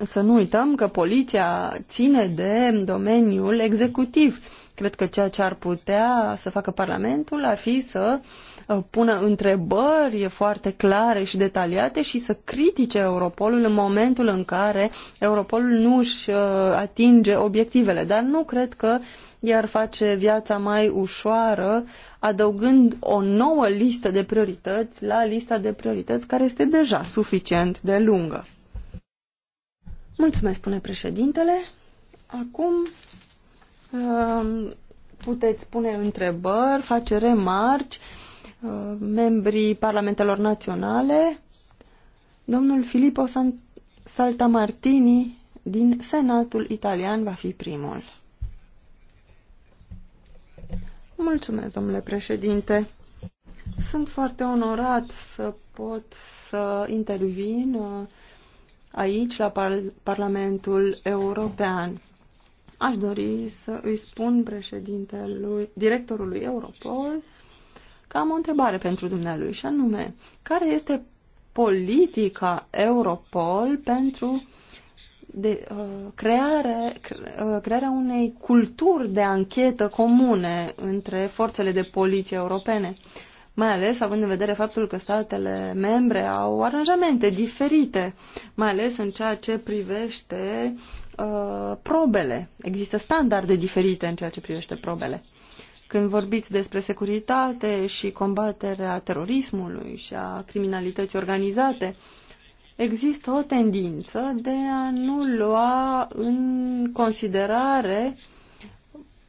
Să nu uităm că poliția ține de domeniul executiv. Cred că ceea ce ar putea să facă Parlamentul ar fi să uh, Uh, pună întrebări foarte clare și detaliate și să critique Europolul în momentul în care Europolul nu își uh, atinge obiectivele. Dar nu cred că iar face viața mai ușoară adăugând o nouă listă de priorități la lista de priorități care este deja suficient de lungă. Mulțumesc, spune președintele. Acum uh, puteți pune întrebări, face remarci Uh, membrii parlamentelor naționale, domnul Filippo Saltamartini din Senatul Italian va fi primul. Mulțumesc, domnule președinte. Sunt foarte onorat să pot să intervin uh, aici, la par Parlamentul European. Aș dori să îi spun președintelui, directorului Europol, că am o întrebare pentru dumnealui și anume, care este politica Europol pentru de, uh, creare, cre, uh, crearea unei culturi de anchetă comune între forțele de poliție europene, mai ales având în vedere faptul că statele membre au aranjamente diferite, mai ales în ceea ce privește uh, probele. Există standarde diferite în ceea ce privește probele. Când vorbiți despre securitate și combaterea terorismului și a criminalității organizate, există o tendință de a nu lua în considerare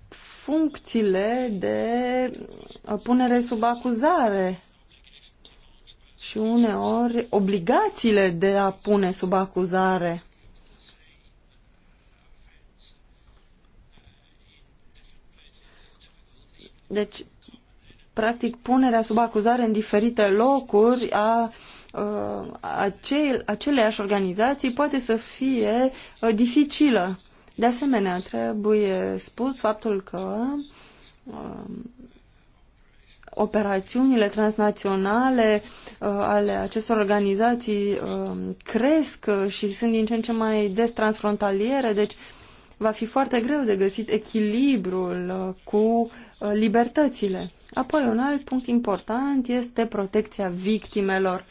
funcțiile de punere sub acuzare și uneori obligațiile de a pune sub acuzare Deci, practic, punerea sub acuzare în diferite locuri a acel, aceleași organizații poate să fie dificilă. De asemenea, trebuie spus faptul că operațiunile transnaționale uh, ale acestor organizații uh, cresc și sunt din ce în ce mai des transfrontaliere, deci va fi foarte greu de găsit echilibrul uh, cu Uh, libertățile. Apoi, un alt punct important este protecția victimelor.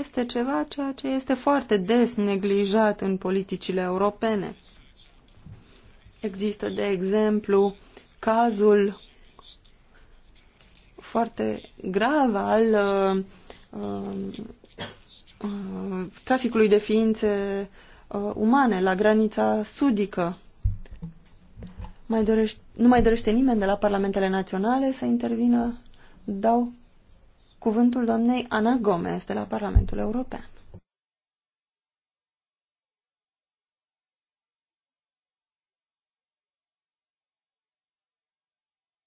Este ceva ceea ce este foarte des neglijat în politicile europene. Există, de exemplu, cazul foarte grav al uh, uh, uh traficului de ființe uh, umane la granița sudică. Mai dorește, nu mai dorește nimeni de la Parlamentele Naționale să intervină? Dau cuvântul doamnei Ana Gomez de la Parlamentul European.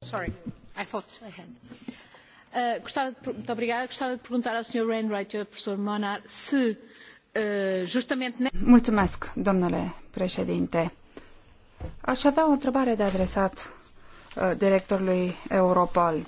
Sorry, I thought I had. Uh, gostava de, muito obrigada. Gostava de perguntar ao Sr. Rainwright e ao Professor Monar se uh, justamente... Mulțumesc, domnule președinte. Aș avea o întrebare de adresat uh, directorului Europol.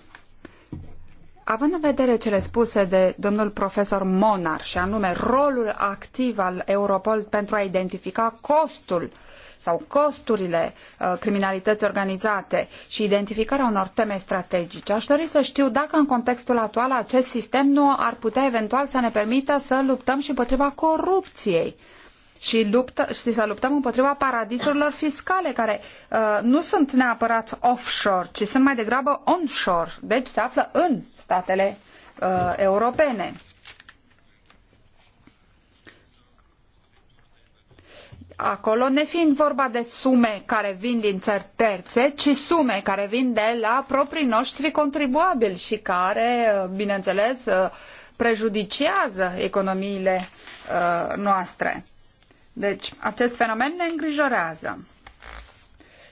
Având în vedere cele spuse de domnul profesor Monar și anume rolul activ al Europol pentru a identifica costul sau costurile uh, criminalității organizate și identificarea unor teme strategice, aș dori să știu dacă în contextul actual acest sistem nu ar putea eventual să ne permită să luptăm și împotriva corupției. Uh, și, luptă, și să luptăm împotriva paradisurilor fiscale, care uh, nu sunt neapărat offshore, ci sunt mai degrabă onshore, deci se află în statele uh, europene. acolo, nefiind vorba de sume care vin din țări terțe, ci sume care vin de la proprii noștri contribuabili și care, uh, bineînțeles, uh, prejudiciază economiile uh, noastre. Deci, acest fenomen ne îngrijorează.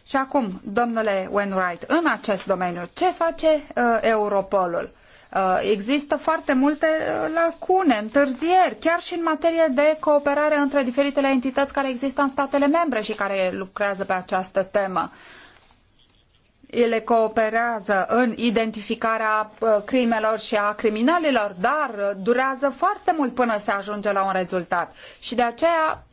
Și acum, domnule Wainwright, în acest domeniu, ce face uh, Europolul? Uh, există foarte multe uh, lacune, întârzieri, chiar și în materie de cooperare între diferitele entități care există în statele membre și care lucrează pe această temă. Ele cooperează în identificarea uh, crimelor și a criminalilor, dar uh, durează foarte mult până se ajunge la un rezultat. Și de aceea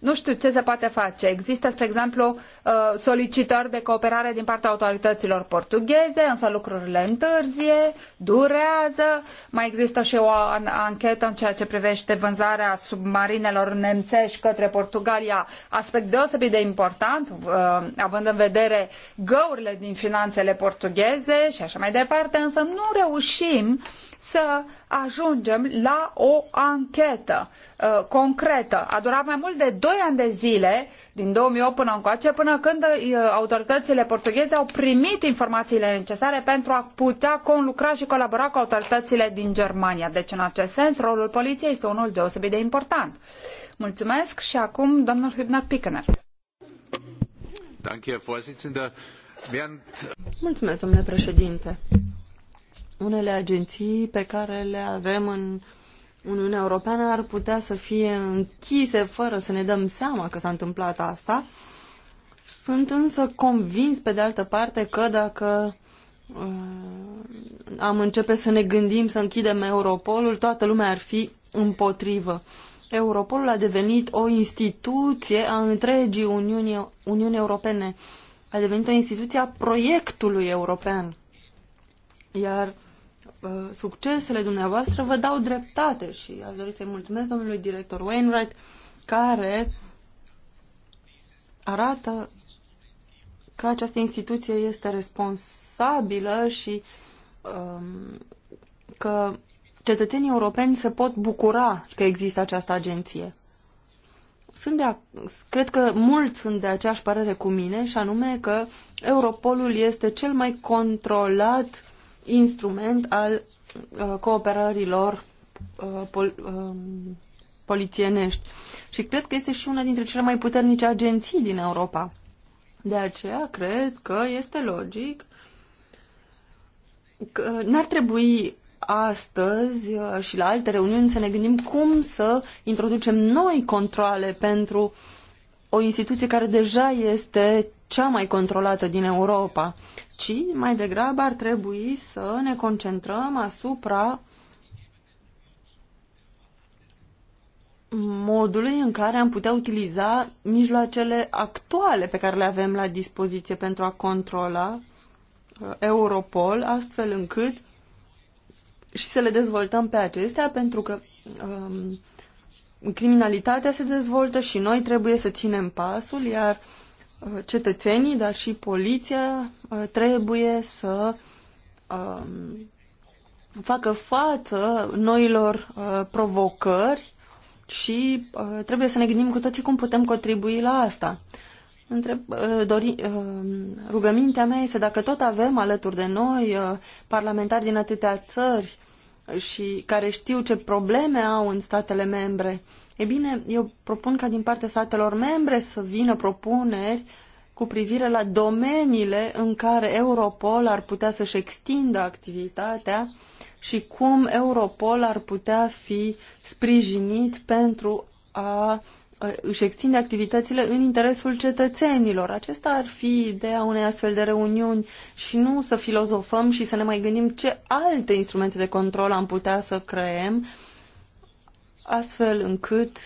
nu știu ce se poate face. Există, spre exemplu, uh, solicitări de cooperare din partea autorităților portugheze, însă lucrurile întârzie, durează. Mai există și o anchetă în ceea ce privește vânzarea submarinelor nemțești către Portugalia, aspect deosebit de important, uh, având în vedere găurile din finanțele portugheze și așa mai departe, însă nu reușim să ajungem la o anchetă uh, concretă. A durat mai mult de 2 ani de zile, din 2008 până încoace, până când uh, autoritățile portugheze au primit informațiile necesare pentru a putea conlucra și colabora cu autoritățile din Germania. Deci, în acest sens, rolul poliției este unul deosebit de important. Mulțumesc și acum domnul Hübner Pickener. Mulțumesc, domnule președinte. Unele agenții pe care le avem în Uniunea Europeană ar putea să fie închise fără să ne dăm seama că s-a întâmplat asta. Sunt însă convins, pe de altă parte, că dacă uh, am începe să ne gândim să închidem Europolul, toată lumea ar fi împotrivă. Europolul a devenit o instituție a întregii Uniuni, Uniuni Europene. A devenit o instituție a proiectului european. Iar Uh, succesele dumneavoastră vă dau dreptate și aș dori să-i mulțumesc domnului director Wainwright care arată că această instituție este responsabilă și um, că cetățenii europeni se pot bucura că există această agenție. Sunt de a, cred că mulți sunt de aceeași părere cu mine și anume că Europolul este cel mai controlat instrument al uh, cooperărilor uh, pol um, polițienești. Și cred că este și una dintre cele mai puternice agenții din Europa. De aceea cred că este logic că n-ar trebui astăzi uh, și la alte reuniuni să ne gândim cum să introducem noi controle pentru o instituție care deja este cea mai controlată din Europa, ci mai degrabă ar trebui să ne concentrăm asupra modului în care am putea utiliza mijloacele actuale pe care le avem la dispoziție pentru a controla uh, Europol, astfel încât și să le dezvoltăm pe acestea, pentru că um, criminalitatea se dezvoltă și noi trebuie să ținem pasul, iar uh, cetățenii, dar și poliția uh, trebuie să um, facă față noilor uh, provocări și uh, trebuie să ne gândim cu toții cum putem contribui la asta. Întreb, dori, rugămintea mea este dacă tot avem alături de noi parlamentari din atâtea țări și care știu ce probleme au în statele membre, E bine, eu propun ca din partea statelor membre să vină propuneri cu privire la domeniile în care Europol ar putea să-și extindă activitatea și cum Europol ar putea fi sprijinit pentru a își extinde activitățile în interesul cetățenilor. Acesta ar fi ideea unei astfel de reuniuni și nu să filozofăm și să ne mai gândim ce alte instrumente de control am putea să creăm astfel încât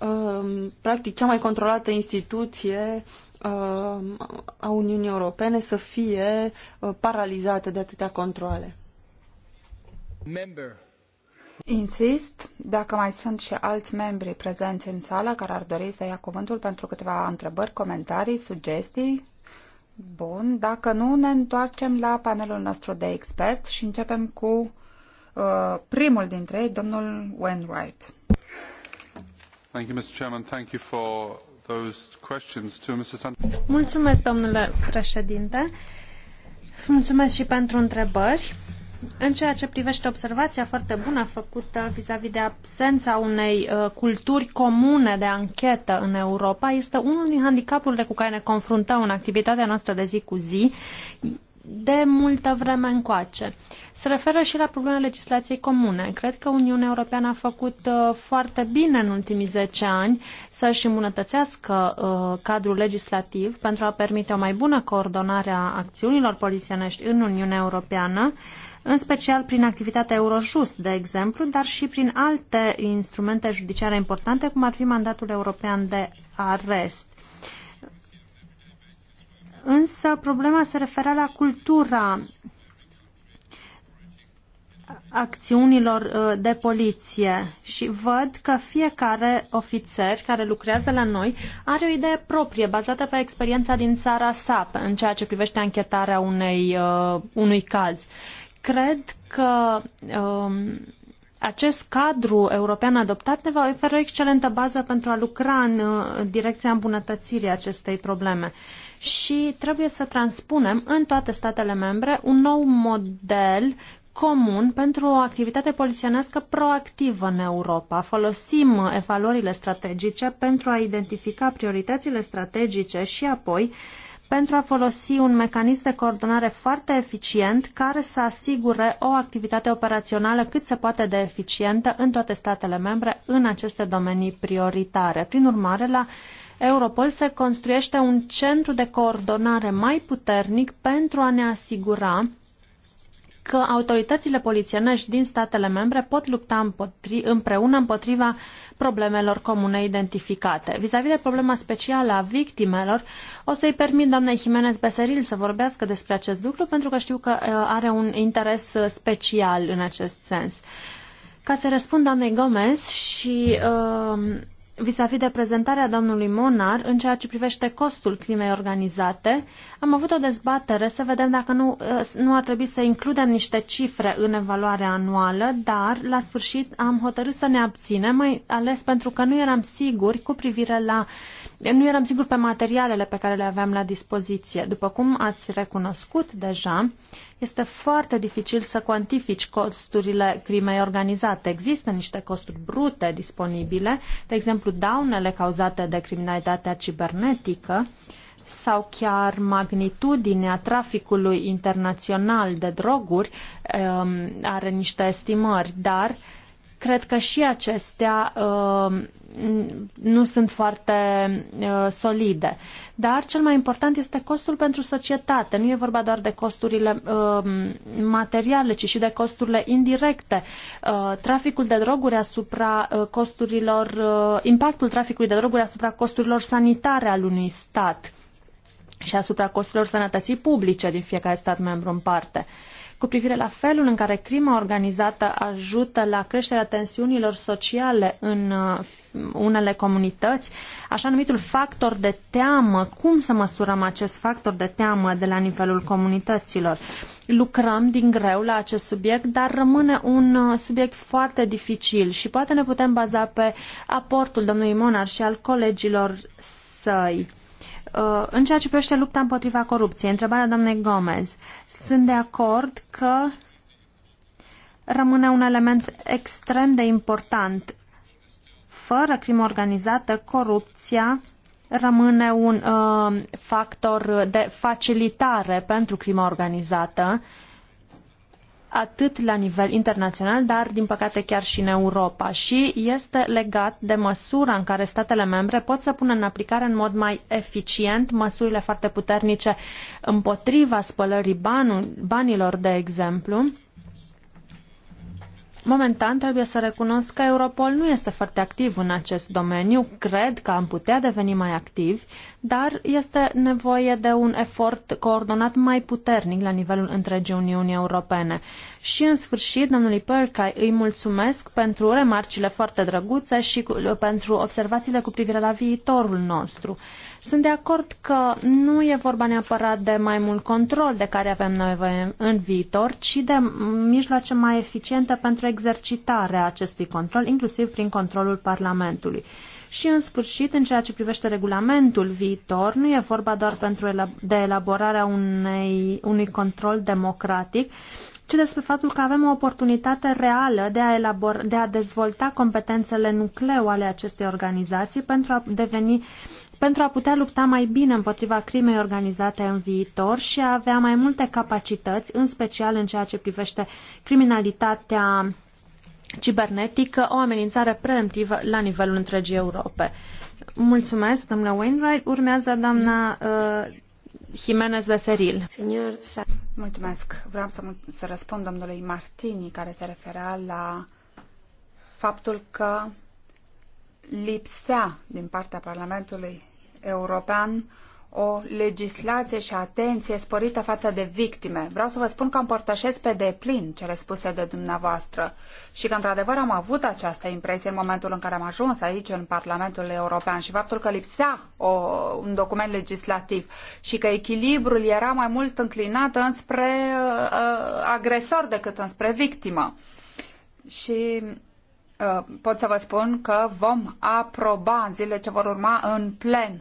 um, practic cea mai controlată instituție um, a Uniunii Europene să fie uh, paralizată de atâtea controle. Member. Insist, dacă mai sunt și alți membri prezenți în sală care ar dori să ia cuvântul pentru câteva întrebări, comentarii, sugestii, bun, dacă nu, ne întoarcem la panelul nostru de experți și începem cu uh, primul dintre ei, domnul Wainwright. Mulțumesc, domnule președinte. Mulțumesc și pentru întrebări. În ceea ce privește observația foarte bună făcută vizavi de absența unei uh, culturi comune de anchetă în Europa, este unul din handicapurile cu care ne confruntăm în activitatea noastră de zi cu zi de multă vreme încoace. Se referă și la problema legislației comune. Cred că Uniunea Europeană a făcut uh, foarte bine în ultimii 10 ani să-și îmbunătățească uh, cadrul legislativ pentru a permite o mai bună coordonare a acțiunilor polițienești în Uniunea Europeană, în special prin activitatea Eurojust, de exemplu, dar și prin alte instrumente judiciare importante, cum ar fi mandatul european de arest. Însă problema se referea la cultura acțiunilor uh, de poliție și văd că fiecare ofițer care lucrează la noi are o idee proprie bazată pe experiența din țara sa în ceea ce privește anchetarea unei, uh, unui caz. Cred că um, acest cadru european adoptat ne va oferi o excelentă bază pentru a lucra în uh, direcția îmbunătățirii acestei probleme. Uh, și trebuie să transpunem în toate statele membre un nou model comun pentru o activitate polițienească proactivă în Europa. Folosim evaluările strategice pentru a identifica prioritățile strategice și apoi pentru a folosi un mecanism de coordonare foarte eficient care să asigure o activitate operațională cât se poate de eficientă în toate statele membre în aceste domenii prioritare. Prin urmare, la Europol se construiește un centru de coordonare mai puternic pentru a ne asigura că autoritățile polițienești din statele membre pot lupta împotri, împreună împotriva problemelor comune identificate. Vis-a-vis -vis de problema specială a victimelor, o să-i permit doamnei Jimenez Beseril să vorbească despre acest lucru, pentru că știu că uh, are un interes uh, special în acest sens. Ca să răspund doamnei Gomez și uh, vis-a-vis de prezentarea domnului Monar în ceea ce privește costul crimei organizate, am avut o dezbatere să vedem dacă nu, ă, nu ar trebui să includem niște cifre în evaluarea anuală, dar la sfârșit am hotărât să ne abținem, mai ales pentru că nu eram siguri cu privire la nu eram sigur pe materialele pe care le aveam la dispoziție. După cum ați recunoscut deja, uh, este foarte dificil să cuantifici costurile crimei organizate. Există niște costuri brute disponibile, de exemplu daunele cauzate de criminalitatea cibernetică sau chiar magnitudinea traficului internațional de droguri um, are niște estimări, dar uh, Cred că și acestea uh, nu sunt foarte uh, solide. Dar cel mai important este costul pentru societate. Nu e vorba doar de costurile uh, materiale, ci și de costurile indirecte. traficul de droguri asupra costurilor, impactul traficului de droguri asupra costurilor sanitare al unui stat și asupra costurilor sănătății publice din fiecare stat membru în parte. Uh, cu privire la felul în care crima organizată ajută la creșterea tensiunilor sociale în uh, unele comunități, așa numitul factor de teamă. Cum să măsurăm acest factor de teamă de la nivelul comunităților? lucrăm din greu la acest subiect, dar rămâne un uh, subiect foarte dificil și poate ne putem baza pe aportul domnului Monar și al colegilor săi. Uh, în ceea ce privește lupta împotriva corupției, întrebarea doamnei Gomez, sunt de acord că rămâne un element extrem de important. Fără crimă organizată, corupția rămâne un uh, factor de facilitare pentru crimă organizată atât la nivel internațional, dar din păcate chiar și în Europa și este legat de măsura în care statele membre pot să pună în aplicare în mod mai eficient măsurile foarte puternice împotriva spălării banilor, de exemplu, Momentan trebuie să recunosc că Europol nu este foarte activ în acest domeniu. Cred că am putea deveni mai activi, dar este nevoie de un efort coordonat mai puternic la nivelul întregii Uniunii Europene. Și în sfârșit, domnului Percai, îi mulțumesc pentru remarcile foarte drăguțe și pentru observațiile cu privire la viitorul nostru. Sunt de acord că nu e vorba neapărat de mai mult control de care avem nevoie în viitor, ci de mijloace mai eficiente pentru exercitarea acestui control, inclusiv prin controlul Parlamentului. Și, în sfârșit, în ceea ce privește regulamentul viitor, nu e vorba doar pentru de elaborarea unei, unui control democratic, ci despre faptul că avem o oportunitate reală de a, elabor, de a dezvolta competențele nucleu ale acestei organizații pentru a deveni uh, pentru a putea lupta mai bine împotriva crimei organizate în viitor și a avea mai multe capacități, în special în ceea ce privește criminalitatea cibernetică, o amenințare preemptivă la nivelul întregii Europe. Mulțumesc, domnule Wainwright. Urmează doamna uh, Jimenez Veseril. Mulțumesc. Vreau să, să răspund domnului Martini, care se referea la faptul că lipsea din partea Parlamentului european o legislație și atenție sporită față de victime. Vreau să vă spun că împărtășesc pe deplin cele spuse de dumneavoastră și că, într-adevăr, am avut această impresie în momentul în care am ajuns aici, în Parlamentul European, și faptul că lipsea o, un document legislativ și că echilibrul era mai mult înclinat înspre uh, uh agresor decât înspre victimă. Și Uh, pot să vă spun că vom aproba în zilele ce vor urma în plen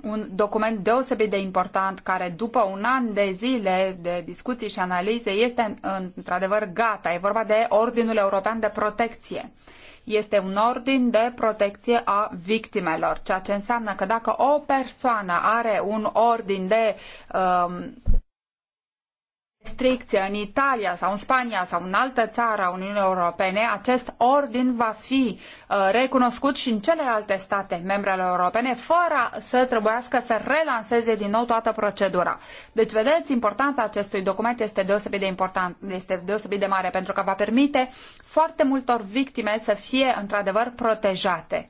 un document deosebit de important care după un an de zile de discuții și analize este într-adevăr gata. E vorba de Ordinul European de Protecție. Este un ordin de protecție a victimelor, ceea ce înseamnă că dacă o persoană are un ordin de um, restricție în Italia sau în Spania sau în altă țară a Uniunii Europene, acest ordin va fi uh, recunoscut și în celelalte state membre ale europene, fără să trebuiască să relanseze din nou toată procedura. Deci, vedeți, importanța acestui document este deosebit de important, este deosebit de mare, pentru că va permite foarte multor victime să fie într-adevăr protejate.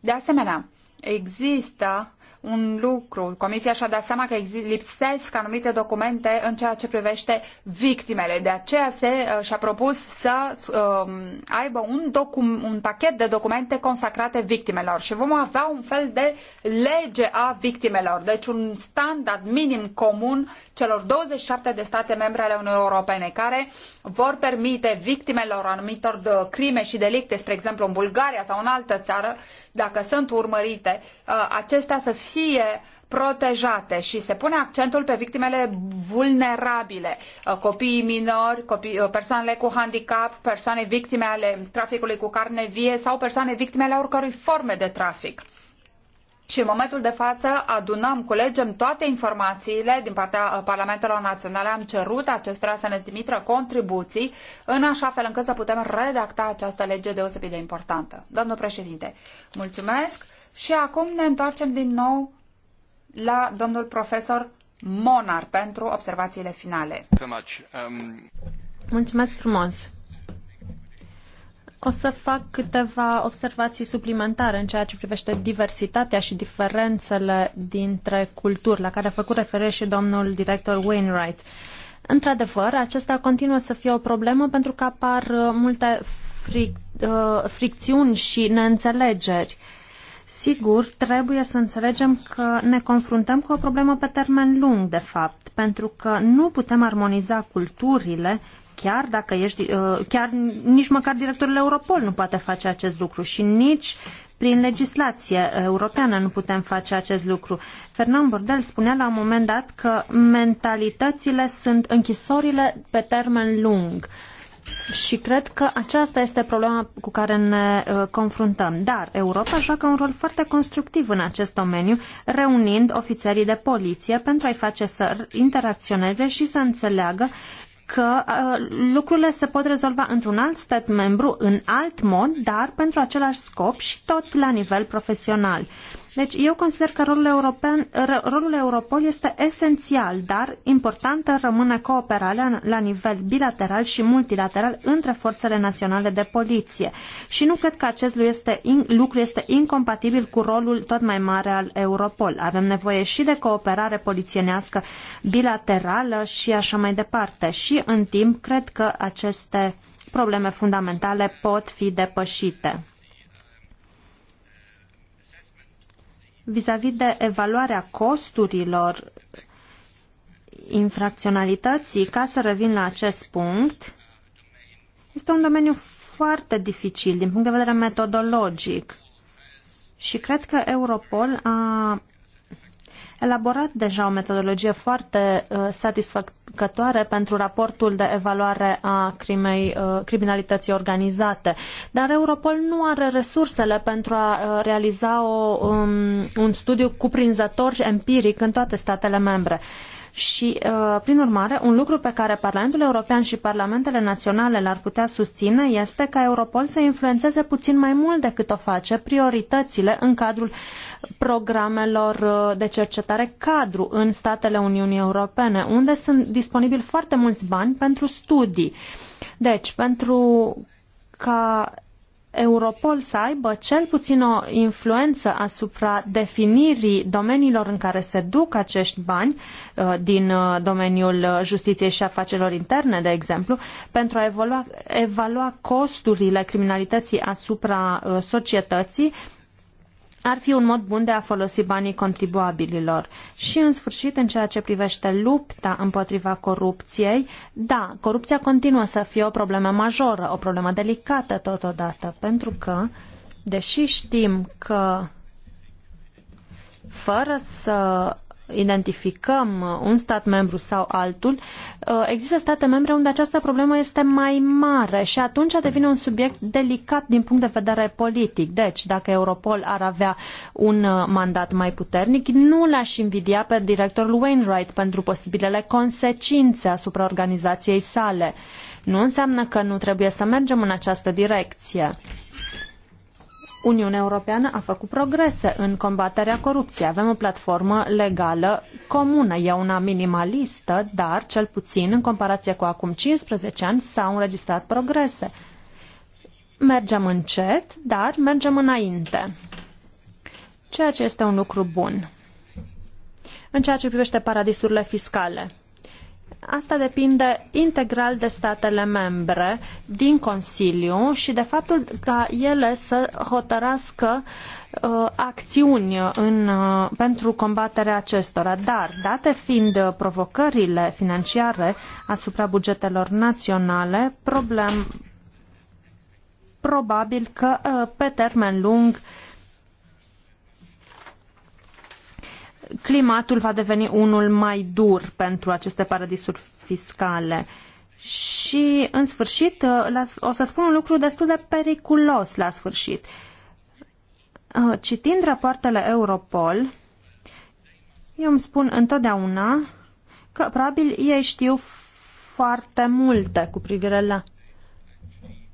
De asemenea, există un lucru. Comisia și-a dat seama că lipsesc anumite documente în ceea ce privește victimele. De aceea se, uh, și-a propus să um, aibă un, un pachet de documente consacrate victimelor și vom avea un fel de lege a victimelor, deci un standard minim comun celor 27 de state membre ale Uniunii Europene care vor permite victimelor anumitor de uh, crime și delicte, spre exemplu în Bulgaria sau în altă țară, dacă sunt urmărite, uh, acestea să fie fie protejate și se pune accentul pe victimele vulnerabile, uh, copiii minori, copii, uh, persoanele cu handicap, persoane victime ale traficului cu carne vie sau persoane victime ale oricărui forme de trafic. Și în momentul de față adunăm, culegem toate informațiile din partea uh, Parlamentelor Naționale. Am cerut acestora să ne trimită contribuții în așa fel încât să putem redacta această lege deosebit de importantă. Domnul președinte, mulțumesc. Și acum ne întoarcem din nou la domnul profesor Monar pentru observațiile finale. Mulțumesc frumos! O să fac câteva observații suplimentare în ceea ce privește diversitatea și diferențele dintre culturi, la care a făcut referire și domnul director Wainwright. Într-adevăr, acesta continuă să fie o problemă pentru că apar multe fric, uh, fricțiuni și neînțelegeri. Uh, Sigur, trebuie să înțelegem că ne confruntăm cu o problemă pe termen lung, de fapt, pentru că nu putem armoniza culturile chiar dacă ești, uh, chiar nici măcar directorul Europol nu poate face acest lucru și nici prin legislație europeană nu putem face acest lucru. Fernand Bordel spunea la un moment dat că mentalitățile sunt închisorile pe termen lung. Uh, și cred că aceasta este problema cu care ne uh, confruntăm. Dar Europa joacă un rol foarte constructiv în acest domeniu, reunind ofițerii de poliție pentru a-i face să interacționeze și să înțeleagă că uh, lucrurile se pot rezolva într-un alt stat membru, în alt mod, dar pentru același scop și tot la nivel profesional. Uh, deci eu consider că rolul, european, rolul Europol este esențial, dar importantă rămâne cooperarea la nivel bilateral și multilateral între forțele naționale de poliție. Și nu cred că acest lucru este, lucru este incompatibil cu rolul tot mai mare al Europol. Avem nevoie și de cooperare polițienească bilaterală și așa mai departe. Și în timp, cred că aceste probleme fundamentale pot fi depășite. vis-a-vis -vis de evaluarea costurilor infracționalității, ca să revin la acest punct, este un domeniu foarte dificil din punct de vedere metodologic. Și cred că Europol a elaborat deja o metodologie foarte uh, satisfăcătoare pentru raportul de evaluare a crimei, uh, criminalității organizate, dar Europol nu are resursele pentru a uh, realiza o, um, un studiu cuprinzător și empiric în toate statele membre. Uh, și, uh, prin urmare, un lucru pe care Parlamentul European și Parlamentele Naționale l-ar putea susține este ca Europol să influențeze puțin mai mult decât o face prioritățile în cadrul programelor uh, de cercetare cadru în statele Uniunii Europene, unde sunt disponibili foarte mulți bani pentru studii. Deci, pentru ca Europol să aibă cel puțin o influență asupra definirii domeniilor în care se duc acești bani uh, din uh, domeniul justiției și afacerilor interne, de exemplu, pentru a evalua, evalua costurile criminalității asupra uh, societății ar fi un mod bun de a folosi banii contribuabililor. Și, în sfârșit, în ceea ce privește lupta împotriva corupției, da, corupția continuă să fie o problemă majoră, o problemă delicată totodată, pentru că, deși știm că fără să identificăm uh, un stat membru sau altul, uh, există state membre unde această problemă este mai mare și atunci devine un subiect delicat din punct de vedere politic. Deci, dacă Europol ar avea un uh, mandat mai puternic, nu l-aș invidia pe directorul Wainwright pentru posibilele consecințe asupra organizației sale. Nu înseamnă că nu trebuie să mergem în această direcție. Uniunea Europeană a făcut progrese în combaterea corupției. Avem o platformă legală comună. E una minimalistă, dar cel puțin în comparație cu acum 15 ani s-au înregistrat progrese. Mergem încet, dar mergem înainte. Ceea ce este un lucru bun. În ceea ce privește paradisurile fiscale, Asta depinde integral de statele membre din Consiliu și de faptul ca ele să hotărască uh, acțiuni în, uh, pentru combaterea acestora. Dar, date fiind uh, provocările financiare asupra bugetelor naționale, problem, probabil că pe termen lung climatul va deveni unul mai dur pentru aceste paradisuri fiscale. Și, în sfârșit, uh, o să spun un lucru destul de periculos la sfârșit. Uh, citind rapoartele Europol, eu îmi spun întotdeauna că probabil ei știu foarte multe cu privire la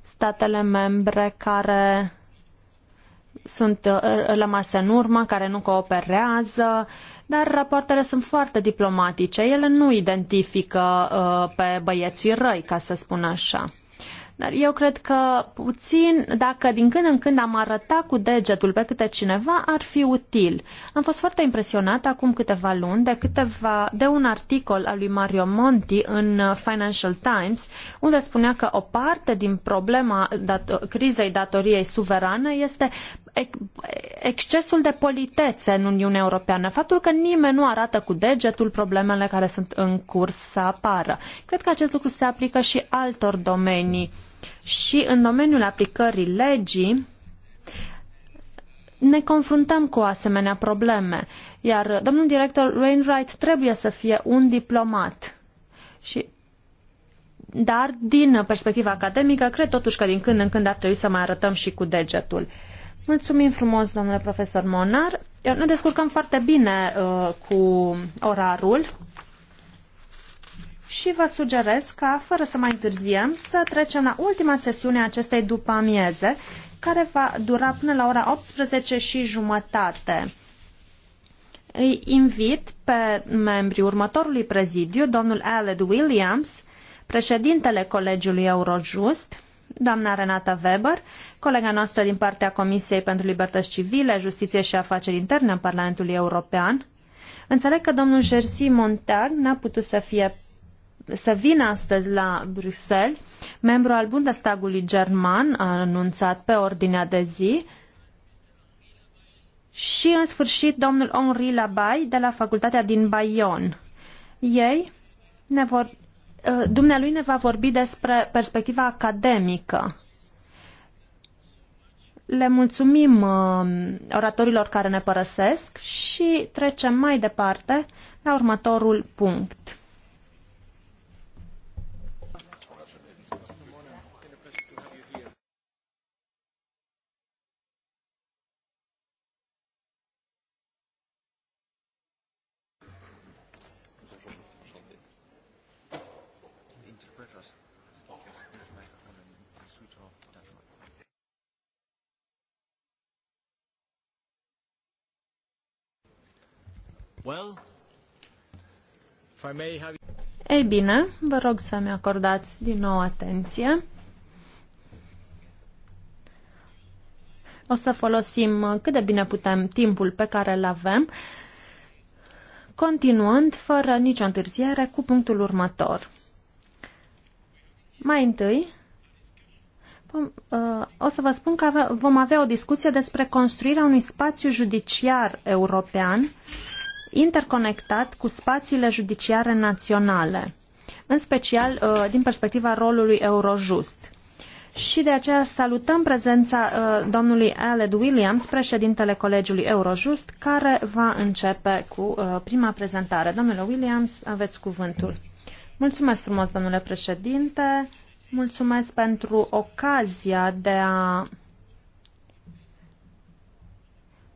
statele membre care sunt uh, rămase în urmă, care nu cooperează, dar rapoartele sunt foarte diplomatice. Ele nu identifică uh, pe băieții răi, ca să spun așa. Dar eu cred că puțin, dacă din când în când am arăta cu degetul pe câte cineva, ar fi util. Am fost foarte impresionat acum câteva luni de, câteva, de un articol al lui Mario Monti în uh, Financial Times, unde spunea că o parte din problema dat- crizei datoriei suverane este excesul de politețe în Uniunea Europeană, faptul că nimeni nu arată cu degetul problemele care sunt în curs să apară. Cred că acest lucru se aplică și altor domenii. Și în domeniul aplicării legii ne confruntăm cu asemenea probleme, iar domnul director Wainwright trebuie să fie un diplomat. Și dar din perspectiva academică, cred totuși că din când în când ar trebui să mai arătăm și cu degetul. Mulțumim frumos, domnule profesor Monar. Ne descurcăm foarte bine uh, cu orarul și vă sugerez ca, fără să mai întârziem, să trecem la ultima sesiune a acestei după amieze, care va dura până la ora 18 și jumătate. Îi invit pe membrii următorului prezidiu, domnul Aled Williams, președintele Colegiului Eurojust, doamna Renata Weber, colega noastră din partea Comisiei pentru Libertăți Civile, Justiție și Afaceri Interne în Parlamentul European. Înțeleg că domnul Jerzy Montag n-a putut să fie să vină astăzi la Bruxelles. Membru al Bundestagului german a anunțat pe ordinea de zi și, în sfârșit, domnul Henri Labai de la Facultatea din Bayonne. Ei ne vor Eh, dumnealui ne va vorbi despre perspectiva academică. Le mulțumim eh, oratorilor care ne părăsesc și trecem mai departe la următorul punct. Ei bine, vă rog să-mi acordați din nou atenție. O să folosim cât de bine putem timpul pe care îl avem, continuând fără nicio întârziere cu punctul următor. Mai întâi, uh, o să vă spun că vom avea o discuție despre construirea unui spațiu judiciar european interconectat cu spațiile judiciare naționale, în special uh, din perspectiva rolului Eurojust. Și de aceea salutăm prezența uh, domnului Aled Williams, președintele Colegiului Eurojust, care va începe cu uh, prima prezentare. Domnule Williams, aveți cuvântul. Mulțumesc frumos, domnule președinte. Mulțumesc pentru ocazia de a.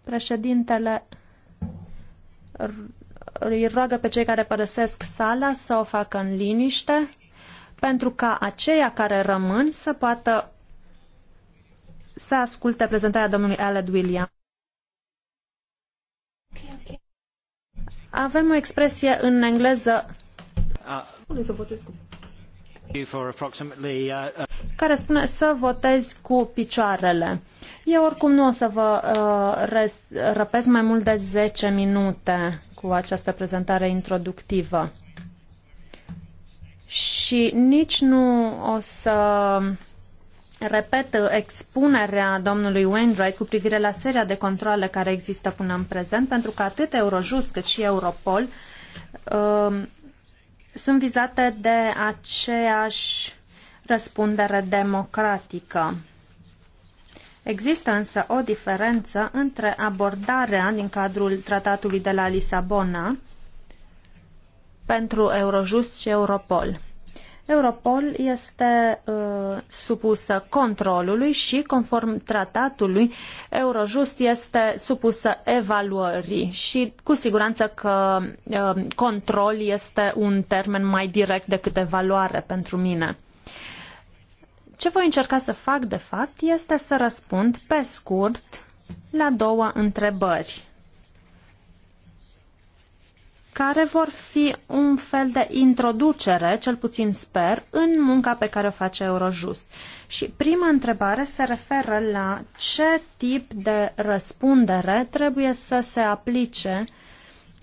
Președintele îi roagă pe cei care părăsesc sala să o facă în liniște pentru ca aceia care rămân să poată să asculte prezentarea domnului Aled William. Avem o expresie în engleză. Uh, care spune să votezi cu picioarele. Eu oricum nu o să vă uh, răpesc mai mult de 10 minute cu această prezentare introductivă. Și nici nu o să repet expunerea domnului Wainwright cu privire la seria de controle care există până în prezent, pentru că atât Eurojust cât și Europol uh, sunt vizate de aceeași răspundere democratică. Există însă o diferență între abordarea din cadrul tratatului de la Lisabona pentru Eurojust și Europol. Europol este uh, supusă controlului și, conform tratatului, Eurojust este supusă evaluării și cu siguranță că uh, control este un termen mai direct decât evaluare pentru mine. Ce voi încerca să fac, de fapt, este să răspund pe scurt la două întrebări care vor fi un fel de introducere, cel puțin sper, în munca pe care o face Eurojust. Și prima întrebare se referă la ce tip de răspundere trebuie să se aplice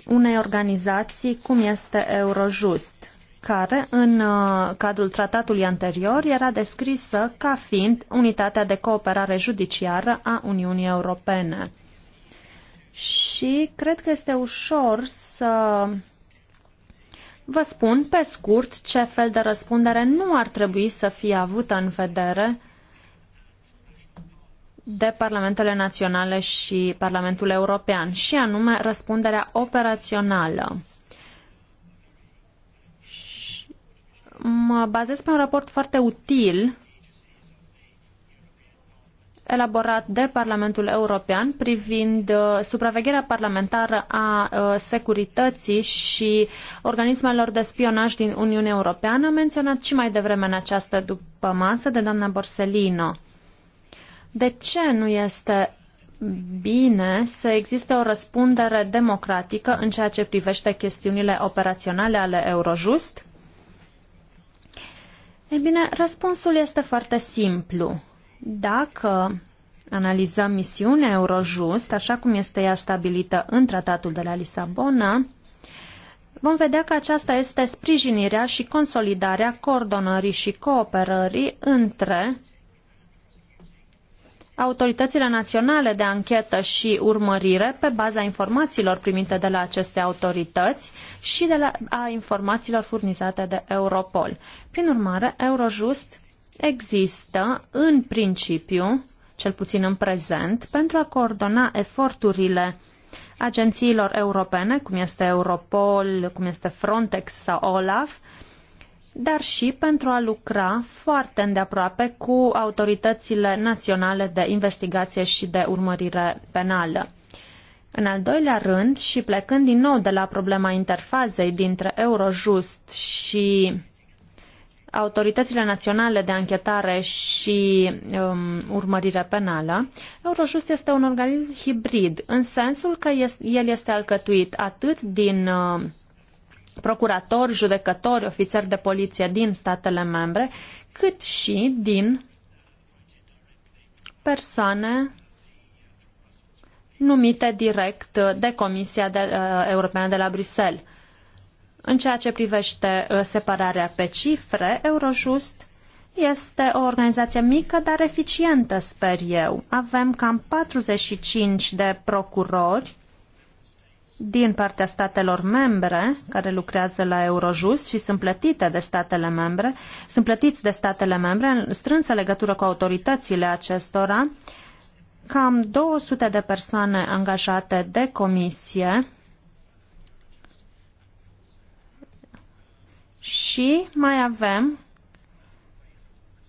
unei organizații cum este Eurojust care în uh, cadrul tratatului anterior era descrisă ca fiind unitatea de cooperare judiciară a Uniunii Europene. Și cred că este ușor să vă spun pe scurt ce fel de răspundere nu ar trebui să fie avută în vedere de parlamentele naționale și Parlamentul European, și anume răspunderea operațională. mă bazez pe un raport foarte util elaborat de Parlamentul European privind uh, supravegherea parlamentară a uh, securității și organismelor de spionaj din Uniunea Europeană, menționat și mai devreme în această după masă de doamna Borsellino. De ce nu este bine să existe o răspundere democratică în ceea ce privește chestiunile operaționale ale Eurojust? E bine, răspunsul este foarte simplu. Dacă analizăm misiunea Eurojust, așa cum este ea stabilită în tratatul de la Lisabona, vom vedea că aceasta este sprijinirea și consolidarea coordonării și cooperării între autoritățile naționale de anchetă și urmărire pe baza informațiilor primite de la aceste autorități și de la a informațiilor furnizate de Europol. Prin urmare, Eurojust există în principiu, cel puțin în prezent, pentru a coordona eforturile agențiilor europene, cum este Europol, cum este Frontex sau OLAF, dar și pentru a lucra foarte îndeaproape cu autoritățile naționale de investigație și de urmărire penală. În al doilea rând, și plecând din nou de la problema interfazei dintre Eurojust și autoritățile naționale de anchetare și um, urmărire penală, Eurojust este un organism hibrid, în sensul că este, el este alcătuit atât din uh, procuratori, judecători, ofițeri de poliție din statele membre, cât și din persoane numite direct de Comisia de, uh, Europeană de la Bruxelles. În ceea ce privește uh, separarea pe cifre, Eurojust este o organizație mică, dar eficientă, sper eu. Avem cam 45 de procurori din partea statelor membre care lucrează la Eurojust și sunt plătite de statele membre, sunt plătiți de statele membre în strânsă legătură cu autoritățile acestora, cam 200 de persoane angajate de comisie și mai avem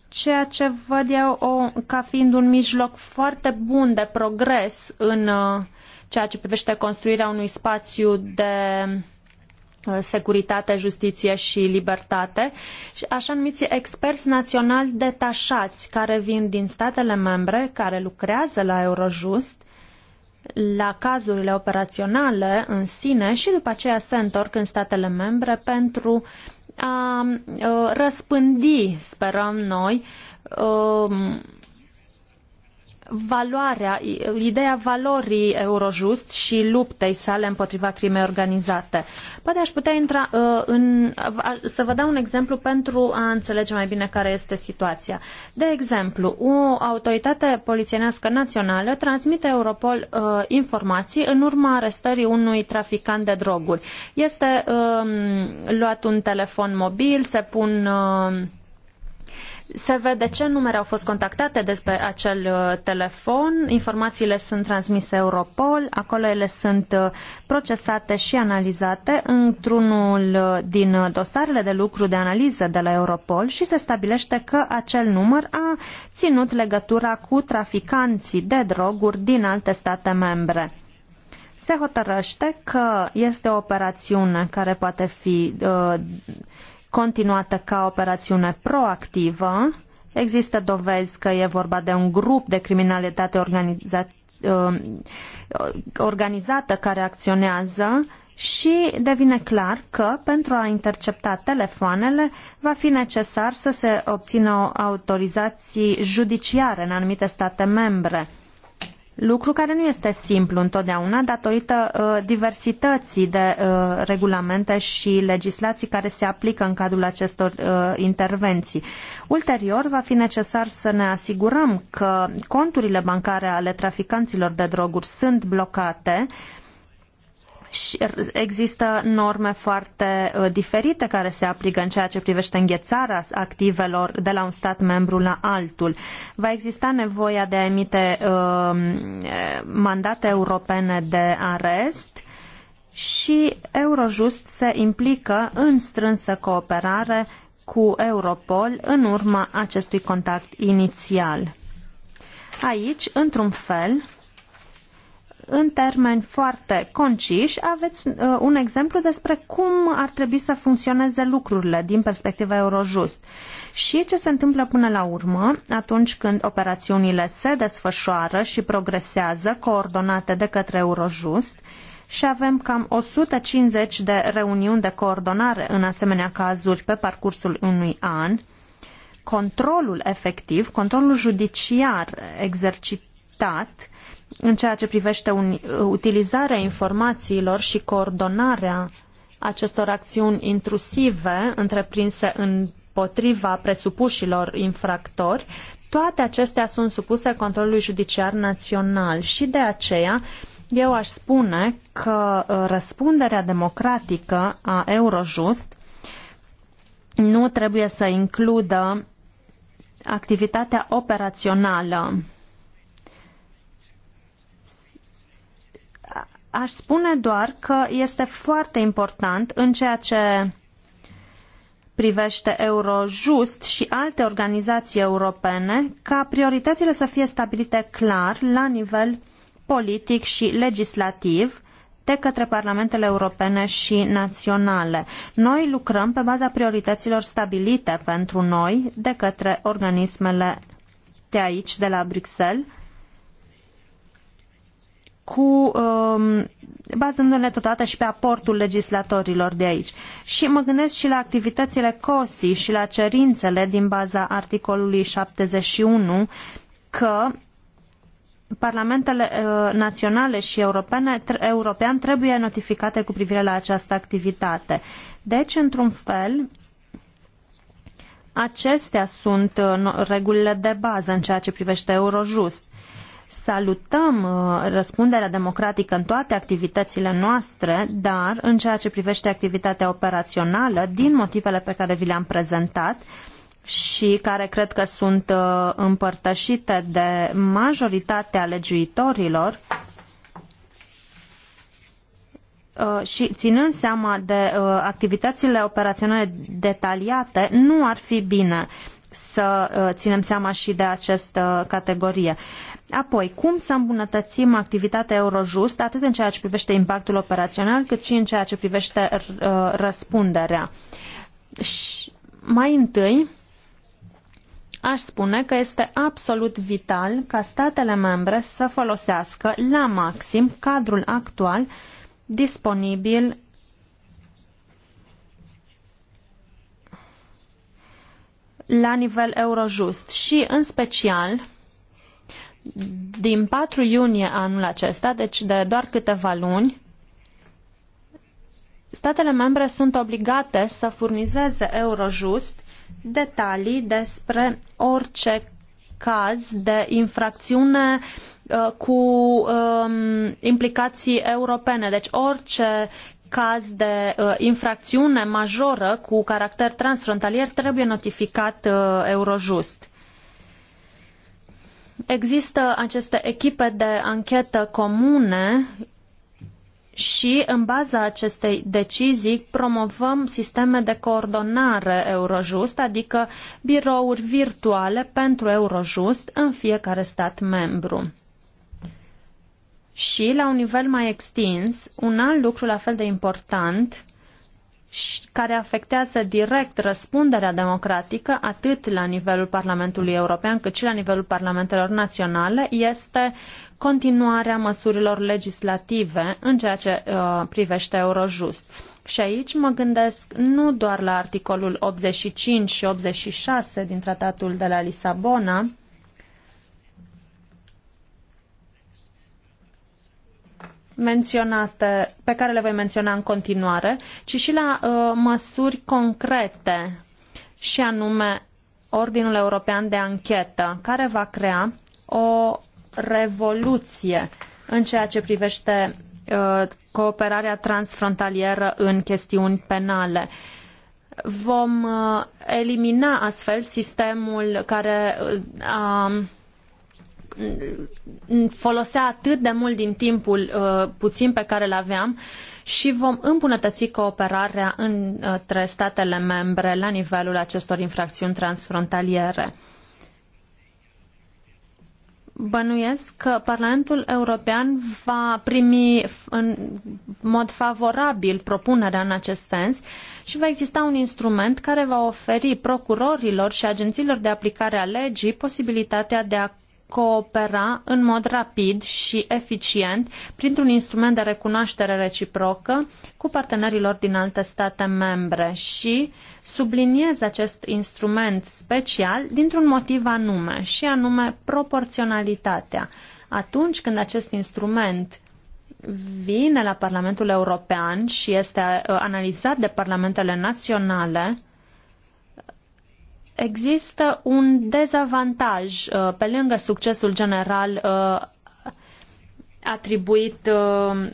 ceea ce văd eu o, ca fiind un mijloc foarte bun de progres în uh, ceea ce privește construirea unui spațiu de uh, securitate, justiție și libertate, așa numiți experți naționali detașați care vin din statele membre, care lucrează la Eurojust, la cazurile operaționale în sine și după aceea se întorc în statele membre pentru a uh, răspândi, sperăm noi, um, valoarea, ideea valorii Eurojust și luptei sale împotriva crimei organizate. Poate aș putea intra uh, în, să vă dau un exemplu pentru a înțelege mai bine care este situația. De exemplu, o autoritate polițienească națională transmite Europol uh, informații în urma arestării unui traficant de droguri. Este uh, luat un telefon mobil, se pun uh, se vede ce numere au fost contactate despre acel uh, telefon. Informațiile sunt transmise Europol, acolo ele sunt uh, procesate și analizate într-unul uh, din dosarele de lucru de analiză de la Europol și se stabilește că acel număr a ținut legătura cu traficanții de droguri din alte state membre se hotărăște că este o operațiune care poate fi uh, continuată ca operațiune proactivă. Există dovezi că e vorba de un grup de criminalitate uh, organizată care acționează și devine clar că pentru a intercepta telefoanele va fi necesar să se obțină autorizații judiciare în anumite state membre. Lucru care nu este simplu întotdeauna datorită uh, diversității de uh, regulamente și legislații care se aplică în cadrul acestor uh, intervenții. Ulterior, va fi necesar să ne asigurăm că conturile bancare ale traficanților de droguri sunt blocate uh, și există norme foarte uh, diferite care se aplică în ceea ce privește înghețarea activelor de la un stat membru la altul. Va exista nevoia de a emite um, mandate europene de arest și Eurojust se implică în strânsă cooperare cu Europol în urma acestui contact inițial. Aici, într-un fel, în termeni foarte conciși, aveți uh, un exemplu despre cum ar trebui să funcționeze lucrurile din perspectiva Eurojust și ce se întâmplă până la urmă atunci când operațiunile se desfășoară și progresează coordonate de către Eurojust și avem cam 150 de reuniuni de coordonare în asemenea cazuri pe parcursul unui an. Controlul efectiv, controlul judiciar exercitat în ceea ce privește un, utilizarea informațiilor și coordonarea acestor acțiuni intrusive întreprinse împotriva presupușilor infractori, toate acestea sunt supuse controlului judiciar național și de aceea eu aș spune că uh, răspunderea democratică a Eurojust nu trebuie să includă activitatea operațională Aș spune doar că este foarte important în ceea ce privește Eurojust și alte organizații europene ca prioritățile să fie stabilite clar la nivel politic și legislativ de către parlamentele europene și naționale. Noi lucrăm pe baza priorităților stabilite pentru noi de către organismele de aici, de la Bruxelles, cu um, bazându-ne totodată și pe aportul legislatorilor de aici. Și mă gândesc și la activitățile COSI și la cerințele din baza articolului 71 că parlamentele uh, naționale și europene, tre- european trebuie notificate cu privire la această activitate. Deci, într-un fel, acestea sunt uh, regulile de bază în ceea ce privește Eurojust. Salutăm uh, răspunderea democratică în toate activitățile noastre, dar în ceea ce privește activitatea operațională, din motivele pe care vi le-am prezentat, și care cred că sunt uh, împărtășite de majoritatea legiuitorilor uh, și ținând seama de activitățile operaționale detaliate, nu ar fi bine să uh, ținem seama și de această categorie. Apoi, cum să îmbunătățim activitatea Eurojust, atât în ceea ce privește impactul operațional, cât și în ceea ce privește uh, răspunderea? Și mai întâi, aș spune că este absolut vital ca statele membre să folosească la maxim cadrul actual disponibil la nivel Eurojust și, în special, din 4 iunie anul acesta, deci de doar câteva luni, statele membre sunt obligate să furnizeze Eurojust detalii despre orice caz de infracțiune uh, cu um, implicații europene. Deci orice caz de uh, infracțiune majoră cu caracter transfrontalier trebuie notificat uh, Eurojust. Există aceste echipe de anchetă comune și în baza acestei decizii promovăm sisteme de coordonare Eurojust, adică birouri virtuale pentru Eurojust în fiecare stat membru. Și, la un nivel mai extins, un alt lucru la fel de important care afectează direct răspunderea democratică atât la nivelul Parlamentului European cât și la nivelul Parlamentelor Naționale este continuarea măsurilor legislative în ceea ce uh, privește Eurojust. Și aici mă gândesc nu doar la articolul 85 și 86 din Tratatul de la Lisabona, menționate, pe care le voi menționa în continuare, ci și la uh, măsuri concrete, și anume Ordinul European de Anchetă, care va crea o revoluție în ceea ce privește uh, cooperarea transfrontalieră în chestiuni penale. Vom uh, elimina astfel sistemul care uh, a folosea atât de mult din timpul uh, puțin pe care îl aveam și vom îmbunătăți cooperarea între statele membre la nivelul acestor infracțiuni transfrontaliere. Bănuiesc că Parlamentul European va primi în mod favorabil propunerea în acest sens și va exista un instrument care va oferi procurorilor și agențiilor de aplicare a legii posibilitatea de a coopera în mod rapid și eficient printr-un instrument de recunoaștere reciprocă cu partenerilor din alte state membre și subliniez acest instrument special dintr-un motiv anume, și anume proporționalitatea. Atunci când acest instrument vine la Parlamentul European și este uh, analizat de parlamentele naționale, există un dezavantaj uh, pe lângă succesul general uh, atribuit uh,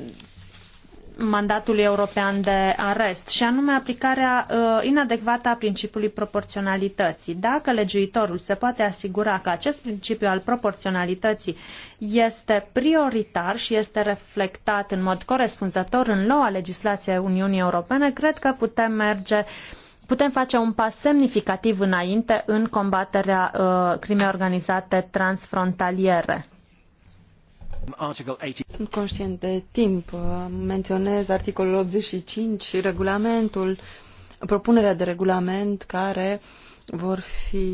mandatului european de arest, și anume aplicarea inadecvată a principiului proporționalității. Dacă legiuitorul se poate asigura că acest principiu al proporționalității este prioritar și este reflectat în mod corespunzător în noua legislație a Uniunii Europene, cred că putem merge uh, putem face un pas semnificativ înainte în combaterea uh, crimei organizate transfrontaliere. Sunt conștient de timp. Menționez articolul 85, regulamentul, propunerea de regulament care vor fi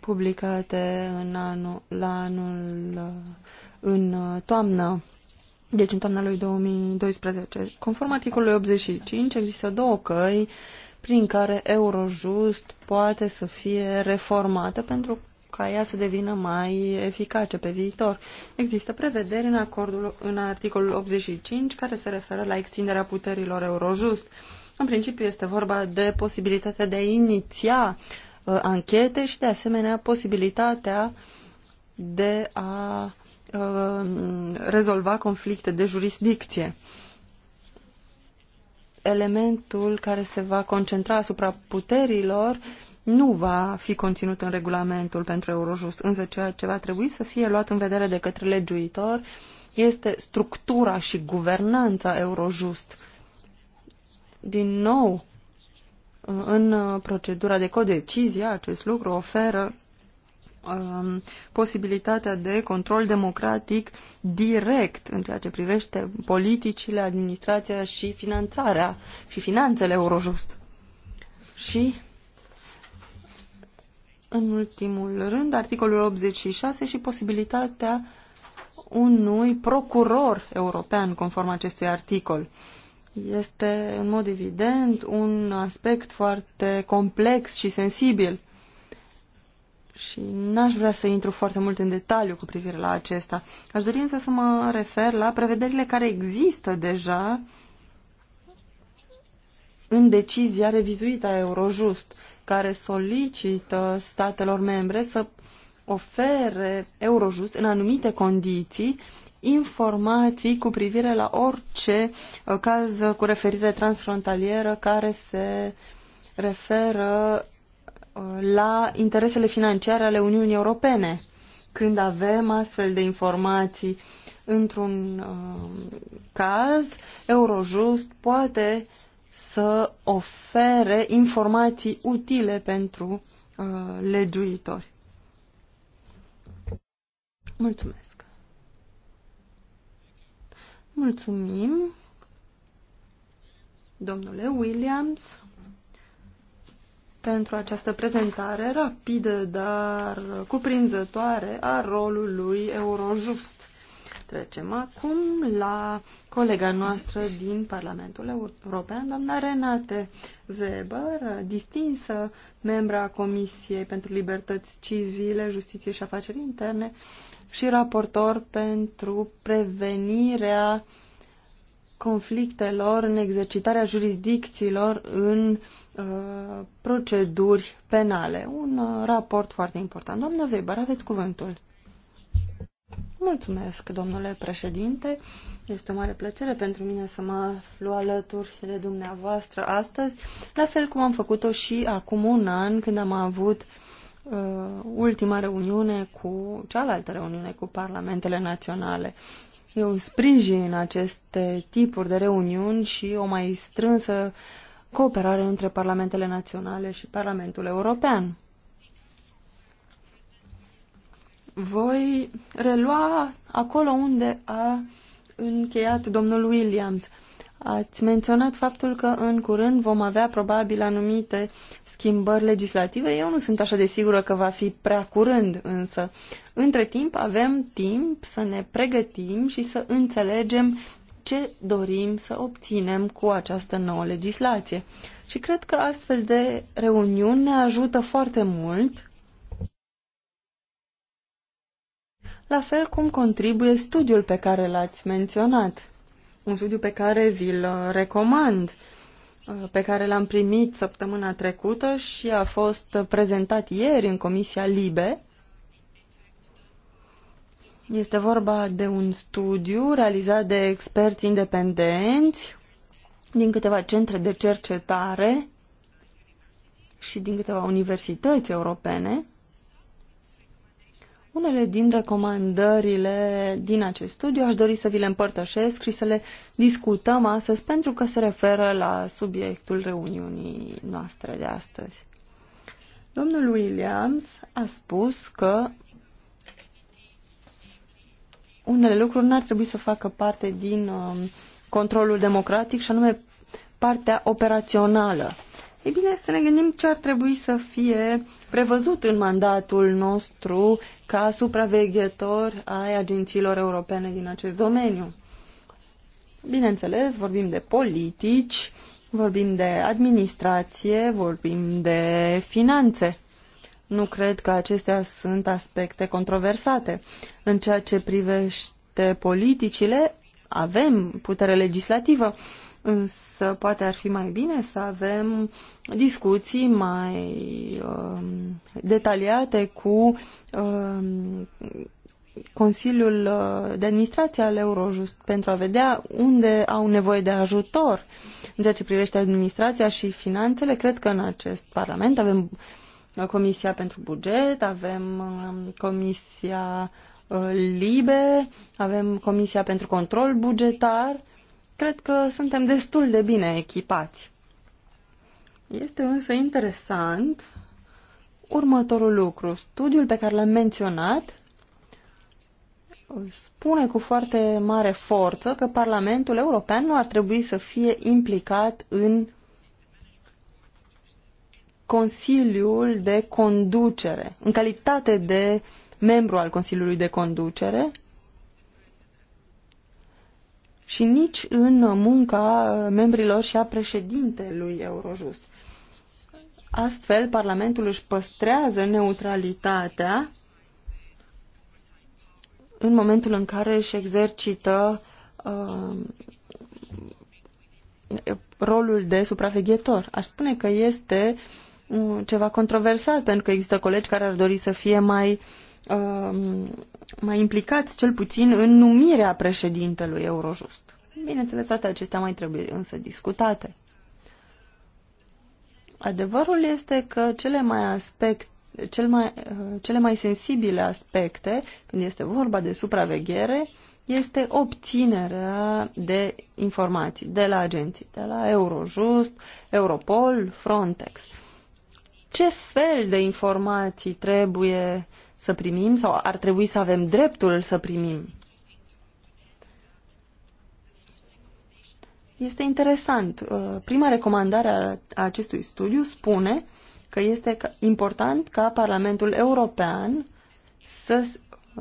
publicate în anul, la anul, uh, în uh, toamnă, deci în toamna lui 2012. Conform articolului 85 există două căi prin care Eurojust poate să fie reformată pentru ca ea să devină mai eficace pe viitor. Există prevederi în, acordul, în articolul 85 care se referă la extinderea puterilor Eurojust. În principiu este vorba de posibilitatea de a iniția uh, anchete și de asemenea posibilitatea de a uh, rezolva conflicte de jurisdicție. Uh, elementul care se va concentra asupra puterilor nu va fi conținut în regulamentul pentru Eurojust, însă ceea ce va trebui să fie luat în vedere de către legiuitor este structura și guvernanța Eurojust. Din nou, în procedura de codecizie, acest lucru oferă Um, posibilitatea de control democratic direct în ceea ce privește politicile, administrația și finanțarea și finanțele Eurojust. Și, în ultimul rând, articolul 86 și posibilitatea unui procuror european conform acestui articol este în mod evident un aspect foarte complex și sensibil și n-aș vrea să intru foarte mult în detaliu cu privire la acesta. Aș dori însă să mă refer la prevederile care există deja în decizia revizuită a Eurojust, care solicită statelor membre să ofere Eurojust în anumite condiții informații cu privire la orice uh, caz cu referire transfrontalieră care se referă la interesele financiare ale Uniunii Europene. Când avem astfel de informații într-un um, caz, Eurojust poate să ofere informații utile pentru uh, legiuitori. Mulțumesc! Mulțumim, domnule Williams pentru această prezentare rapidă, dar cuprinzătoare a rolului Eurojust. Trecem acum la colega noastră din Parlamentul European, doamna Renate Weber, distinsă membra a Comisiei pentru Libertăți Civile, Justiție și Afaceri Interne și raportor pentru prevenirea uh, conflictelor în exercitarea jurisdicțiilor în uh, proceduri penale. Un uh, raport foarte important. Doamnă Weber, aveți cuvântul. Mulțumesc, domnule președinte. Este o mare plăcere pentru mine să mă aflu alături de dumneavoastră astăzi, la fel cum am făcut-o și acum un an când am avut uh, ultima reuniune cu cealaltă reuniune cu parlamentele naționale. Eu sprijin aceste tipuri de reuniuni și o mai strânsă cooperare între parlamentele naționale și Parlamentul European. Voi relua acolo unde a încheiat domnul Williams. Ați menționat faptul că în curând vom avea probabil anumite schimbări legislative. Eu nu sunt așa de sigură că va fi prea curând, însă între timp avem timp să ne pregătim și să înțelegem ce dorim să obținem cu această nouă legislație. Și cred că astfel de reuniuni ne ajută foarte mult la fel cum contribuie studiul pe care l-ați menționat un studiu pe care vi-l uh, recomand, uh, pe care l-am primit săptămâna trecută și a fost prezentat ieri în Comisia Libe. Este vorba de un studiu realizat de experți independenți din câteva centre de cercetare și din câteva universități europene unele din recomandările din acest studiu aș dori să vi le împărtășesc și să le discutăm astăzi pentru că se referă la subiectul reuniunii noastre de astăzi. Domnul Williams a spus că unele lucruri n-ar trebui să facă parte din um, controlul democratic și anume partea operațională. Ei bine, să ne gândim ce ar trebui să fie prevăzut în mandatul nostru ca supraveghetor ai agențiilor europene din acest domeniu. Bineînțeles, vorbim de politici, vorbim de administrație, vorbim de finanțe. Nu cred că acestea sunt aspecte controversate. În ceea ce privește politicile, avem putere legislativă însă poate ar fi mai bine să avem discuții mai uh, detaliate cu um, uh, Consiliul de Administrație al Eurojust pentru a vedea unde au nevoie de ajutor în ceea ce privește administrația și finanțele. Cred că în acest Parlament avem uh, Comisia pentru Buget, avem um, Comisia uh, Libe, avem Comisia pentru Control Bugetar Cred că suntem destul de bine echipați. Este însă interesant următorul lucru. Studiul pe care l-am menționat spune cu foarte mare forță că Parlamentul European nu ar trebui să fie implicat în Consiliul de Conducere, în calitate de membru al Consiliului de Conducere, și nici în munca uh, membrilor și a președintelui Eurojust. Astfel, Parlamentul își păstrează neutralitatea în momentul în care își exercită uh, rolul de supraveghetor. Aș spune că este uh, ceva controversat, pentru că există colegi care ar dori să fie mai uh, mai implicați cel puțin în numirea președintelui Eurojust. Bineînțeles, toate acestea mai trebuie însă discutate. Adevărul este că cele mai aspect, cel mai, uh, cele mai sensibile aspecte, când este vorba de supraveghere, este obținerea de informații de la agenții, de la Eurojust, Europol, Frontex. Ce fel de informații trebuie să primim sau ar trebui să avem dreptul să primim. Este interesant. Uh, prima recomandare a acestui studiu spune că este important ca Parlamentul European să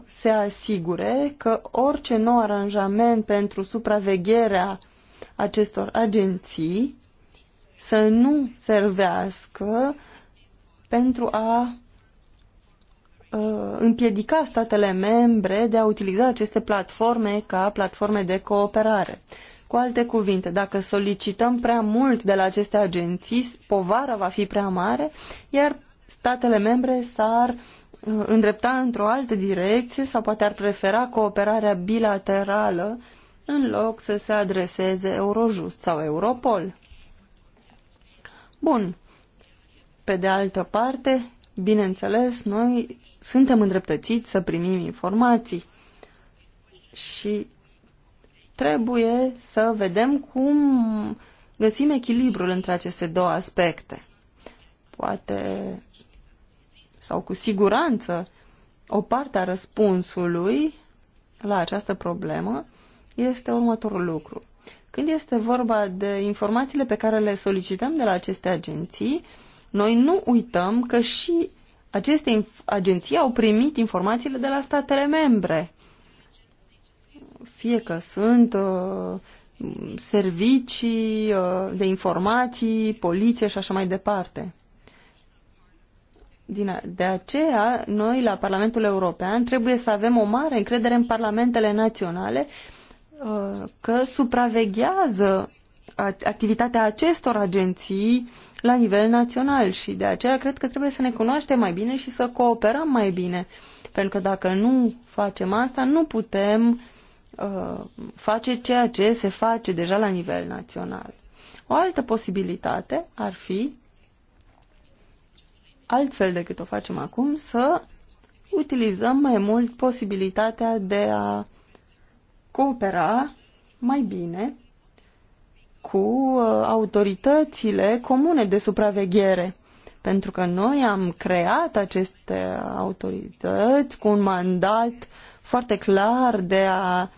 se asigure că orice nou aranjament pentru supravegherea acestor agenții să nu servească pentru a Uh, împiedica statele membre de a utiliza aceste platforme ca platforme de cooperare. Cu alte cuvinte, dacă solicităm prea mult de la aceste agenții, povara va fi prea mare, iar statele membre s-ar uh, îndrepta într-o altă direcție sau poate ar prefera cooperarea bilaterală în loc să se adreseze Eurojust sau Europol. Bun. Pe de altă parte, bineînțeles, noi suntem îndreptățiți să primim informații și trebuie să vedem cum găsim echilibrul între aceste două aspecte. Poate sau cu siguranță o parte a răspunsului la această problemă este următorul lucru. Când este vorba de informațiile pe care le solicităm de la aceste agenții, noi nu uităm că și aceste agenții au primit informațiile de la statele membre, fie că sunt uh, servicii uh, de informații, poliție și așa mai departe. Din, de aceea, noi la Parlamentul European trebuie să avem o mare încredere în parlamentele naționale uh, că supraveghează activitatea acestor agenții la nivel național și de aceea cred că trebuie să ne cunoaștem mai bine și să cooperăm mai bine. Pentru că dacă nu facem asta, nu putem uh, face ceea ce se face deja la nivel național. O altă posibilitate ar fi, altfel decât o facem acum, să utilizăm mai mult posibilitatea de a coopera mai bine cu uh, autoritățile comune de supraveghere. Pentru că noi am creat aceste autorități cu un mandat foarte clar de a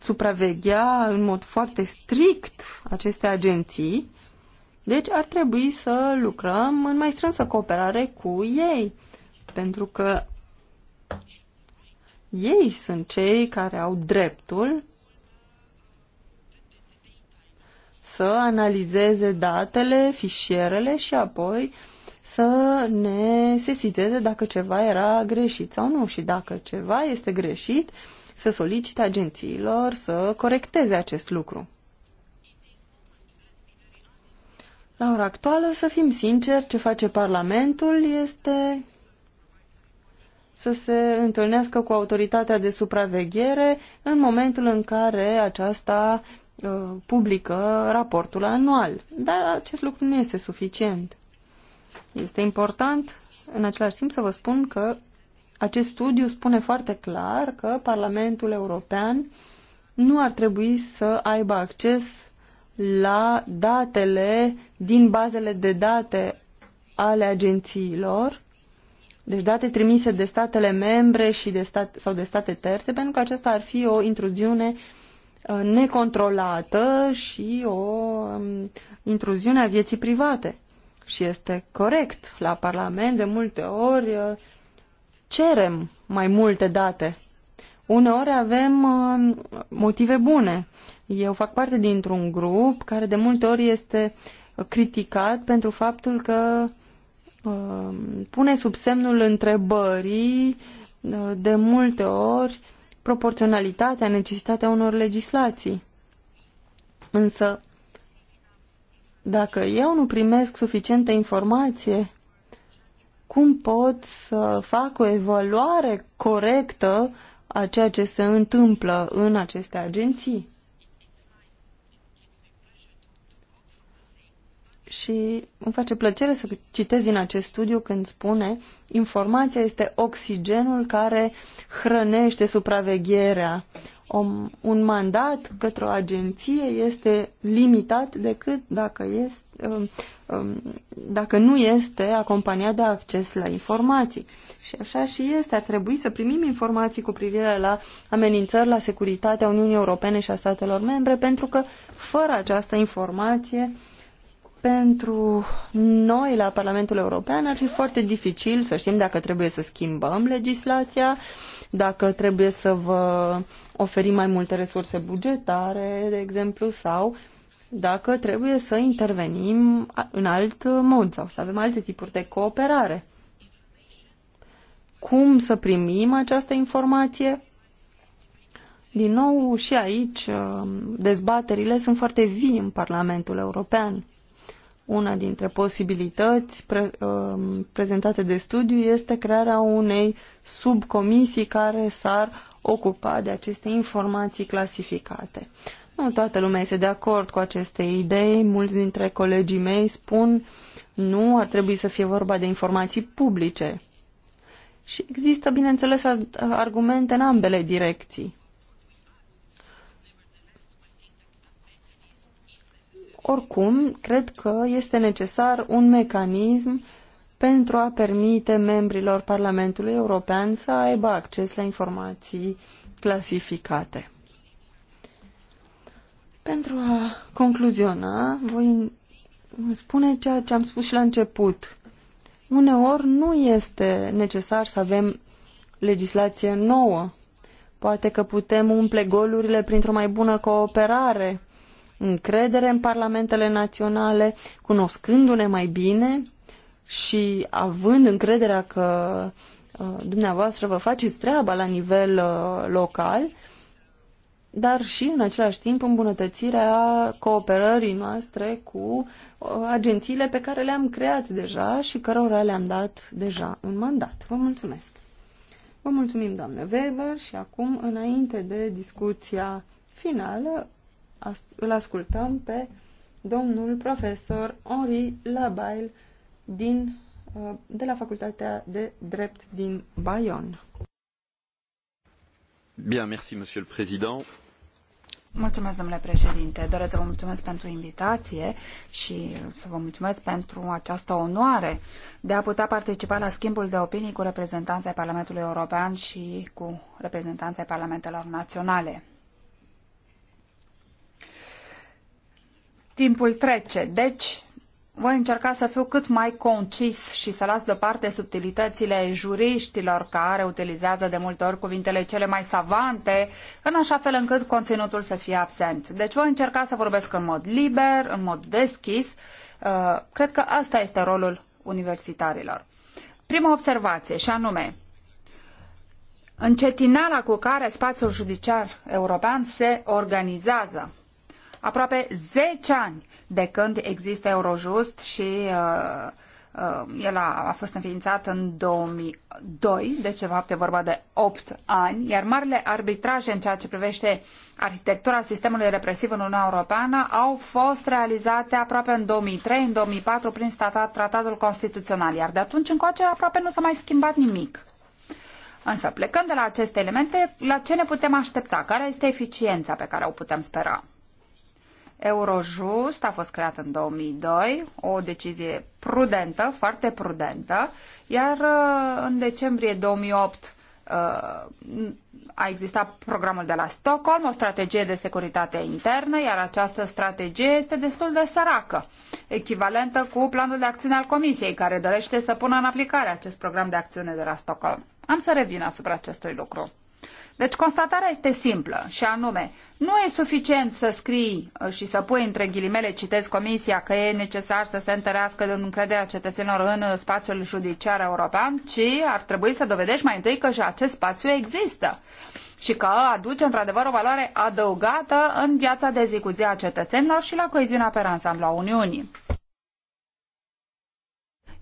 supraveghea în mod foarte strict aceste agenții, deci ar trebui să lucrăm în mai strânsă cooperare cu ei, pentru că ei sunt cei care au dreptul să analizeze datele, fișierele și apoi să ne sesizeze dacă ceva era greșit sau nu și dacă ceva este greșit, să solicite agențiilor să corecteze acest lucru. La ora actuală, să fim sinceri, ce face Parlamentul este să se întâlnească cu autoritatea de supraveghere în momentul în care aceasta Uh, publică raportul anual. Dar acest lucru nu este suficient. Este important, în același timp, să vă spun că acest studiu spune foarte clar că Parlamentul European nu ar trebui să aibă acces la datele din bazele de date ale agențiilor, deci date trimise de statele membre și de stat, sau de state terțe, pentru că aceasta ar fi o intruziune Uh, necontrolată și o um, intruziune a vieții private. Și este corect. La Parlament, de multe ori, uh, cerem mai multe date. Uneori avem um, motive bune. Eu fac parte dintr-un grup care de multe ori este criticat pentru faptul că um, pune sub semnul întrebării uh, de multe ori proporționalitatea, necesitatea unor legislații. Însă, dacă eu nu primesc suficientă informație, cum pot să fac o evaluare corectă a ceea ce se întâmplă în aceste agenții? și îmi face plăcere să citez din acest studiu când spune informația este oxigenul care hrănește supravegherea. un mandat către o agenție este limitat decât dacă, este, um, um, dacă nu este acompaniat de acces la informații. Și așa și este. Ar trebui să primim informații cu privire la amenințări la securitatea Uniunii Europene și a statelor membre, pentru că fără această informație pentru noi la Parlamentul European ar fi foarte dificil să știm dacă trebuie să schimbăm legislația, dacă trebuie să vă oferim mai multe resurse bugetare, de exemplu, sau dacă trebuie să intervenim în alt mod sau să avem alte tipuri de cooperare. Cum să primim această informație? Din nou, și aici dezbaterile sunt foarte vii în Parlamentul European. Una dintre posibilități pre, uh, prezentate de studiu este crearea unei subcomisii care s-ar ocupa de aceste informații clasificate. Nu toată lumea este de acord cu aceste idei, mulți dintre colegii mei spun nu, ar trebui să fie vorba de informații publice. Și există, bineînțeles, argumente în ambele direcții. Oricum, cred că este necesar un mecanism pentru a permite membrilor Parlamentului European să aibă acces la informații clasificate. Pentru a concluziona, voi spune ceea ce am spus și la început. Uneori nu este necesar să avem legislație nouă. Poate că putem umple golurile printr-o mai bună cooperare încredere în parlamentele naționale, cunoscându-ne mai bine și având încrederea că uh, dumneavoastră vă faceți treaba la nivel uh, local, dar și în același timp îmbunătățirea cooperării noastre cu uh, agențiile pe care le-am creat deja și cărora le-am dat deja un mandat. Vă mulțumesc! Vă mulțumim, doamne Weber, și acum, înainte de discuția finală, îl ascultăm pe domnul profesor Henri Labail din, uh, de la Facultatea de Drept din Bayon. Bien, merci, monsieur le président. Mulțumesc, domnule președinte. Doresc să vă mulțumesc pentru invitație și să vă mulțumesc pentru această onoare de a putea participa la schimbul de opinii cu reprezentanții Parlamentului European și cu reprezentanții Parlamentelor Naționale. timpul trece, deci voi încerca să fiu cât mai concis și să las deoparte subtilitățile juriștilor care utilizează de multe ori cuvintele cele mai savante, în așa fel încât conținutul să fie absent. Deci voi încerca să vorbesc în mod liber, în mod deschis. Uh, cred că asta este rolul universitarilor. Prima observație, și anume, încetinala cu care spațiul judiciar european se organizează aproape 10 ani de când există Eurojust și uh, uh, el a, a fost înființat în 2002, deci de fapt e vorba de 8 ani, iar marile arbitraje în ceea ce privește arhitectura sistemului represiv în Uniunea Europeană au fost realizate aproape în 2003, în 2004 prin statat, tratatul constituțional, iar de atunci încoace aproape nu s-a mai schimbat nimic. Însă, plecând de la aceste elemente, la ce ne putem aștepta? Care este eficiența pe care o putem spera? Eurojust a fost creat în 2002, o decizie prudentă, foarte prudentă, iar uh, în decembrie 2008 uh, a existat programul de la Stockholm, o strategie de securitate internă, iar această strategie este destul de săracă, echivalentă cu planul de acțiune al Comisiei, care dorește să pună în aplicare acest program de acțiune de la Stockholm. Am să revin asupra acestui lucru. Deci constatarea este simplă și anume, nu e suficient să scrii uh, și să pui între ghilimele, citesc comisia, că e necesar să se întărească încrederea cetățenilor în uh, spațiul judiciar european, ci ar trebui să dovedești mai întâi că și acest spațiu există și că aduce într-adevăr o valoare adăugată în viața de zi cu zi a cetățenilor și la coeziunea pe ansamblu a Uniunii.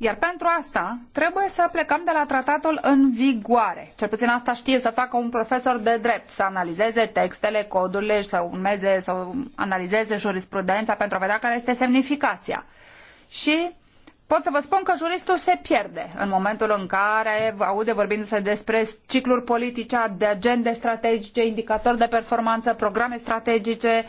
Iar pentru asta trebuie să plecăm de la tratatul în vigoare. Cel puțin asta știe să facă un profesor de drept, să analizeze textele, codurile, să urmeze, să analizeze jurisprudența pentru a vedea care este semnificația. Și pot să vă spun că juristul se pierde în momentul în care aude vorbindu-se despre cicluri politice, de agende strategice, indicatori de performanță, programe strategice,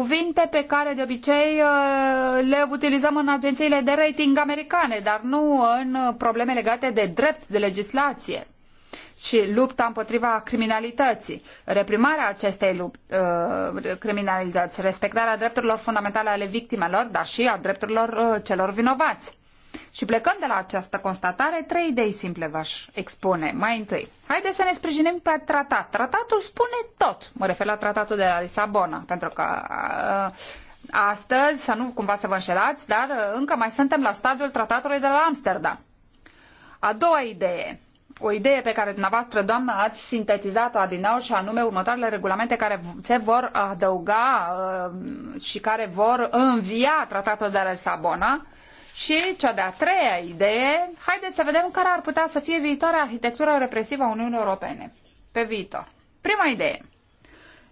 cuvinte pe care de obicei uh, le utilizăm în agențiile de rating americane, dar nu în probleme legate de drept, de legislație și lupta împotriva criminalității, reprimarea acestei lupt, uh, criminalități, respectarea drepturilor fundamentale ale victimelor, dar și a drepturilor uh, celor vinovați. Și plecând de la această constatare, trei idei simple v-aș expune. Mai întâi, haideți să ne sprijinim pe tratat. Tratatul spune tot. Mă refer la tratatul de la Lisabona, pentru că a, uh, astăzi, să nu cumva să vă înșelați, dar uh, încă mai suntem la stadiul tratatului de la Amsterdam. A doua idee, o idee pe care dumneavoastră, doamnă, ați sintetizat-o adinau și anume următoarele regulamente care se vor adăuga uh, și care vor învia tratatul de la Lisabona, și cea de-a treia idee, haideți să vedem care ar putea să fie viitoarea arhitectură represivă a Uniunii Europene pe viitor. Prima idee,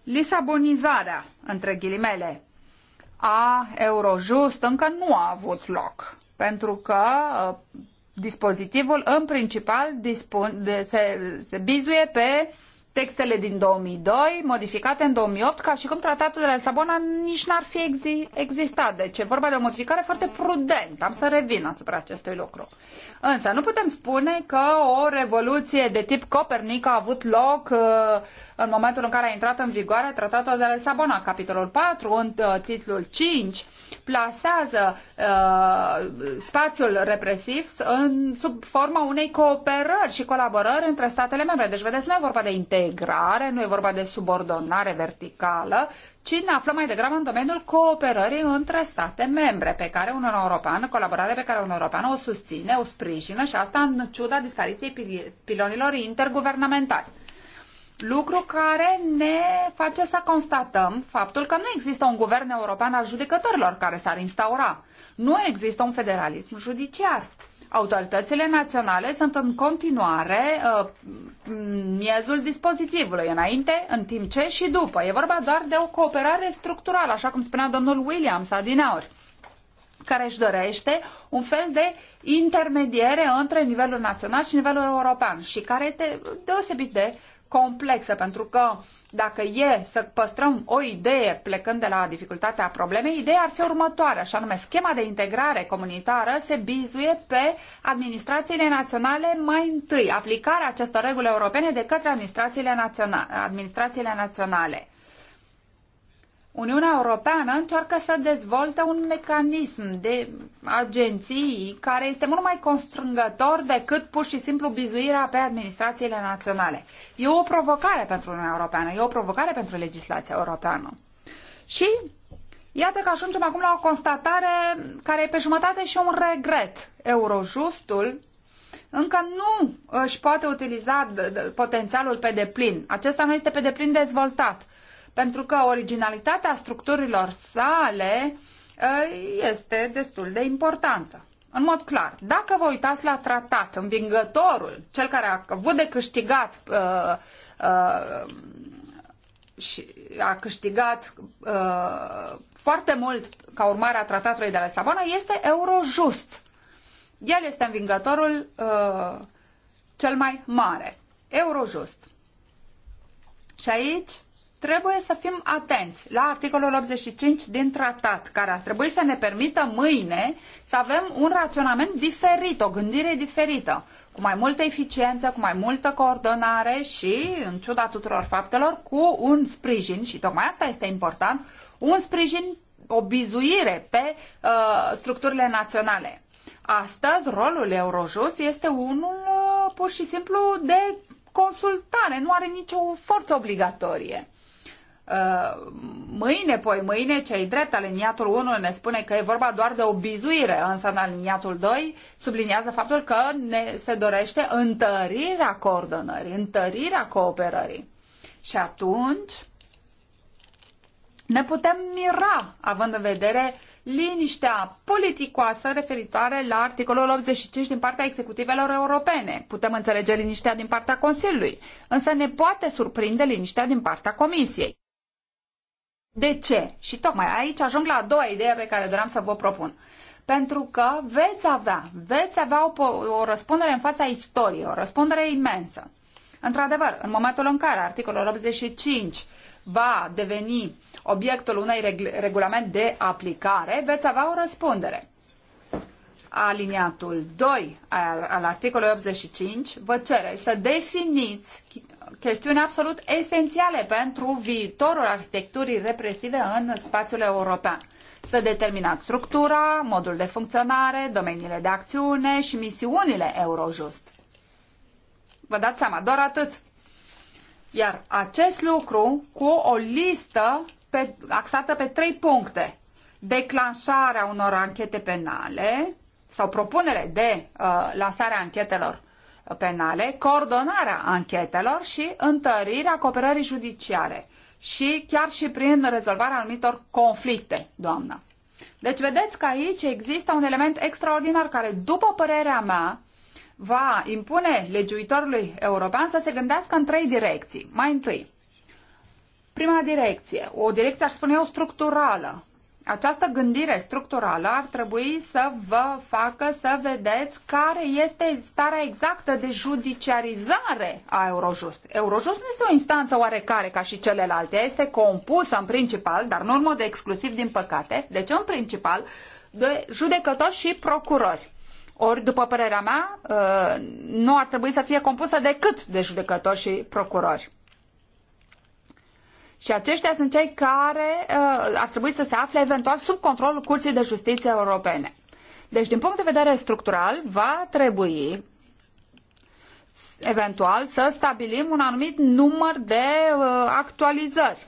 lisabonizarea, între ghilimele, a Eurojust încă nu a avut loc, pentru că uh, dispozitivul în principal dispun, se, se bizuie pe textele din 2002, modificate în 2008, ca și cum tratatul de la Lisabona nici n-ar fi exi- existat. Deci e vorba de o modificare foarte prudentă. Am să revin asupra acestui lucru. Însă nu putem spune că o revoluție de tip Copernic a avut loc uh, în momentul în care a intrat în vigoare tratatul de la Lisabona. Capitolul 4, în uh, titlul 5, plasează uh, spațiul represiv în, sub forma unei cooperări și colaborări între statele membre. Deci, vedeți, nu e vorba de integrare integrare, nu e vorba de subordonare verticală, ci ne aflăm mai degrabă în domeniul cooperării între state membre, pe care un european, colaborare pe care un european o susține, o sprijină și asta în ciuda dispariției pilonilor interguvernamentali. Lucru care ne face să constatăm faptul că nu există un guvern european al judecătorilor care s-ar instaura. Nu există un federalism judiciar autoritățile naționale sunt în continuare uh, miezul dispozitivului, înainte, în timp ce și după. E vorba doar de o cooperare structurală, așa cum spunea domnul Williams adineori care își dorește un fel de intermediere între nivelul național și nivelul european și care este deosebit de complexă, pentru că dacă e să păstrăm o idee plecând de la dificultatea problemei, ideea ar fi următoarea, și anume schema de integrare comunitară se bizuie pe administrațiile naționale mai întâi, aplicarea acestor reguli europene de către administrațiile, naționa- administrațiile naționale. Uniunea Europeană încearcă să dezvolte un mecanism de agenții care este mult mai constrângător decât pur și simplu bizuirea pe administrațiile naționale. E o provocare pentru Uniunea Europeană, e o provocare pentru legislația europeană. Și iată că ajungem acum la o constatare care e pe jumătate și un regret. Eurojustul încă nu își poate utiliza potențialul pe deplin. Acesta nu este pe deplin dezvoltat pentru că originalitatea structurilor sale uh, este destul de importantă. În mod clar, dacă vă uitați la tratat, învingătorul, cel care a avut de câștigat uh, uh, și a câștigat uh, foarte mult ca urmare a tratatului de la Savona, este Eurojust. El este învingătorul uh, cel mai mare, Eurojust. Și aici trebuie să fim atenți la articolul 85 din tratat, care ar trebui să ne permită mâine să avem un raționament diferit, o gândire diferită, cu mai multă eficiență, cu mai multă coordonare și, în ciuda tuturor faptelor, cu un sprijin, și tocmai asta este important, un sprijin, o bizuire pe uh, structurile naționale. Astăzi, rolul Eurojust este unul uh, pur și simplu de consultare, nu are nicio forță obligatorie. Uh, mâine, poi mâine, cei drept, aliniatul 1 ne spune că e vorba doar de o bizuire, însă în aliniatul 2 subliniază faptul că ne se dorește întărirea coordonării, întărirea cooperării. Și atunci ne putem mira, având în vedere liniștea politicoasă referitoare la articolul 85 din partea executivelor europene. Putem înțelege liniștea din partea Consiliului, însă ne poate surprinde liniștea din partea Comisiei. De ce? Și tocmai aici ajung la a doua idee pe care doream să vă propun. Pentru că veți avea, veți avea o, o răspundere în fața istoriei, o răspundere imensă. Într-adevăr, în momentul în care articolul 85 va deveni obiectul unui reg- regulament de aplicare, veți avea o răspundere. Aliniatul 2 al, al articolului 85 vă cere să definiți chestiuni absolut esențiale pentru viitorul arhitecturii represive în spațiul european. Să determinați structura, modul de funcționare, domeniile de acțiune și misiunile Eurojust. Vă dați seama, doar atât. Iar acest lucru cu o listă pe, axată pe trei puncte. Declanșarea unor anchete penale sau propunere de uh, lansarea anchetelor penale, coordonarea anchetelor și întărirea cooperării judiciare și chiar și prin rezolvarea anumitor conflicte, doamnă. Deci vedeți că aici există un element extraordinar care, după părerea mea, va impune legiuitorului european să se gândească în trei direcții. Mai întâi, prima direcție, o direcție, aș spune eu, structurală, această gândire structurală ar trebui să vă facă să vedeți care este starea exactă de judiciarizare a Eurojust. Eurojust nu este o instanță oarecare ca și celelalte, este compusă în principal, dar nu în mod exclusiv din păcate, deci în principal de judecători și procurori. Ori, după părerea mea, uh, nu ar trebui să fie compusă decât de judecători și procurori. Și aceștia sunt cei care uh, ar trebui să se afle eventual sub controlul Curții de Justiție Europene. Deci, din punct de vedere structural, va trebui eventual să stabilim un anumit număr de uh, actualizări.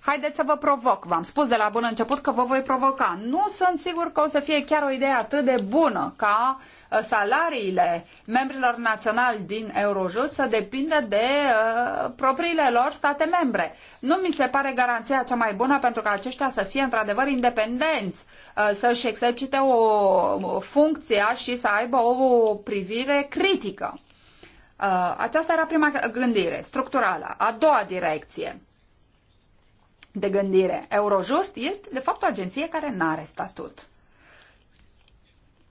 Haideți să vă provoc. V-am spus de la bun început că vă voi provoca. Nu sunt sigur că o să fie chiar o idee atât de bună ca uh, Uh, salariile membrilor naționali din Eurojust să depindă de uh, propriile lor state membre. Nu mi se pare garanția cea mai bună pentru ca aceștia să fie într-adevăr independenți, uh, să-și exercite o, funcție și să aibă o privire critică. aceasta era prima gândire structurală. A doua direcție de gândire. Eurojust este, de fapt, o agenție care nu are statut.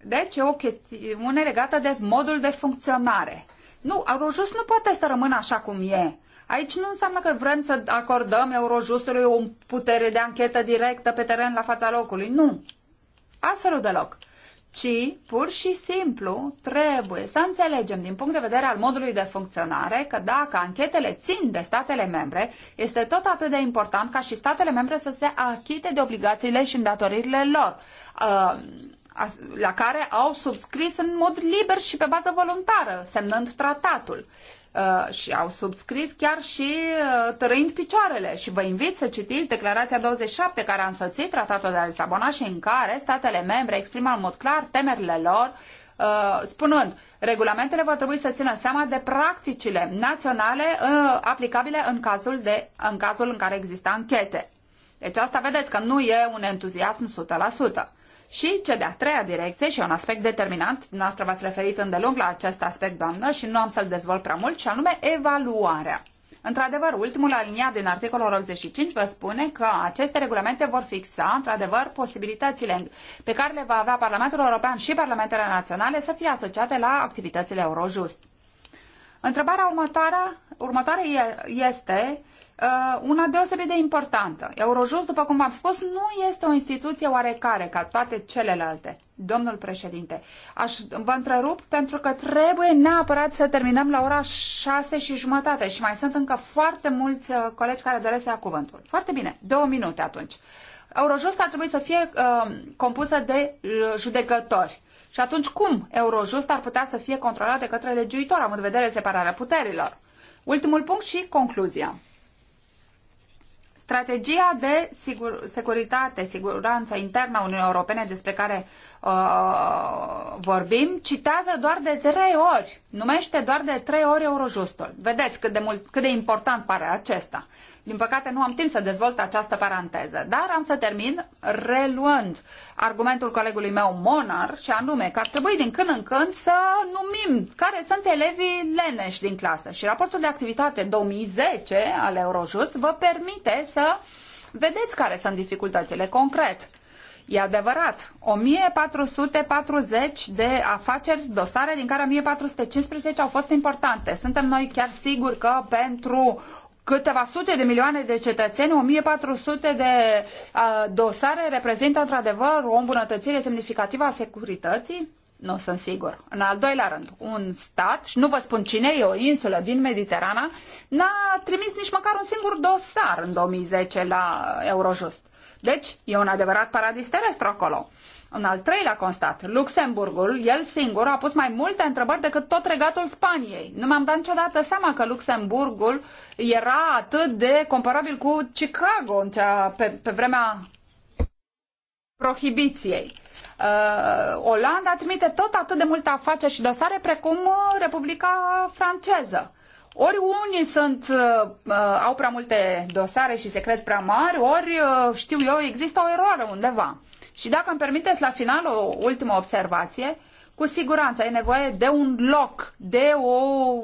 Deci e o chestiune legată de modul de funcționare. Nu, Eurojust nu poate să rămână așa cum e. Aici nu înseamnă că vrem să acordăm Eurojustului o putere de anchetă directă pe teren la fața locului. Nu. Absolut deloc. Ci, pur și simplu, trebuie să înțelegem din punct de vedere al modului de funcționare că dacă anchetele țin de statele membre, este tot atât de important ca și statele membre să se achite de obligațiile și îndatoririle lor. Uh, la care au subscris în mod liber și pe bază voluntară, semnând tratatul. Uh, și au subscris chiar și uh, tărâind picioarele. Și vă invit să citiți declarația 27 care a însoțit tratatul de la Lisabona și în care statele membre exprimă în mod clar temerile lor Uh, spunând, regulamentele vor trebui să țină seama de practicile naționale uh, aplicabile în cazul, de, în cazul în care există anchete. Deci asta vedeți că nu e un entuziasm 100%. Și cea de-a treia direcție, și e un aspect determinant, dumneavoastră v-ați referit îndelung la acest aspect, doamnă, și nu am să-l dezvolt prea mult, și anume evaluarea. Într-adevăr, ultimul aliniat din articolul 85 vă spune că aceste regulamente vor fixa, într-adevăr, posibilitățile pe care le va avea Parlamentul European și Parlamentele Naționale să fie asociate la activitățile Eurojust. Întrebarea următoare, următoare este Uh, una deosebit de importantă. Eurojust, după cum am spus, nu este o instituție oarecare ca toate celelalte. Domnul președinte, aș, vă întrerup pentru că trebuie neapărat să terminăm la ora șase și jumătate și mai sunt încă foarte mulți uh, colegi care doresc să ia cuvântul. Foarte bine, două minute atunci. Eurojust ar trebui să fie uh, compusă de uh, judecători. Și atunci cum Eurojust ar putea să fie controlat de către legiuitor, având în vedere separarea puterilor? Ultimul punct și concluzia. Strategia de sigur, securitate, siguranță internă a Uniunii Europene despre care uh, vorbim, citează doar de trei ori, numește doar de trei ori Eurojustul. Vedeți cât de, mult, cât de important pare acesta. Din păcate nu am timp să dezvolt această paranteză, dar am să termin reluând argumentul colegului meu Monar și anume că ar trebui din când în când să numim care sunt elevii leneși din clasă. Și raportul de activitate 2010 al Eurojust vă permite să vedeți care sunt dificultățile concret. E adevărat, 1440 de afaceri, dosare, din care 1415 au fost importante. Suntem noi chiar siguri că pentru câteva sute de milioane de cetățeni, 1400 de uh, dosare reprezintă într-adevăr o îmbunătățire semnificativă a securității? Nu sunt sigur. În al doilea rând, un stat, și nu vă spun cine e, o insulă din Mediterana, n-a trimis nici măcar un singur dosar în 2010 la Eurojust. Deci, e un adevărat paradis terestru acolo. În al treilea constat, Luxemburgul, el singur, a pus mai multe întrebări decât tot regatul Spaniei. Nu mi-am dat niciodată seama că Luxemburgul era atât de comparabil cu Chicago în cea, pe, pe vremea prohibiției. Uh, Olanda trimite tot atât de multe afaceri și dosare precum uh, Republica Franceză. Ori unii sunt, uh, uh au prea multe dosare și se cred prea mari, ori, uh, știu eu, există o eroare undeva. Și dacă îmi permiteți la final o ultimă observație, cu siguranță e nevoie de un loc, de o,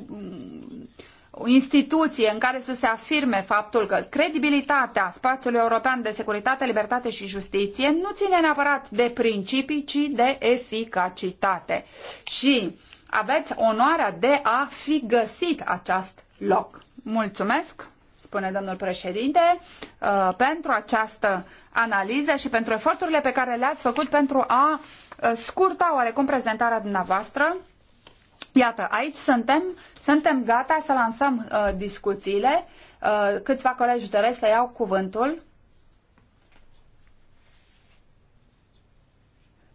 mm, o instituție în care să se afirme faptul că credibilitatea spațiului european de securitate, libertate și justiție nu ține neapărat de principii, ci de eficacitate. Și aveți onoarea de a fi găsit acest loc. Mulțumesc! spune domnul președinte, uh, pentru această analiză și pentru eforturile pe care le-ați făcut pentru a uh, scurta oarecum prezentarea dumneavoastră. Iată, aici suntem, suntem gata să lansăm uh, discuțiile. Uh, câțiva colegi doresc să iau cuvântul.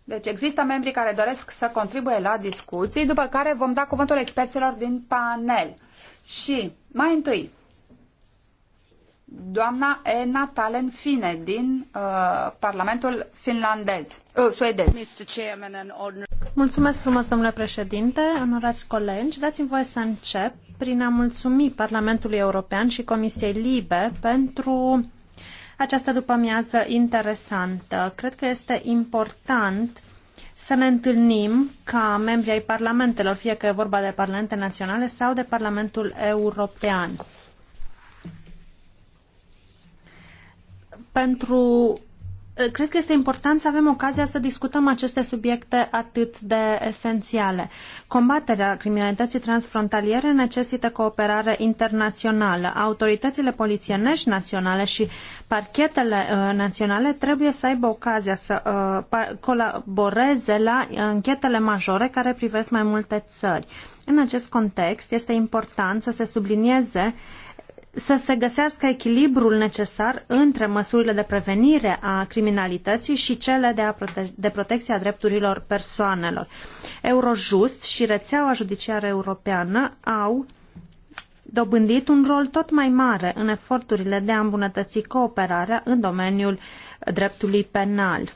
Deci există membri care doresc să contribuie la discuții, după care vom da cuvântul experților din panel. Și mai întâi, doamna Ena Talen Fine din uh, Parlamentul finlandez, uh, suedez. Mulțumesc frumos, domnule președinte, onorați colegi. Dați-mi voie să încep prin a mulțumi Parlamentului European și Comisiei Libe pentru această după-amiază interesantă. Cred că este important să ne întâlnim ca membri ai parlamentelor, fie că e vorba de parlamente naționale sau de Parlamentul European. pentru eh, cred că este important să avem ocazia să discutăm aceste subiecte atât de esențiale. Combaterea criminalității transfrontaliere necesită cooperare internațională. Autoritățile polițienești naționale și parchetele uh, naționale trebuie să aibă ocazia să uh, colaboreze la închetele majore care privesc mai multe țări. În acest context, este important să se sublinieze uh, să se găsească echilibrul necesar între măsurile de prevenire a criminalității și cele de, a prote- de protecție a drepturilor persoanelor. Eurojust și rețeaua judiciară europeană au dobândit un rol tot mai mare în eforturile de a îmbunătăți cooperarea în domeniul dreptului penal.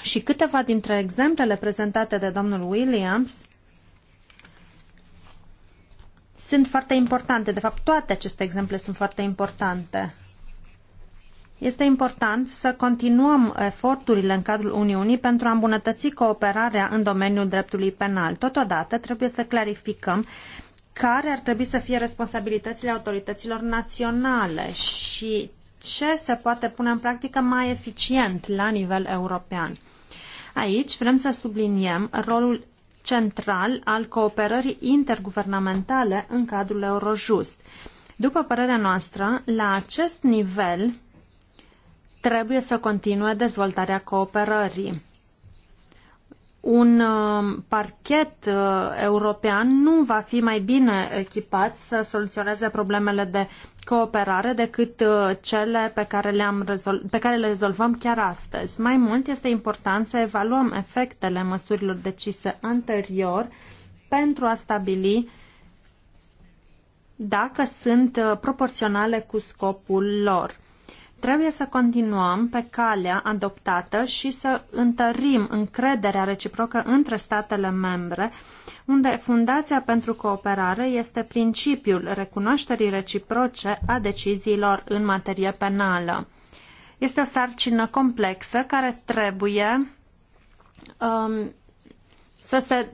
Și câteva dintre exemplele prezentate de domnul Williams sunt foarte importante. De fapt, toate aceste exemple sunt foarte importante. Este important să continuăm eforturile în cadrul Uniunii pentru a îmbunătăți cooperarea în domeniul dreptului penal. Totodată, trebuie să clarificăm care ar trebui să fie responsabilitățile autorităților naționale și ce se poate pune în practică mai eficient la nivel european. Aici vrem să subliniem rolul central al cooperării interguvernamentale în cadrul Eurojust. După părerea noastră, la acest nivel trebuie să continue dezvoltarea cooperării un uh, parchet uh, european nu va fi mai bine echipat să soluționeze problemele de cooperare decât uh, cele pe care, le-am pe care le rezolvăm chiar astăzi. Mai mult este important să evaluăm efectele măsurilor decise anterior pentru a stabili dacă sunt proporționale cu scopul lor. Trebuie să continuăm pe calea adoptată și să întărim încrederea reciprocă între statele membre, unde Fundația pentru Cooperare este principiul recunoașterii reciproce a deciziilor în materie penală. Este o sarcină complexă care trebuie um, să se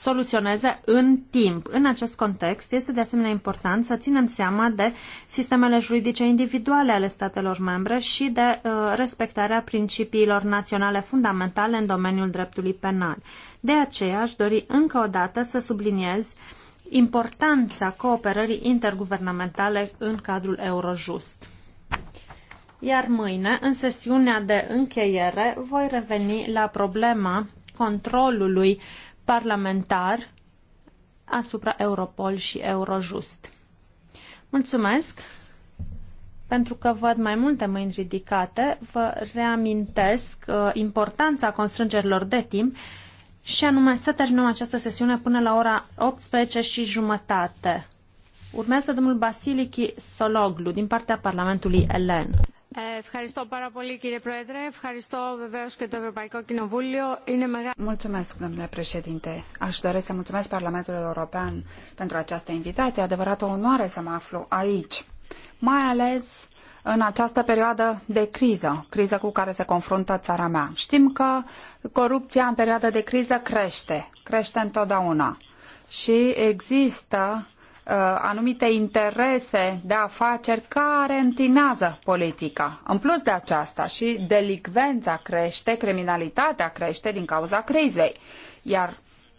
soluționeze în timp. În acest context, este de asemenea important să ținem seama de sistemele juridice individuale ale statelor membre și de uh, respectarea principiilor naționale fundamentale în domeniul dreptului penal. De aceea, aș dori încă o dată să subliniez importanța cooperării interguvernamentale în cadrul Eurojust. Iar mâine, în sesiunea de încheiere, voi reveni la problema controlului parlamentar asupra Europol și Eurojust. Mulțumesc! Pentru că văd mai multe mâini ridicate, vă reamintesc uh, importanța constrângerilor de timp și anume să terminăm această sesiune până la ora 18 și jumătate. Urmează domnul Basilichi Sologlu din partea Parlamentului Elen. Ευχαριστώ πάρα πολύ κύριε Πρόεδρε. Ευχαριστώ βεβαίως και το Ευρωπαϊκό Κοινοβούλιο. Είναι Mulțumesc, domnule președinte. Aș dori să mulțumesc Parlamentului European pentru această invitație. Adevărat o onoare să mă aflu aici. Mai ales în această perioadă de criză, criză cu care se confruntă țara mea. Știm că corupția în perioada de criză crește, crește întotdeauna și există Uh, anumite interese de afaceri care întinează politica. În plus de aceasta și delicvența crește, criminalitatea crește din cauza crizei. Iar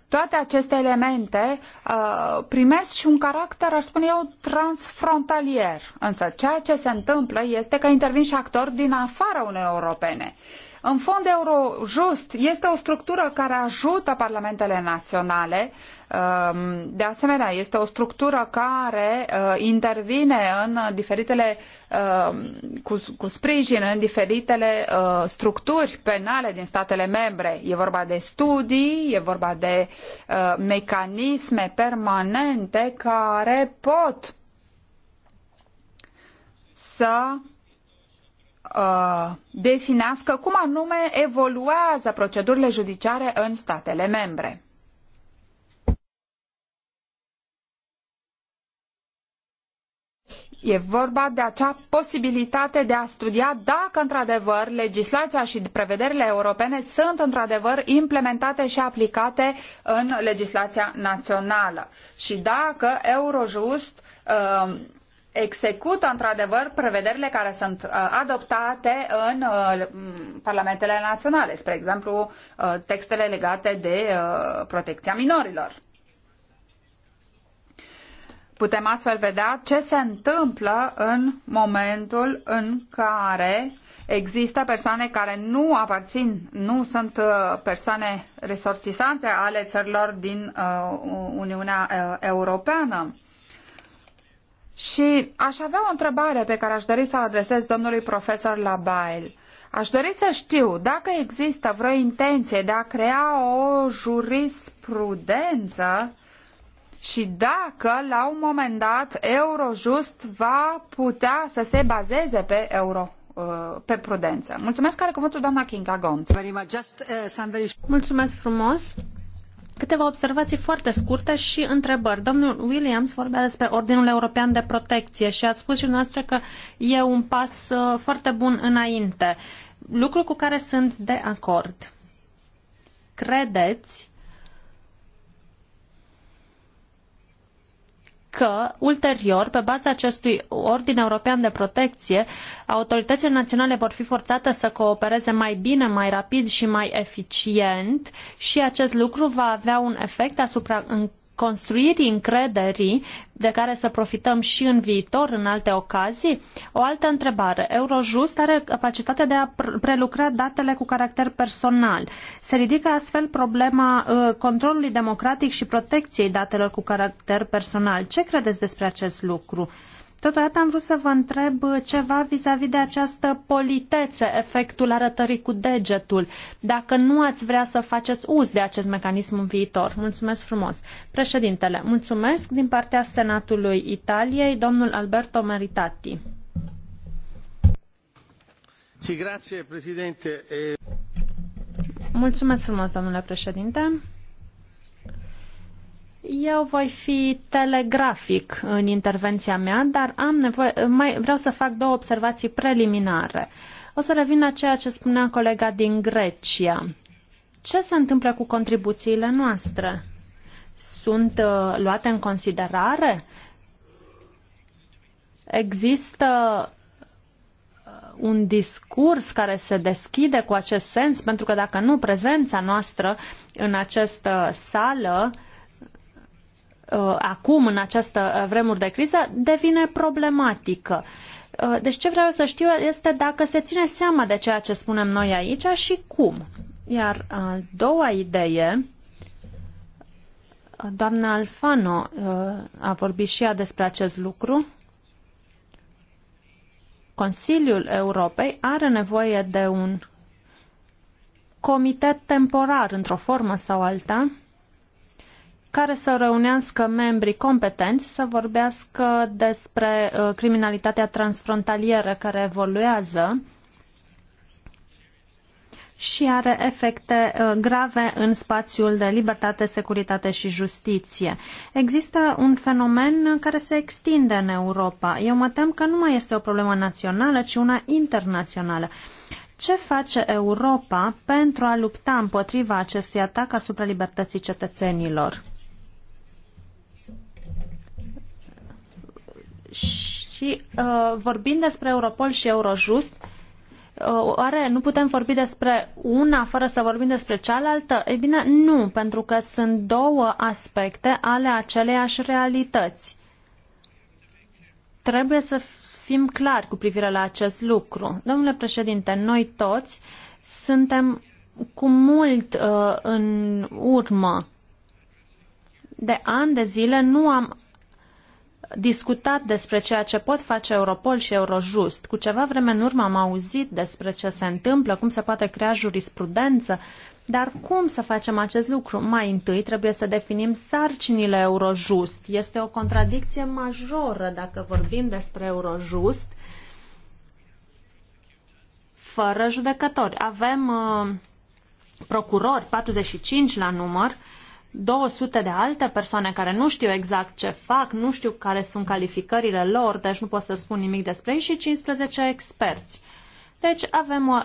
toate aceste elemente uh, primesc și un caracter, aș spune eu, transfrontalier. Însă ceea ce se întâmplă este că intervin și actori din afara Uniunii Europene. Uh, în fond, Eurojust este o structură care ajută parlamentele naționale. Um, de asemenea, este o structură care uh, intervine în diferitele, um, cu, cu sprijin în diferitele uh, structuri penale din statele membre. E vorba de studii, e vorba de uh, mecanisme permanente care pot să Uh, definească cum anume evoluează procedurile judiciare în statele membre. E vorba de acea posibilitate de a studia dacă, într-adevăr, legislația și prevederile europene sunt, într-adevăr, implementate și aplicate în legislația națională și dacă Eurojust uh, execută într-adevăr prevederile care sunt uh, adoptate în uh, parlamentele naționale, spre exemplu uh, textele legate de protecția minorilor. Putem astfel vedea ce se întâmplă în momentul în care există persoane care nu aparțin, nu sunt persoane resortisante ale țărilor din Uniunea Europeană și aș avea o întrebare pe care aș dori să o adresez domnului profesor Labail. Aș dori să știu dacă există vreo intenție de a crea o jurisprudență și dacă la un moment dat Eurojust va putea să se bazeze pe euro uh, pe prudență. Mulțumesc, care cuvântul doamna Kinga Gonț. Uh, Mulțumesc frumos. Câteva observații foarte scurte și întrebări. Domnul Williams vorbea despre Ordinul European de Protecție și a spus și noastră că e un pas uh, foarte bun înainte. Lucru cu care sunt de acord. Credeți că, ulterior, pe baza acestui ordin european de protecție, autoritățile naționale vor fi forțate să coopereze mai bine, mai rapid și mai eficient și acest lucru va avea un efect asupra în construirii încrederii de care să profităm și în viitor, în alte ocazii? O altă întrebare. Eurojust are capacitatea de a prelucra datele cu caracter personal. Se ridică astfel problema uh, controlului democratic și protecției datelor cu caracter personal. Ce credeți despre acest lucru? Totodată am vrut să vă întreb uh, ceva vis-a-vis -vis de această politețe, efectul arătării cu degetul, dacă nu ați vrea să faceți uz de acest mecanism în viitor. Mulțumesc frumos. Președintele, mulțumesc din partea Senatului Italiei, domnul Alberto Meritati. Mulțumesc frumos, domnule președinte. Eu voi fi telegrafic în intervenția mea, dar am nevoie, mai, vreau să fac două observații preliminare. O să revin la ceea ce spunea colega din Grecia. Ce se întâmplă cu contribuțiile noastre? Sunt uh, luate în considerare? Există uh, un discurs care se deschide cu acest sens, pentru că dacă nu, prezența noastră în această sală uh, Uh, acum, în această uh, vremuri de criză, devine problematică. Uh, deci ce vreau să știu este dacă se ține seama de ceea ce spunem noi aici și cum. Iar a doua idee, doamna Alfano a vorbit și ea despre acest lucru, Consiliul Europei are nevoie de un comitet temporar într-o formă sau alta care să reunească membrii competenți să vorbească despre uh, criminalitatea transfrontalieră care evoluează și are efecte uh, grave în spațiul de libertate, securitate și justiție. Există un fenomen care se extinde în Europa. Eu mă tem că nu mai este o problemă națională, ci una internațională. Ce face Europa pentru a lupta împotriva acestui atac asupra libertății cetățenilor? Și uh, vorbind despre Europol și Eurojust, uh, oare nu putem vorbi despre una fără să vorbim despre cealaltă? Ei bine, nu, pentru că sunt două aspecte ale aceleiași realități. Trebuie să fim clari cu privire la acest lucru. Domnule președinte, noi toți suntem cu mult uh, în urmă. De ani de zile nu am discutat despre ceea ce pot face Europol și Eurojust. Cu ceva vreme în urmă am auzit despre ce se întâmplă, cum se poate crea jurisprudență, dar cum să facem acest lucru? Mai întâi trebuie să definim sarcinile Eurojust. Este o contradicție majoră dacă vorbim despre Eurojust fără judecători. Avem uh, procurori, 45 la număr, 200 de alte persoane care nu știu exact ce fac, nu știu care sunt calificările lor, deci nu pot să spun nimic despre ei și 15 experți. Deci avem o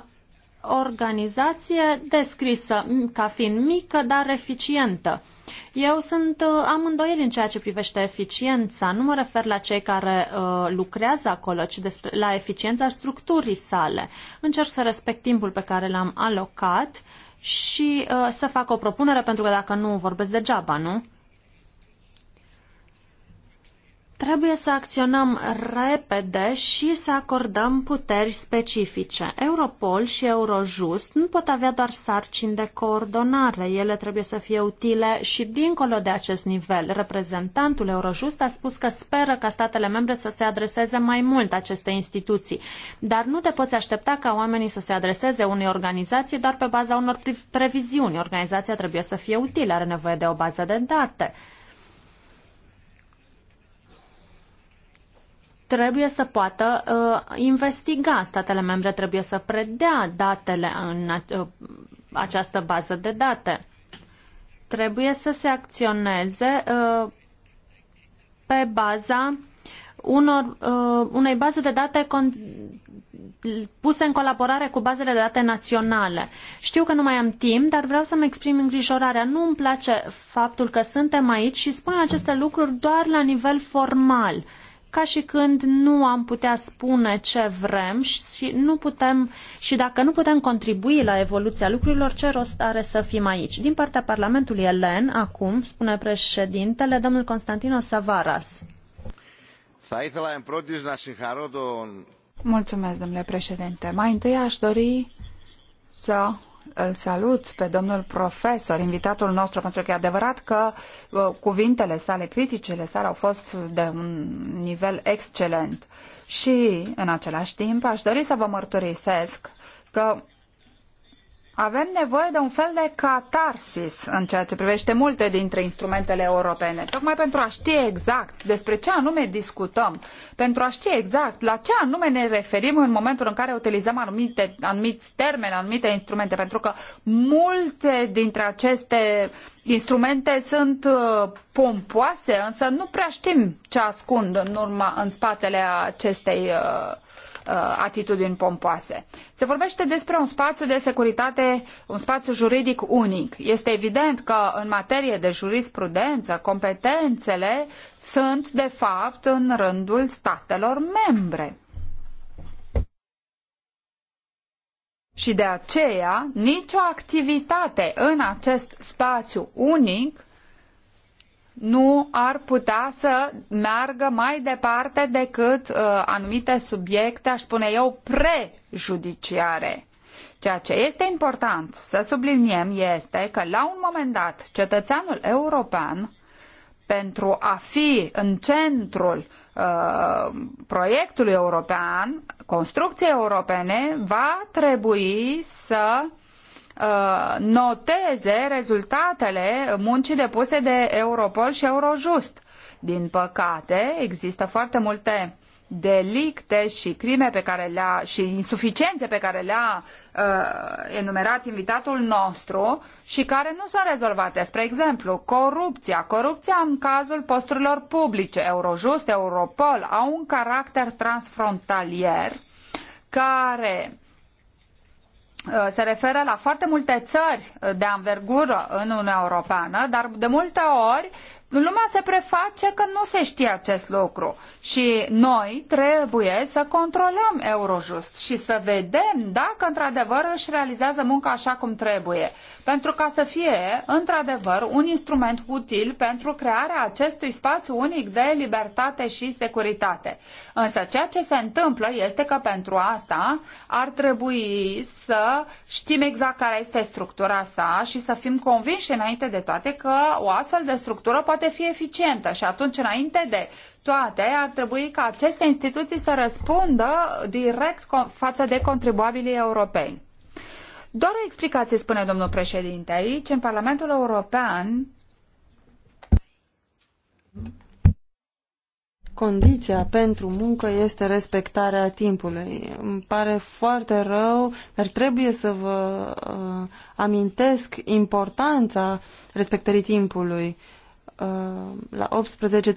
organizație descrisă ca fiind mică, dar eficientă. Eu sunt, uh, am îndoieli în ceea ce privește eficiența. Nu mă refer la cei care uh, lucrează acolo, ci despre, la eficiența structurii sale. Încerc să respect timpul pe care l-am alocat uh, și uh, să facă o propunere, pentru că dacă nu vorbesc degeaba, nu? Trebuie să acționăm repede și să acordăm puteri specifice. Europol și Eurojust nu pot avea doar sarcini de coordonare. Ele trebuie să fie utile și dincolo de acest nivel. Reprezentantul Eurojust a spus că speră ca statele membre să se adreseze mai mult aceste instituții. Dar nu te poți aștepta ca oamenii să se adreseze unei organizații doar pe baza unor previziuni. Organizația trebuie să fie utilă, are nevoie de o bază de date. trebuie să poată uh, investiga, statele membre trebuie să predea datele în uh, această bază de date. Trebuie să se acționeze uh, pe baza unor, uh, unei baze de date puse în colaborare cu bazele de date naționale. Știu că nu mai am timp, dar vreau să-mi exprim îngrijorarea. Nu îmi place faptul că suntem aici și spun aceste lucruri doar la nivel formal. Uh, ca și când nu am putea spune ce vrem și, nu putem, și dacă nu putem contribui la evoluția lucrurilor, ce rost are să fim aici? Din partea Parlamentului Elen, acum, spune președintele, domnul Constantino Savaras. Mulțumesc, domnule președinte. Mai întâi aș dori să îl salut pe domnul profesor, invitatul nostru, pentru că e adevărat că uh, cuvintele sale, criticile sale au fost de un nivel excelent. Și, în același timp, aș dori să vă mărturisesc că avem nevoie de un fel de catarsis în ceea ce privește multe dintre instrumentele europene, tocmai pentru a ști exact despre ce anume discutăm, pentru a ști exact la ce anume ne referim în momentul în care utilizăm anumite, anumiți termeni, anumite instrumente, pentru că multe dintre aceste instrumente sunt uh, pompoase, însă nu prea știm ce ascund în, urma, în spatele acestei uh, Uh, atitudini pompoase. Se vorbește despre un spațiu de securitate, un spațiu juridic unic. Este evident că în materie de jurisprudență, competențele sunt de fapt în rândul statelor membre. Și de aceea, nicio activitate în acest spațiu unic nu ar putea să meargă mai departe decât uh, anumite subiecte, aș spune eu, prejudiciare. Ceea ce este important să subliniem este că la un moment dat cetățeanul european pentru a fi în centrul uh, proiectului european, construcției europene, va trebui să uh, Uh, noteze rezultatele muncii depuse de Europol și Eurojust. Din păcate, există foarte multe delicte și crime pe care le-a, și insuficiențe pe care le-a uh, enumerat invitatul nostru și care nu sunt rezolvate. Spre exemplu, corupția. Corupția în cazul posturilor publice, Eurojust, Europol, au un caracter transfrontalier care Uh, se referă la foarte multe țări de anvergură în Uniunea Europeană, dar de multe ori lumea se preface că nu se știe acest lucru și noi trebuie să controlăm Eurojust și să vedem dacă într-adevăr își realizează munca așa cum trebuie, pentru ca să fie într-adevăr un instrument util pentru crearea acestui spațiu unic de libertate și securitate. Însă ceea ce se întâmplă este că pentru asta ar trebui să știm exact care este structura sa și să fim convinși înainte de toate că o astfel de structură poate poate fi eficientă și atunci, înainte de toate, ar trebui ca aceste instituții să răspundă direct față de contribuabilii europeni. Doar o explicație, spune domnul președinte, aici, în Parlamentul European, condiția pentru muncă este respectarea timpului. Îmi pare foarte rău, dar trebuie să vă uh, amintesc importanța respectării timpului. Uh, la 18.30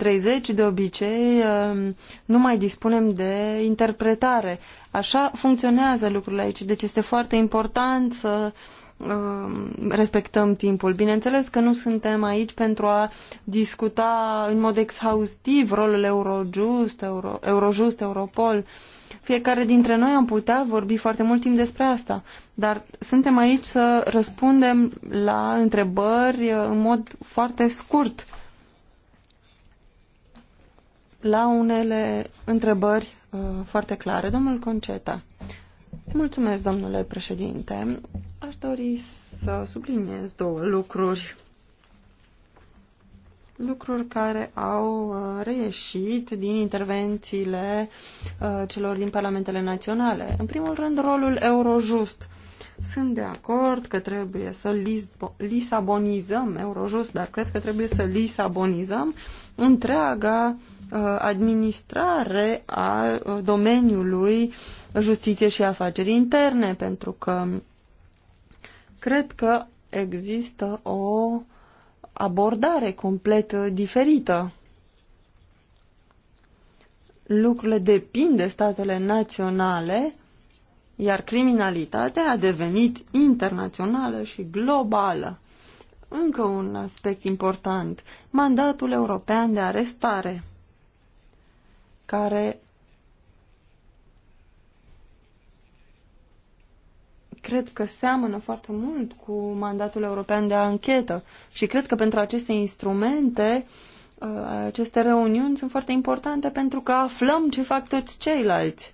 de obicei uh, nu mai dispunem de interpretare. Așa funcționează lucrurile aici, deci este foarte important să uh, respectăm timpul. Bineînțeles că nu suntem aici pentru a discuta în mod exhaustiv rolul Eurojust, Euro, Eurojust Europol, fiecare dintre noi am putea vorbi foarte mult timp despre asta, dar suntem aici să răspundem la întrebări uh, în mod foarte scurt. La unele întrebări uh, foarte clare. Domnul Conceta. Mulțumesc, domnule președinte. Aș dori să subliniez două lucruri lucruri care au uh, reieșit din intervențiile uh, celor din parlamentele naționale. În primul rând, rolul Eurojust. Sunt de acord că trebuie să lisabonizăm Eurojust, dar cred că trebuie să lisabonizăm întreaga uh, administrare a domeniului justiție și afaceri interne, pentru că cred că există o uh, abordare complet uh, diferită. Lucrurile depind de statele naționale, iar criminalitatea a devenit internațională și globală. Încă un aspect important, mandatul european de arestare, care cred că seamănă foarte mult cu mandatul european de anchetă și cred că pentru aceste instrumente uh, aceste reuniuni sunt foarte importante pentru că aflăm ce fac toți ceilalți.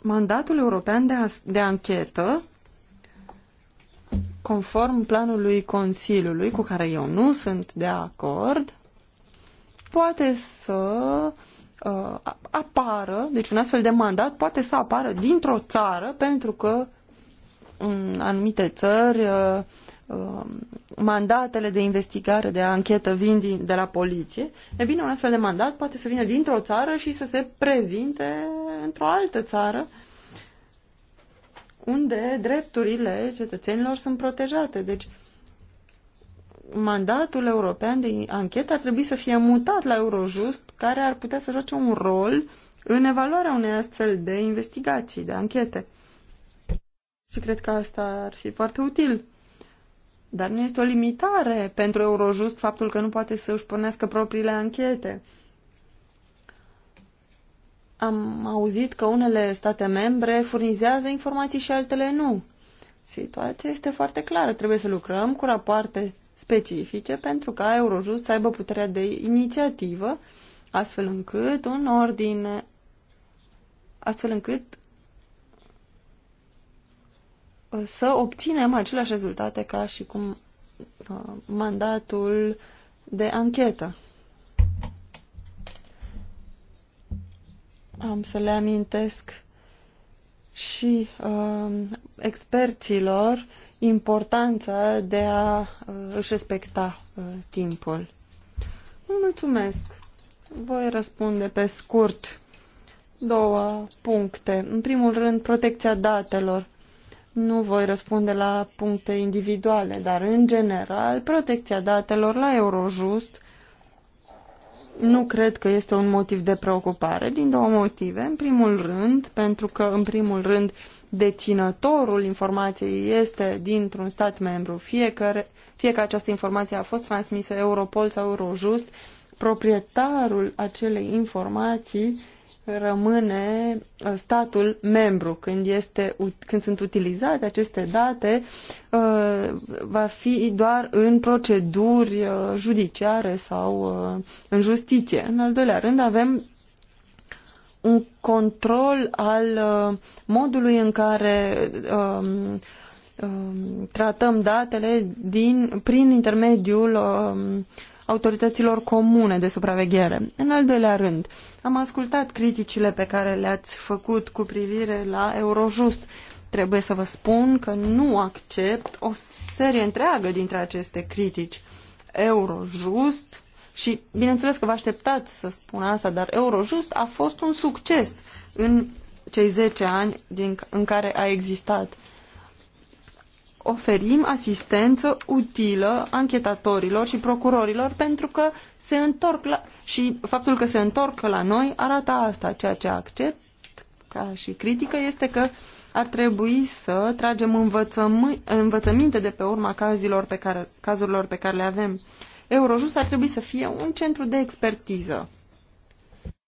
Mandatul european de, de anchetă, conform planului Consiliului, cu care eu nu sunt de acord, poate să uh, apară, deci un astfel de mandat poate să apară dintr-o țară pentru că în anumite țări uh, uh, mandatele de investigare, de anchetă vin din, de la poliție, e bine, un astfel de mandat poate să vină dintr-o țară și să se prezinte într-o altă țară unde drepturile cetățenilor sunt protejate. Deci, uh, mandatul european de anchetă ar trebui să fie mutat la Eurojust, care ar putea să joace un rol în evaluarea unei astfel de investigații, de anchete. Și cred că asta ar fi foarte util. Dar nu este o limitare pentru Eurojust faptul că nu poate să își pornească propriile anchete. Am auzit că unele state membre furnizează informații și altele nu. Situația este foarte clară. Trebuie să lucrăm cu rapoarte specifice pentru ca Eurojust să aibă puterea de inițiativă, astfel încât un ordin, astfel încât uh, să obținem aceleași rezultate ca și cum uh, mandatul de anchetă. Am să le amintesc și uh, experților importanță de a uh, își respecta uh, timpul. Mulțumesc! Voi răspunde pe scurt două puncte. În primul rând, protecția datelor. Nu voi răspunde la puncte individuale, dar în general, protecția datelor la Eurojust nu cred că este un motiv de preocupare, din două motive. În primul rând, pentru că, în primul rând, uh, deținătorul informației este dintr-un stat membru, fie că, fie că această informație a fost transmisă Europol sau Eurojust, proprietarul acelei informații rămâne uh, statul membru. Când, este, când sunt utilizate aceste date, uh, va fi doar în proceduri uh, judiciare sau în justiție. În al doilea rând, avem un control al uh, modului în care uh, uh, tratăm datele din, prin intermediul uh, autorităților comune de supraveghere. În al doilea rând, am ascultat criticile pe care le-ați făcut cu privire la Eurojust. Trebuie să vă spun că nu accept o serie întreagă dintre aceste critici. Eurojust și bineînțeles că vă așteptați să spun asta, dar Eurojust a fost un succes în cei 10 ani din, în care a existat. Oferim asistență utilă anchetatorilor și procurorilor pentru că se întorc la, și faptul că se întorc la noi arată asta. Ceea ce accept ca și critică este că ar trebui să tragem învățăm, învățăminte de pe urma cazilor pe care, cazurilor pe care le avem. Uh, Eurojust ar trebui să fie un centru de expertiză.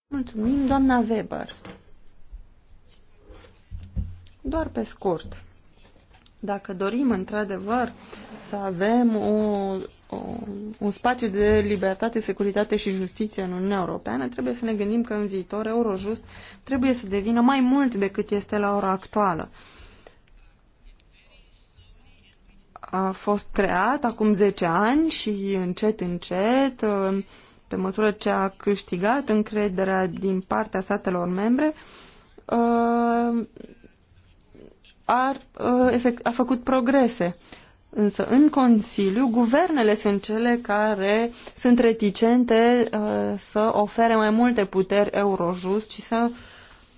Mulțumim, doamna Weber. Doar pe scurt, dacă dorim într-adevăr să avem o, o, un spațiu de libertate, securitate și justiție în Uniunea Europeană, trebuie să ne gândim că în viitor Eurojust trebuie să devină mai mult decât este la ora actuală. a fost creat acum 10 ani și încet, încet, uh, pe măsură ce a câștigat încrederea din partea statelor membre, uh, uh, a făcut progrese. Însă, în Consiliu, guvernele sunt cele care sunt reticente să ofere mai multe puteri eurojust și să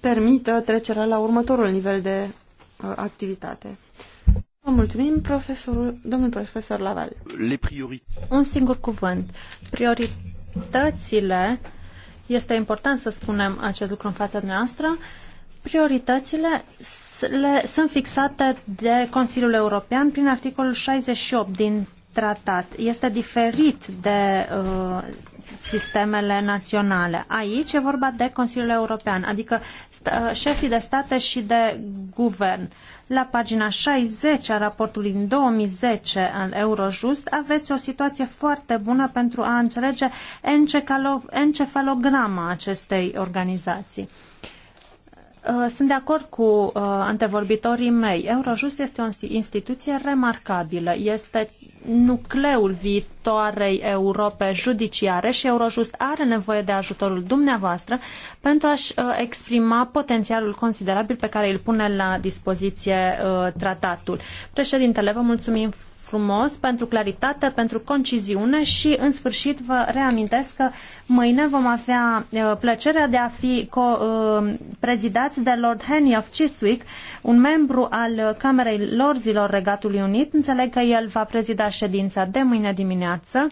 permită trecerea la următorul nivel de activitate. Mulțumim, profesorul, domnul profesor Laval. Le priori... Un singur cuvânt. Prioritățile, este important să spunem acest lucru în fața noastră, prioritățile le, sunt fixate de Consiliul European prin articolul 68 din tratat. Este diferit de uh, sistemele naționale. Aici e vorba de Consiliul European, adică uh, șefii de state și de guvern. La pagina 60 a raportului din 2010 al Eurojust aveți o situație foarte bună pentru a înțelege encefalograma acestei organizații. Uh, sunt de acord cu uh, antevorbitorii mei. Eurojust este o instituție remarcabilă. Este nucleul viitoarei Europe judiciare și Eurojust are nevoie de ajutorul dumneavoastră pentru a-și uh, exprima potențialul considerabil pe care îl pune la dispoziție uh, tratatul. Președintele, vă mulțumim frumos pentru claritate, pentru conciziune și, în sfârșit, vă reamintesc că mâine vom avea uh, plăcerea de a fi co- uh, prezidați de Lord Henry of Chiswick, un membru al Camerei Lorzilor Regatului Unit. Înțeleg că el va prezida ședința de mâine dimineață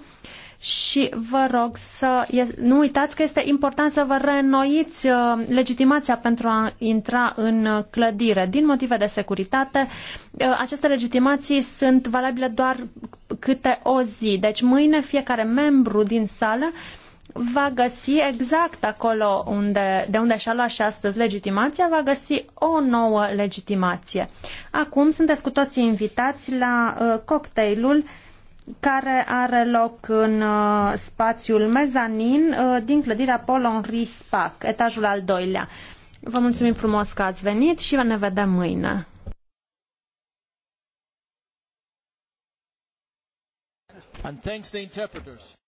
și vă rog să nu uitați că este important să vă reînnoiți uh, legitimația pentru a intra în clădire. Din motive de securitate, uh, aceste legitimații sunt valabile doar câte o zi. Deci mâine fiecare membru din sală va găsi exact acolo unde, de unde și-a luat și astăzi legitimația, va găsi o nouă legitimație. Acum sunteți cu toții invitați la uh, cocktailul uh, care are loc în uh, spațiul mezanin uh, din clădirea Paul Henri Spac, etajul al doilea. Vă mulțumim frumos că ați venit și ne vedem mâine. And thanks to interpreters.